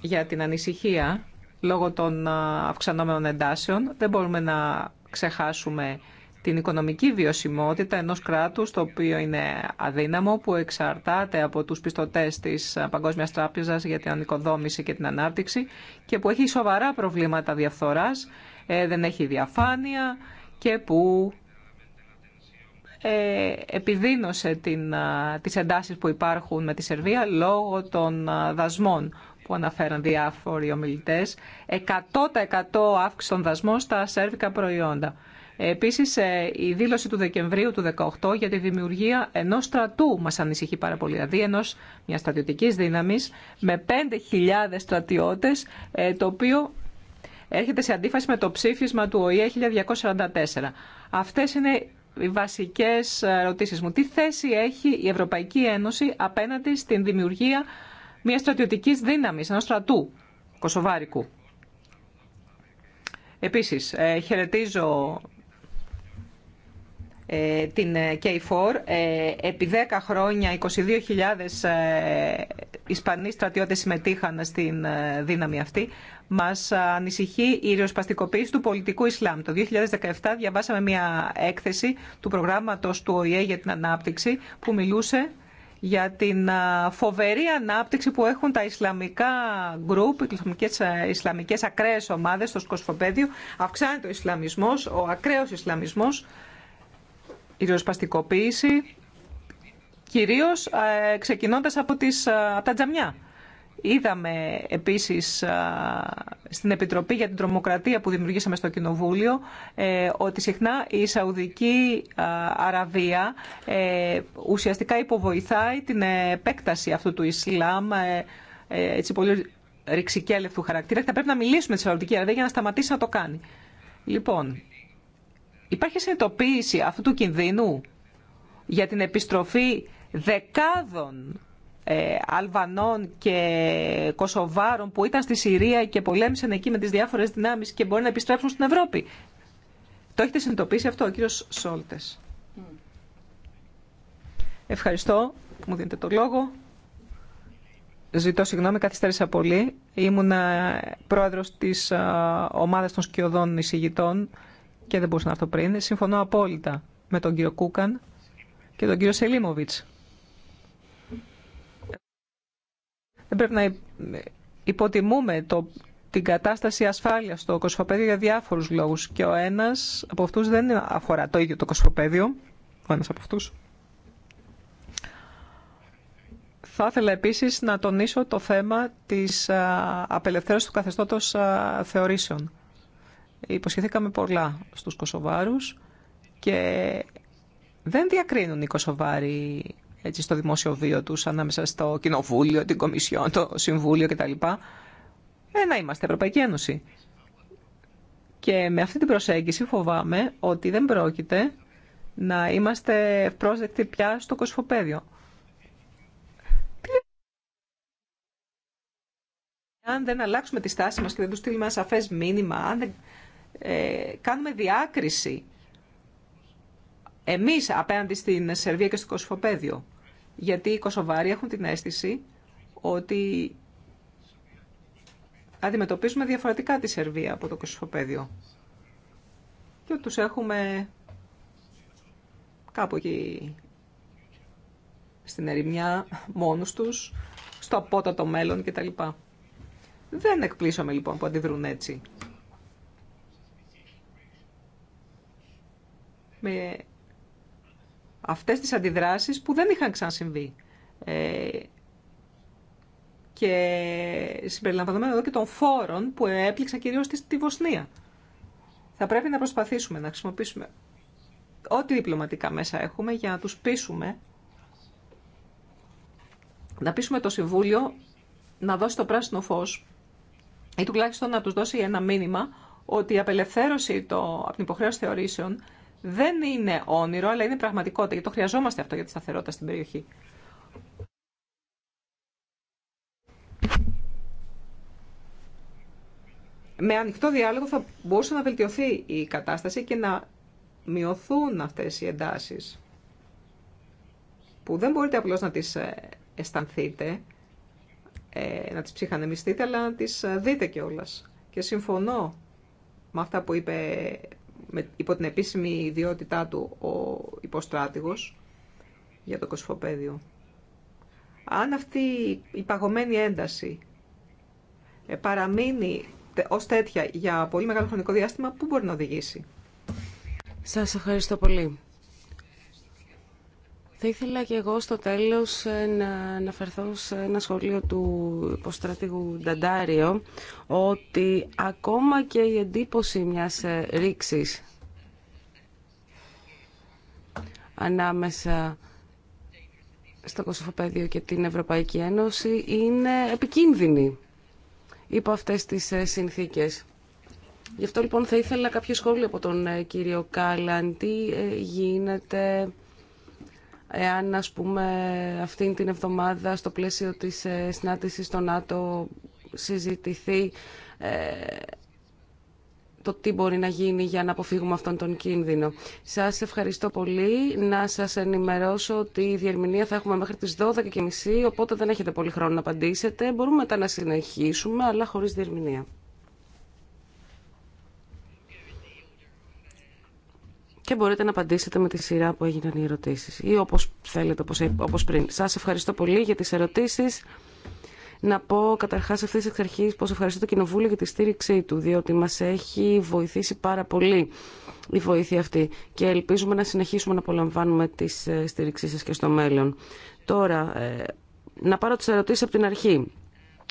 για την ανησυχία λόγω των αυξανόμενων εντάσεων. Δεν μπορούμε να ξεχάσουμε την οικονομική βιωσιμότητα ενός κράτους το οποίο είναι αδύναμο, που εξαρτάται από τους πιστωτές της Παγκόσμιας Τράπεζας για την ανοικοδόμηση και την ανάπτυξη και που έχει σοβαρά προβλήματα διαφθοράς, ε, δεν έχει διαφάνεια και που ε, επιδίνωσε την, τις εντάσεις που υπάρχουν με τη Σερβία λόγω των δασμών που αναφέραν διάφοροι ομιλητές. 100% αύξηση των δασμών στα σέρβικα προϊόντα. Επίσης, ε, η δήλωση του Δεκεμβρίου του 2018 για τη δημιουργία ενό στρατού μα ανησυχεί πάρα πολύ, δηλαδή ενό μια στρατιωτική δύναμης με 5.000 στρατιώτες, ε, το οποίο έρχεται σε αντίφαση με το ψήφισμα του ΟΗΕ 1244. Αυτές είναι οι βασικές ερωτήσει μου. Τι θέση έχει η Ευρωπαϊκή Ένωση απέναντι στην δημιουργία μια στρατιωτική δύναμη, ενό στρατού κοσοβάρικου. Επίσης, ε, χαιρετίζω ε, την ε, K4. Ε, επί 10 χρόνια 22.000 Ισπανοί στρατιώτες συμμετείχαν στην δύναμη αυτή. Μας ανησυχεί η ριοσπαστικοποίηση του πολιτικού Ισλάμ. Το 2017 διαβάσαμε μια έκθεση του προγράμματος του ΟΗΕ για την ανάπτυξη που μιλούσε για την φοβερή ανάπτυξη που έχουν τα ισλαμικά γκρουπ, οι ισλαμικές, ισλαμικές ακραίες ομάδες στο σκοσφοπέδιο. Αυξάνεται ο Ισλαμισμός, ο ακραίος Ισλαμισμός η ριζοσπαστικοποίηση κυρίως ε, ξεκινώντας από, τις, ε, από τα τζαμιά. Είδαμε επίσης ε, στην Επιτροπή για την Τρομοκρατία που δημιουργήσαμε στο Κοινοβούλιο ε, ότι συχνά η Σαουδική Αραβία ουσιαστικά υποβοηθάει την επέκταση αυτού του Ισλάμ έτσι πολύ ρηξικέλευτου χαρακτήρα θα πρέπει να μιλήσουμε τη Σαουδική Αραβία για να σταματήσει να το κάνει. Λοιπόν, Υπάρχει συνειδητοποίηση αυτού του κινδύνου για την επιστροφή δεκάδων ε, Αλβανών και Κωσοβάρων που ήταν στη Συρία και πολέμησαν εκεί με τις διάφορες δυνάμεις και μπορεί να επιστρέψουν στην Ευρώπη. Το έχετε συνειδητοποιήσει αυτό, ο κύριος Σόλτες. Ευχαριστώ που μου δίνετε το λόγο. Ζητώ συγγνώμη, καθυστέρησα πολύ. Ήμουνα πρόεδρος της ε, ομάδας των σκιωδών εισηγητών και δεν μπορούσα να έρθω πριν. Συμφωνώ απόλυτα με τον κύριο Κούκαν και τον κύριο Σελίμοβιτς. Δεν πρέπει να υποτιμούμε το, την κατάσταση ασφάλειας στο κοσμοπέδιο για διάφορους λόγους και ο ένας από αυτούς δεν αφορά το ίδιο το κοσμοπέδιο, ο ένας από αυτούς. Θα ήθελα επίσης να τονίσω το θέμα της απελευθέρωσης του καθεστώτος θεωρήσεων. Υποσχεθήκαμε πολλά στους Κωσοβάρους και δεν διακρίνουν οι Κωσοβάροι έτσι, στο δημόσιο βίο τους ανάμεσα στο Κοινοβούλιο, την Κομισιόν, το Συμβούλιο κτλ. Ένα ε, είμαστε, Ευρωπαϊκή Ένωση. Και με αυτή την προσέγγιση φοβάμαι ότι δεν πρόκειται να είμαστε πρόσδεκτοι πια στο κοσφοπέδιο. Αν δεν αλλάξουμε τη στάση μας και δεν του στείλουμε ένα σαφές μήνυμα, ε, κάνουμε διάκριση εμείς απέναντι στην Σερβία και στο Κοσφοπέδιο. Γιατί οι Κοσοβάροι έχουν την αίσθηση ότι αντιμετωπίζουμε διαφορετικά τη Σερβία από το Κοσφοπέδιο. Και τους έχουμε κάπου εκεί στην ερημιά μόνους τους, στο απότατο μέλλον κτλ. Δεν εκπλήσωμε λοιπόν που αντιδρούν έτσι. με αυτές τις αντιδράσεις που δεν είχαν ξανασυμβεί. Ε, και συμπεριλαμβανομένου εδώ και των φόρων που έπληξαν κυρίως στη Βοσνία. Θα πρέπει να προσπαθήσουμε να χρησιμοποιήσουμε ό,τι διπλωματικά μέσα έχουμε για να τους πείσουμε να πείσουμε το Συμβούλιο να δώσει το πράσινο φως ή τουλάχιστον να τους δώσει ένα μήνυμα ότι η απελευθέρωση το, από την υποχρέωση θεωρήσεων δεν είναι όνειρο, αλλά είναι πραγματικότητα, γιατί το χρειαζόμαστε αυτό για τη σταθερότητα στην περιοχή. Με ανοιχτό διάλογο θα μπορούσε να βελτιωθεί η κατάσταση και να μειωθούν αυτές οι εντάσεις που δεν μπορείτε απλώς να τις ε, αισθανθείτε, ε, να τις ψυχανεμιστείτε, αλλά να τις ε, δείτε κιόλας. Και συμφωνώ με αυτά που είπε με, υπό την επίσημη ιδιότητά του ο υποστράτηγος για το κοσφοπέδιο. Αν αυτή η παγωμένη ένταση ε, παραμείνει ως τέτοια για πολύ μεγάλο χρονικό διάστημα, πού μπορεί να οδηγήσει. Σας ευχαριστώ πολύ. Θα ήθελα και εγώ στο τέλος ε, να αναφερθώ σε ένα σχολείο του υποστρατηγού Νταντάριο ότι ακόμα και η εντύπωση μιας ε, ρήξης ανάμεσα στο Κωσοφοπέδιο και την Ευρωπαϊκή Ένωση είναι επικίνδυνη υπό αυτές τις ε, συνθήκες. Γι' αυτό λοιπόν θα ήθελα κάποιο σχόλιο από τον κύριο Κάλαν. Τι γίνεται εάν ας πούμε αυτήν την εβδομάδα στο πλαίσιο της ε, συνάντησης στο ΝΑΤΟ συζητηθεί ε, το τι μπορεί να γίνει για να αποφύγουμε αυτόν τον κίνδυνο. Σας ευχαριστώ πολύ. Να σας ενημερώσω ότι η διερμηνία θα έχουμε μέχρι τις 12.30, οπότε δεν έχετε πολύ χρόνο να απαντήσετε. Μπορούμε μετά να συνεχίσουμε, αλλά χωρίς διερμηνία. και μπορείτε να απαντήσετε με τη σειρά που έγιναν οι ερωτήσεις ή όπως θέλετε, όπως πριν. Σας ευχαριστώ πολύ για τις ερωτήσεις. Να πω καταρχά ευθύ εξ αρχή πω ευχαριστώ το Κοινοβούλιο για τη στήριξή του, διότι μα έχει βοηθήσει πάρα πολύ η βοήθεια αυτή και ελπίζουμε να συνεχίσουμε να απολαμβάνουμε τις ε, στήριξή σα και στο μέλλον. Τώρα, ε, να πάρω τι ερωτήσει από την αρχή.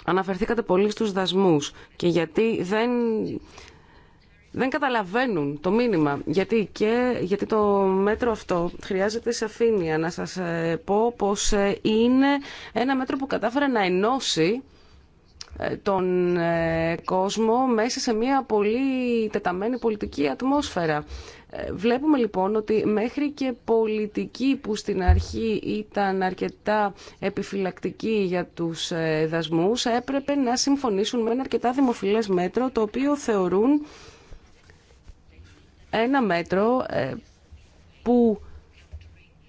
Αναφερθήκατε πολύ στους δασμούς και γιατί δεν δεν καταλαβαίνουν το μήνυμα. Γιατί, και, γιατί το μέτρο αυτό χρειάζεται σαφήνεια. Να σας ε, πω πως ε, είναι ένα μέτρο που κατάφερε να ενώσει ε, τον κόσμο μέσα σε μια πολύ τεταμένη πολιτική ατμόσφαιρα. Βλέπουμε λοιπόν ότι μέχρι και πολιτικοί που στην αρχή ήταν αρκετά επιφυλακτικοί για τους δασμούς έπρεπε να συμφωνήσουν με ένα αρκετά δημοφιλές μέτρο το οποίο θεωρούν ένα μέτρο ε, που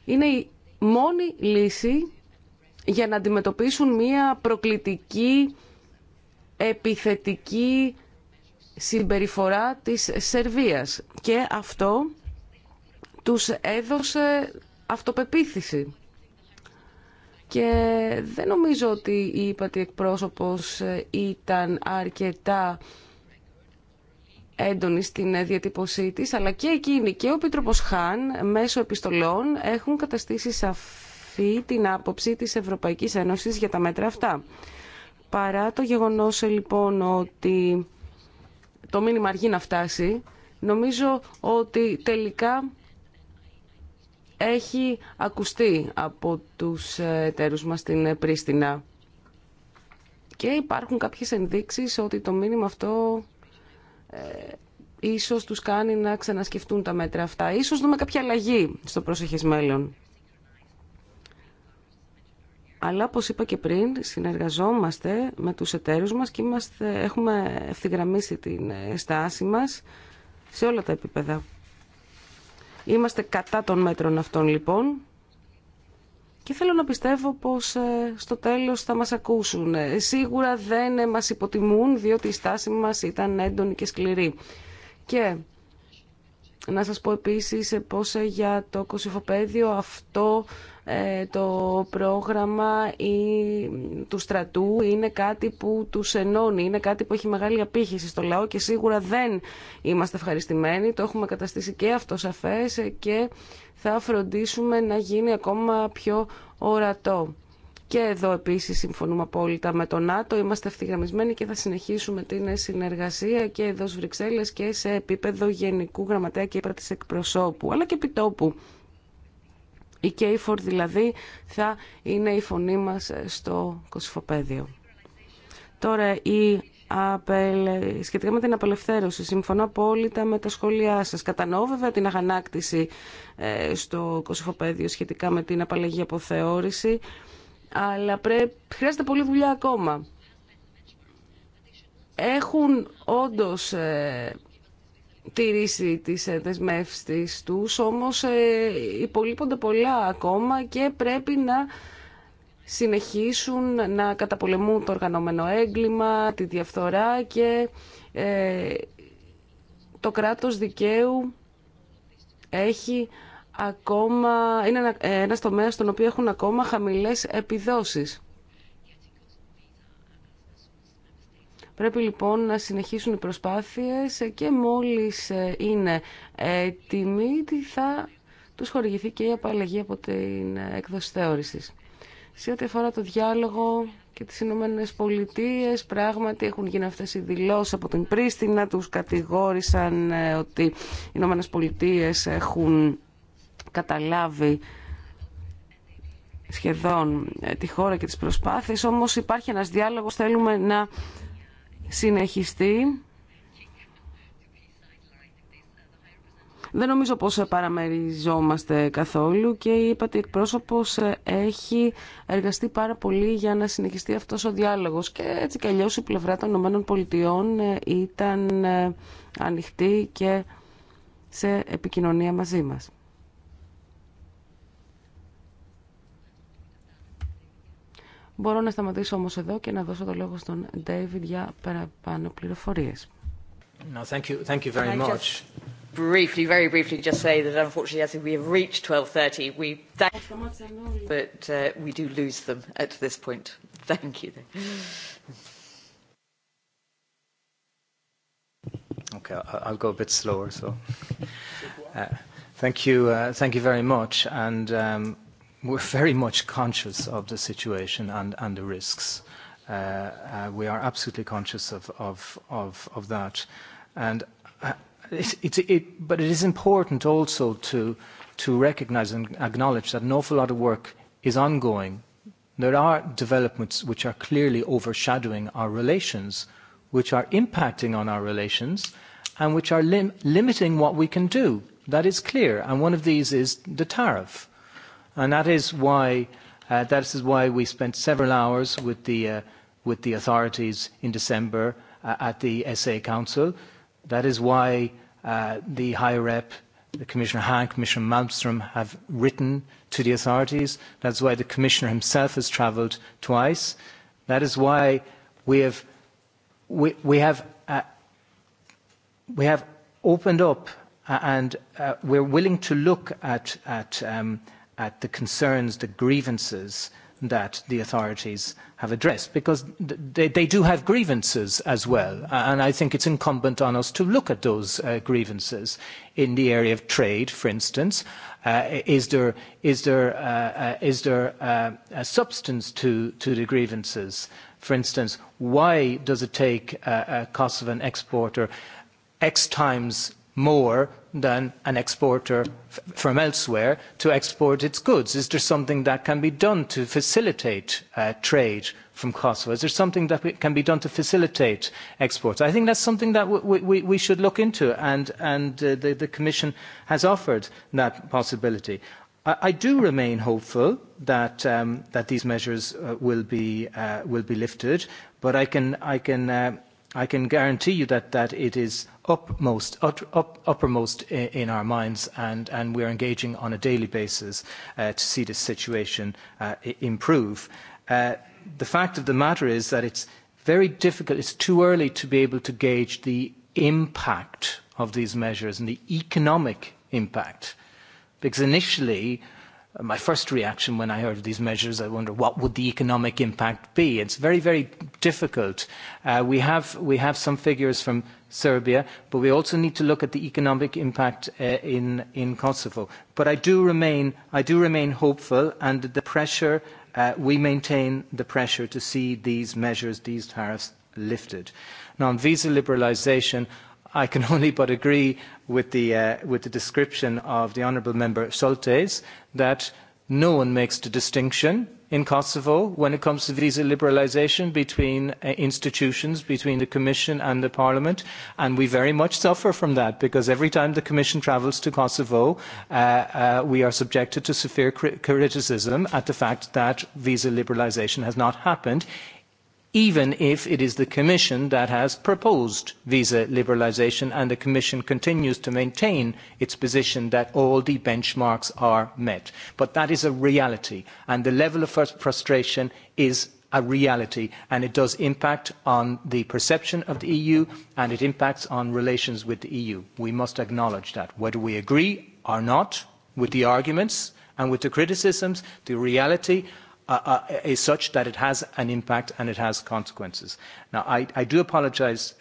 είναι η μόνη λύση για να αντιμετωπίσουν μία προκλητική, επιθετική συμπεριφορά της Σερβίας. Και αυτό τους έδωσε αυτοπεποίθηση. Και δεν νομίζω ότι η ΥΠΑΤΗ εκπρόσωπος ε, ήταν αρκετά έντονη στην ε, διατύπωσή τη, αλλά και εκείνη και ο Πίτροπος Χάν μέσω επιστολών έχουν καταστήσει σαφή την άποψη της Ευρωπαϊκής Ένωση για τα μέτρα αυτά. Παρά το γεγονός ε, λοιπόν ότι το μήνυμα αργεί να φτάσει, νομίζω ότι τελικά έχει ακουστεί από τους ε, εταίρους μας στην Πρίστινα. Και υπάρχουν κάποιες ενδείξεις ότι το μήνυμα αυτό ε, ίσως τους κάνει να ξανασκεφτούν τα μέτρα αυτά. Ίσως δούμε κάποια αλλαγή στο πρόσεχες μέλλον. Αλλά όπως είπα και πριν, συνεργαζόμαστε με τους εταίρους μας και έχουμε ευθυγραμμίσει την στάση μας σε όλα τα επίπεδα. Είμαστε κατά των μέτρων αυτών λοιπόν και θέλω να πιστεύω πως ε, στο τέλος θα μας ακούσουν. Ε, σίγουρα δεν ε, μας υποτιμούν, διότι η στάση μας ήταν έντονη και σκληρή. Και να σας πω επίσης πως για το κοσυφοπαίδιο αυτό το πρόγραμμα του στρατού είναι κάτι που τους ενώνει, είναι κάτι που έχει μεγάλη απήχηση στο λαό και σίγουρα δεν είμαστε ευχαριστημένοι, το έχουμε καταστήσει και αυτό σαφές και θα φροντίσουμε να γίνει ακόμα πιο ορατό. Και εδώ επίσης συμφωνούμε απόλυτα με το ΝΑΤΟ, είμαστε ευθυγραμμισμένοι και θα συνεχίσουμε την συνεργασία και εδώ στις Βρυξέλλες και σε επίπεδο Γενικού Γραμματέα και Ήπρα της Εκπροσώπου, αλλά και επιτόπου. Η ΚΕΙΦΟΡ δηλαδή θα είναι η φωνή μας στο κοσφοπέδιο. Τώρα η απελε... σχετικά με την απελευθέρωση. Συμφωνώ απόλυτα με τα σχόλιά σας. Κατανοώ βέβαια την αγανάκτηση ε, στο κοσυφοπαίδιο σχετικά με την απαλλαγή αποθεώρηση, αλλά πρέ... χρειάζεται πολλή δουλειά ακόμα. Έχουν όντως ε, τηρήσει τις ε, δεσμεύσεις τους, όμως υπολείπονται πολλά ακόμα και πρέπει να συνεχίσουν να καταπολεμούν το οργανωμένο έγκλημα, τη διαφθορά και ε, το κράτος δικαίου έχει ακόμα, είναι ένα, ε, ένας τομέας στον οποίο έχουν ακόμα χαμηλές επιδόσεις. Πρέπει λοιπόν να συνεχίσουν οι προσπάθειες και μόλις ε, είναι έτοιμοι θα τους χορηγηθεί και η απαλλαγή από την έκδοση θεώρησης. Σε ό,τι αφορά το διάλογο και τις Ηνωμένε Πολιτείε, πράγματι έχουν γίνει αυτές οι δηλώσεις από την Πρίστινα, τους κατηγόρησαν ε, ότι οι Ηνωμένε Πολιτείε έχουν καταλάβει σχεδόν ε, τη χώρα και τις προσπάθειες, όμως υπάρχει ένας διάλογος, θέλουμε να συνεχιστεί Δεν νομίζω πως παραμεριζόμαστε καθόλου και η είπατε εκπρόσωπος ε, έχει εργαστεί πάρα πολύ για να συνεχιστεί αυτός ο διάλογος και έτσι κι αλλιώς η πλευρά των ΗΠΑ ε, ήταν ε, ανοιχτή και σε επικοινωνία μαζί μας. Μπορώ να σταματήσω όμως εδώ και να δώσω το λόγο στον David για παραπάνω πληροφορίες. No, briefly, very briefly, just say that unfortunately, as we have reached 12.30, we thank but uh, we do lose them at this point. Thank you. Okay, I'll go a bit slower. So, uh, thank you, uh, thank you very much, and um, we're very much conscious of the situation and, and the risks. Uh, uh, we are absolutely conscious of of of, of that, and. But it is important also to to recognise and acknowledge that an awful lot of work is ongoing. There are developments which are clearly overshadowing our relations, which are impacting on our relations, and which are limiting what we can do. That is clear. And one of these is the tariff. And that is why that is why we spent several hours with the with the authorities in December at the SA Council. That is why the High Rep, the Commissioner Hahn, Commissioner Malmström have written to the authorities. That's why the Commissioner himself has travelled twice. That is why we have we have we have opened up and we're willing to look at at at the concerns, the grievances that the authorities have addressed because they do have grievances as well and I think it's incumbent on us to look at those grievances in the area of trade for instance is there is there is there a substance to to the grievances for instance why does it take a Kosovan exporter x times more than an exporter from elsewhere to export its goods? Is there something that can be done to facilitate trade from Kosovo? Is there something that can be done to facilitate exports? I think that's something that we should look into, and the Commission has offered that possibility. I do remain hopeful that these measures will be lifted, but I can I can guarantee you that it is uppermost in our minds and we are engaging on a daily basis to see this situation improve. The fact of the matter is that it's very difficult it's too early to be able to gauge the impact of these measures and the economic impact. Because initially my first reaction when I heard of these measures I wonder what would the economic impact be. It's very, very difficult. We have some figures from Serbia, but we also need to look at the economic impact in Kosovo. But I do remain hopeful, and the pressure, we maintain the pressure to see these measures, these tariffs lifted. Now, on visa liberalisation, I can only but agree with the description of the Honourable Member Soltes that no one makes the distinction in Kosovo when it comes to visa liberalisation between institutions, between the Commission and the Parliament, and we very much suffer from that because every time the Commission travels to Kosovo, we are subjected to severe criticism at the fact that visa liberalisation has not happened even if it is the Commission that has proposed visa liberalisation and the Commission continues to maintain its position that all the benchmarks are met. But that is a reality, and the level of frustration is a reality, and it does impact on the perception of the EU, and it impacts on relations with the EU. We must acknowledge that. Whether we agree or not with the arguments and with the criticisms, the reality is such that it has an impact and it has consequences. Now, I do apologize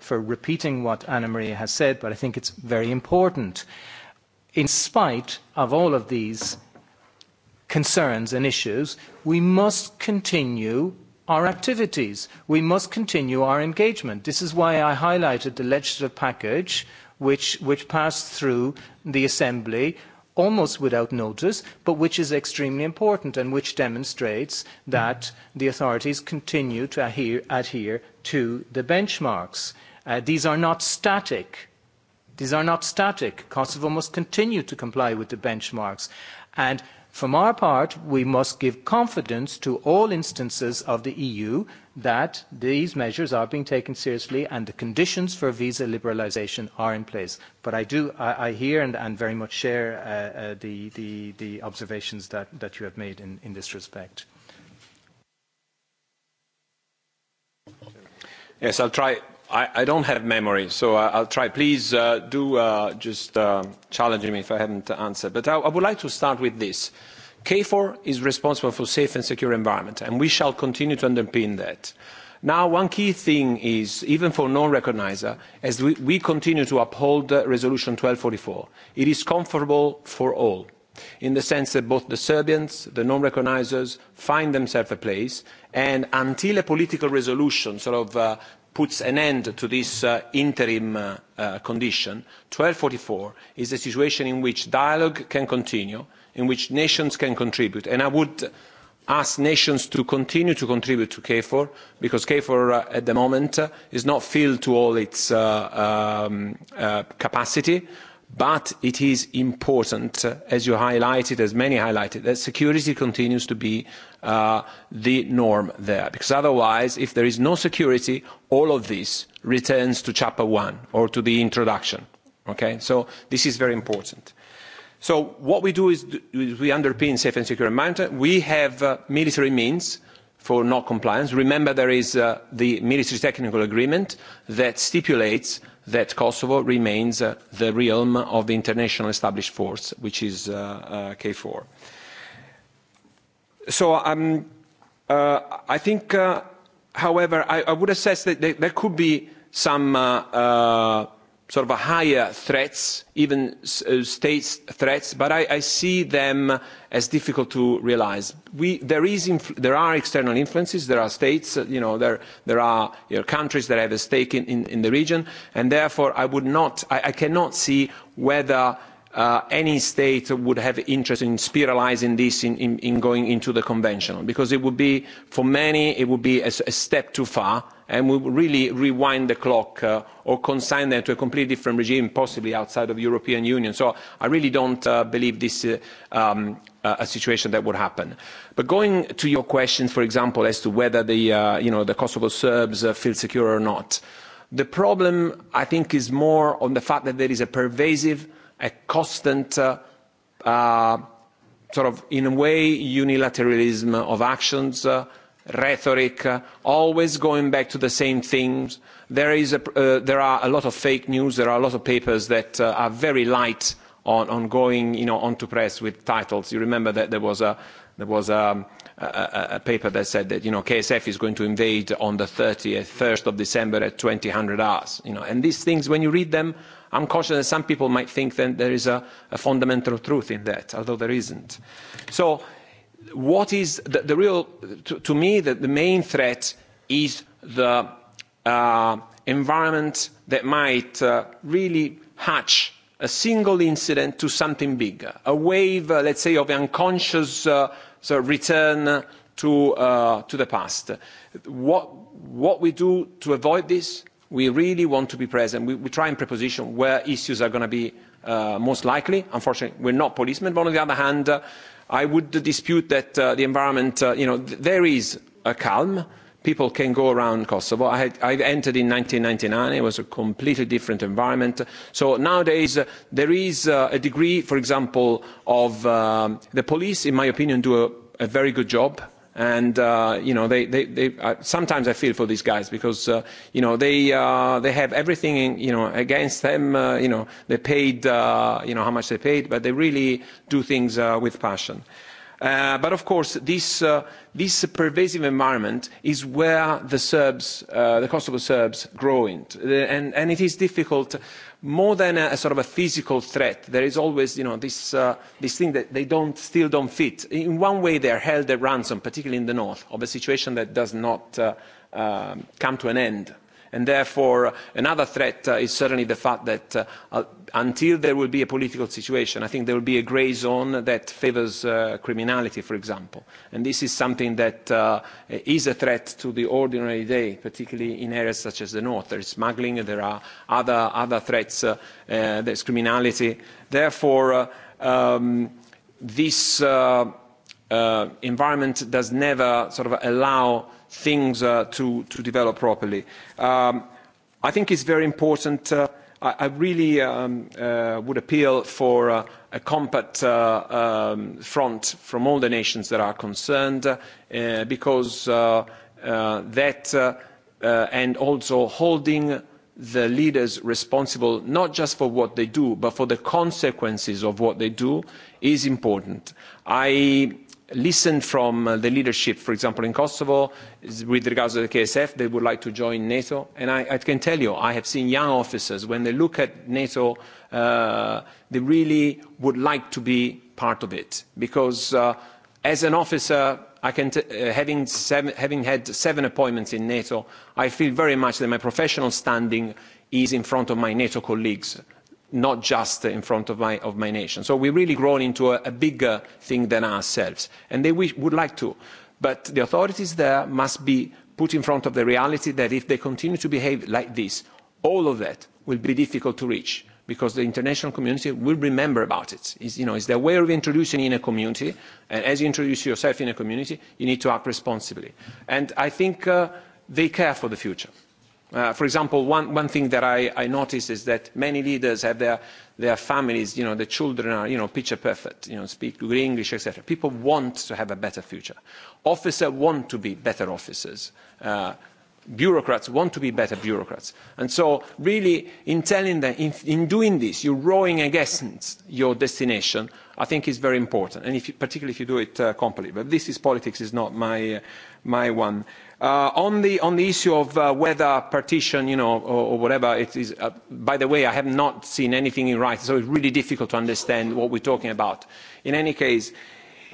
for repeating what Anna Maria has said, but I think it's very important. In spite of all of these concerns and issues, we must continue our activities. We must continue our engagement. This is why I highlighted the legislative package which passed through the Assembly almost without notice, but which is extremely important and which demonstrates that the authorities continue to adhere to the benchmarks. These are not static. These are not static. Kosovo must continue to comply with the benchmarks. And From our part, we must give confidence to all instances of the EU that these measures are being taken seriously and the conditions for visa liberalisation are in place. But I do, I hear and very much share the observations that you have made in this respect. Yes, I'll try I don't have memory, so I'll try. Please do just challenge me if I haven't answered. But I would like to start with this. KFOR is responsible for safe and secure environment, and we shall continue to underpin that. Now, one key thing is, even for non-recognizer, as we continue to uphold Resolution 1244, it is comfortable for all in the sense that both the Serbians, the non-recognizers, find themselves a place, and until a political resolution, sort of puts an end to this interim condition, 1244 is a situation in which dialogue can continue, in which nations can contribute. And I would ask nations to continue to contribute to KFOR, because KFOR at the moment is not filled to all its capacity. But it is important, as you highlighted, as many highlighted, that security continues to be the norm there, because otherwise, if there is no security, all of this returns to Chapter 1 or to the introduction. Okay, so this is very important. So what we do is we underpin safe and secure environment. We have military means for non-compliance. Remember, there is the military technical agreement that stipulates that Kosovo remains the realm of the international established force, which is K4. So I think, however, I would assess that there could be some sort of a higher threats, even states threats, but I see them as difficult to realise. There is there are external influences, there are states, you know, there there are countries that have a stake in the region, and therefore I would not, I cannot see whether any state would have interest in spiralising this in going into the conventional because it would be for many it would be a step too far and we would really rewind the clock or consign them to a completely different regime possibly outside of the european union. so i really don't believe this is a situation that would happen. but going to your question for example as to whether the kosovo serbs feel secure or not the problem i think is more on the fact that there is a pervasive a constant sort of in a way unilateralism of actions rhetoric always going back to the same things there is there are a lot of fake news there are a lot of papers that are very light on on going you know onto press with titles you remember that there was a there was a a paper that said that you know ksf is going to invade on the 31st of december at 2000 hours you know and these things when you read them I'm conscious that some people might think that there is a fundamental truth in that, although there isn't. So what is the real, to me, the main threat is the environment that might really hatch a single incident to something bigger, a wave, let's say, of unconscious return to the past. What we do to avoid this we really want to be present. We try and preposition where issues are going to be most likely. Unfortunately, we're not policemen. But on the other hand, I would dispute that the environment, you know, there is a calm. People can go around Kosovo. I entered in 1999. It was a completely different environment. So nowadays, there is a degree, for example, of the police, in my opinion, do a very good job and you know they they they sometimes i feel for these guys because you know they they have everything you know against them you know they paid you know how much they paid but they really do things with passion but of course this this pervasive environment is where the serbs the kosovo serbs grow and it is difficult more than a sort of a physical threat there is always you know this this thing that they don't still don't fit in one way they are held at ransom particularly in the north of a situation that does not come to an end and therefore another threat is certainly the fact that until there will be a political situation i think there will be a grey zone that favours criminality for example and this is something that is a threat to the ordinary day particularly in areas such as the north there is smuggling there are other other threats is criminality therefore this environment does never sort of allow things to to develop properly. I think it's very important. I really would appeal for a compact front from all the nations that are concerned because that and also holding the leaders responsible not just for what they do but for the consequences of what they do is important. I listen from the leadership, for example, in Kosovo, with regards to the KSF, they would like to join NATO. And I can tell you, I have seen young officers, when they look at NATO, they really would like to be part of it. Because as an officer, having had seven appointments in NATO, I feel very much that my professional standing is in front of my NATO colleagues not just in front of my of my nation. So we've really grown into a bigger thing than ourselves, and they would like to, but the authorities there must be put in front of the reality that if they continue to behave like this, all of that will be difficult to reach because the international community will remember about it. It's, you know, it's their way of introducing in a community, and as you introduce yourself in a community, you need to act responsibly. And I think they care for the future. For example, one thing that I noticed is that many leaders have their families, you know, the children are, you know, picture perfect, you know, speak good English, etc. People want to have a better future. Officers want to be better officers. Bureaucrats want to be better bureaucrats. And so, really, in telling them, in doing this, you're rowing against your destination, I think is very important, and particularly if you do it completely. But this is politics, is not my one. On the issue of whether partition, you know, or whatever it is, by the way, I have not seen anything in writing, so it's really difficult to understand what we're talking about. In any case,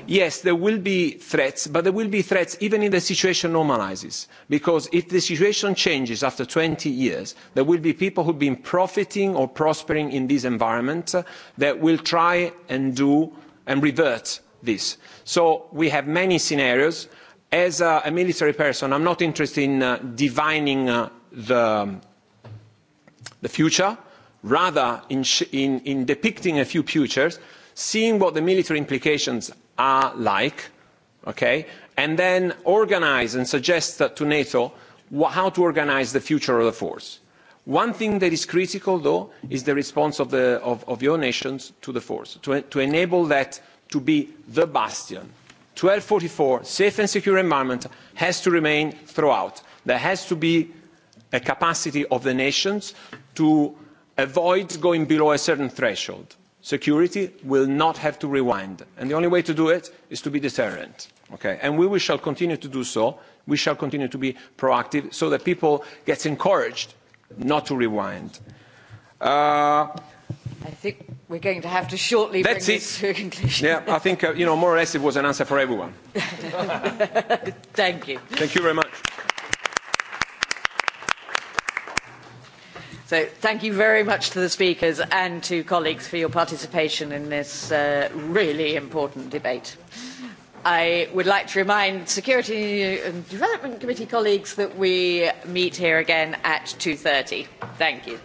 yes, there will be threats, but there will be threats even if the situation normalises, because if the situation changes after 20 years, there will be people who have been profiting or prospering in this environment that will try and do and revert this. So we have many scenarios as a military person i'm not interested in divining the future rather in depicting a few futures seeing what the military implications are like okay and then organise and suggest to nato how to organise the future of the force. one thing that is critical though is the response of your nations to the force to enable that to be the bastion 1244, safe and secure environment, has to remain throughout. There has to be a capacity of the nations to avoid going below a certain threshold. Security will not have to rewind. And the only way to do it is to be deterrent. And we shall continue to do so. We shall continue to be proactive so that people get encouraged not to rewind. I think We're going to have to shortly bring this to a conclusion. Yeah, I think, you know, more or less it was an answer for everyone. Thank you. Thank you very much. So thank you very much to the speakers and to colleagues for your participation in this really important debate. I would like to remind Security and Development Committee colleagues that we meet here again at 2.30. Thank you.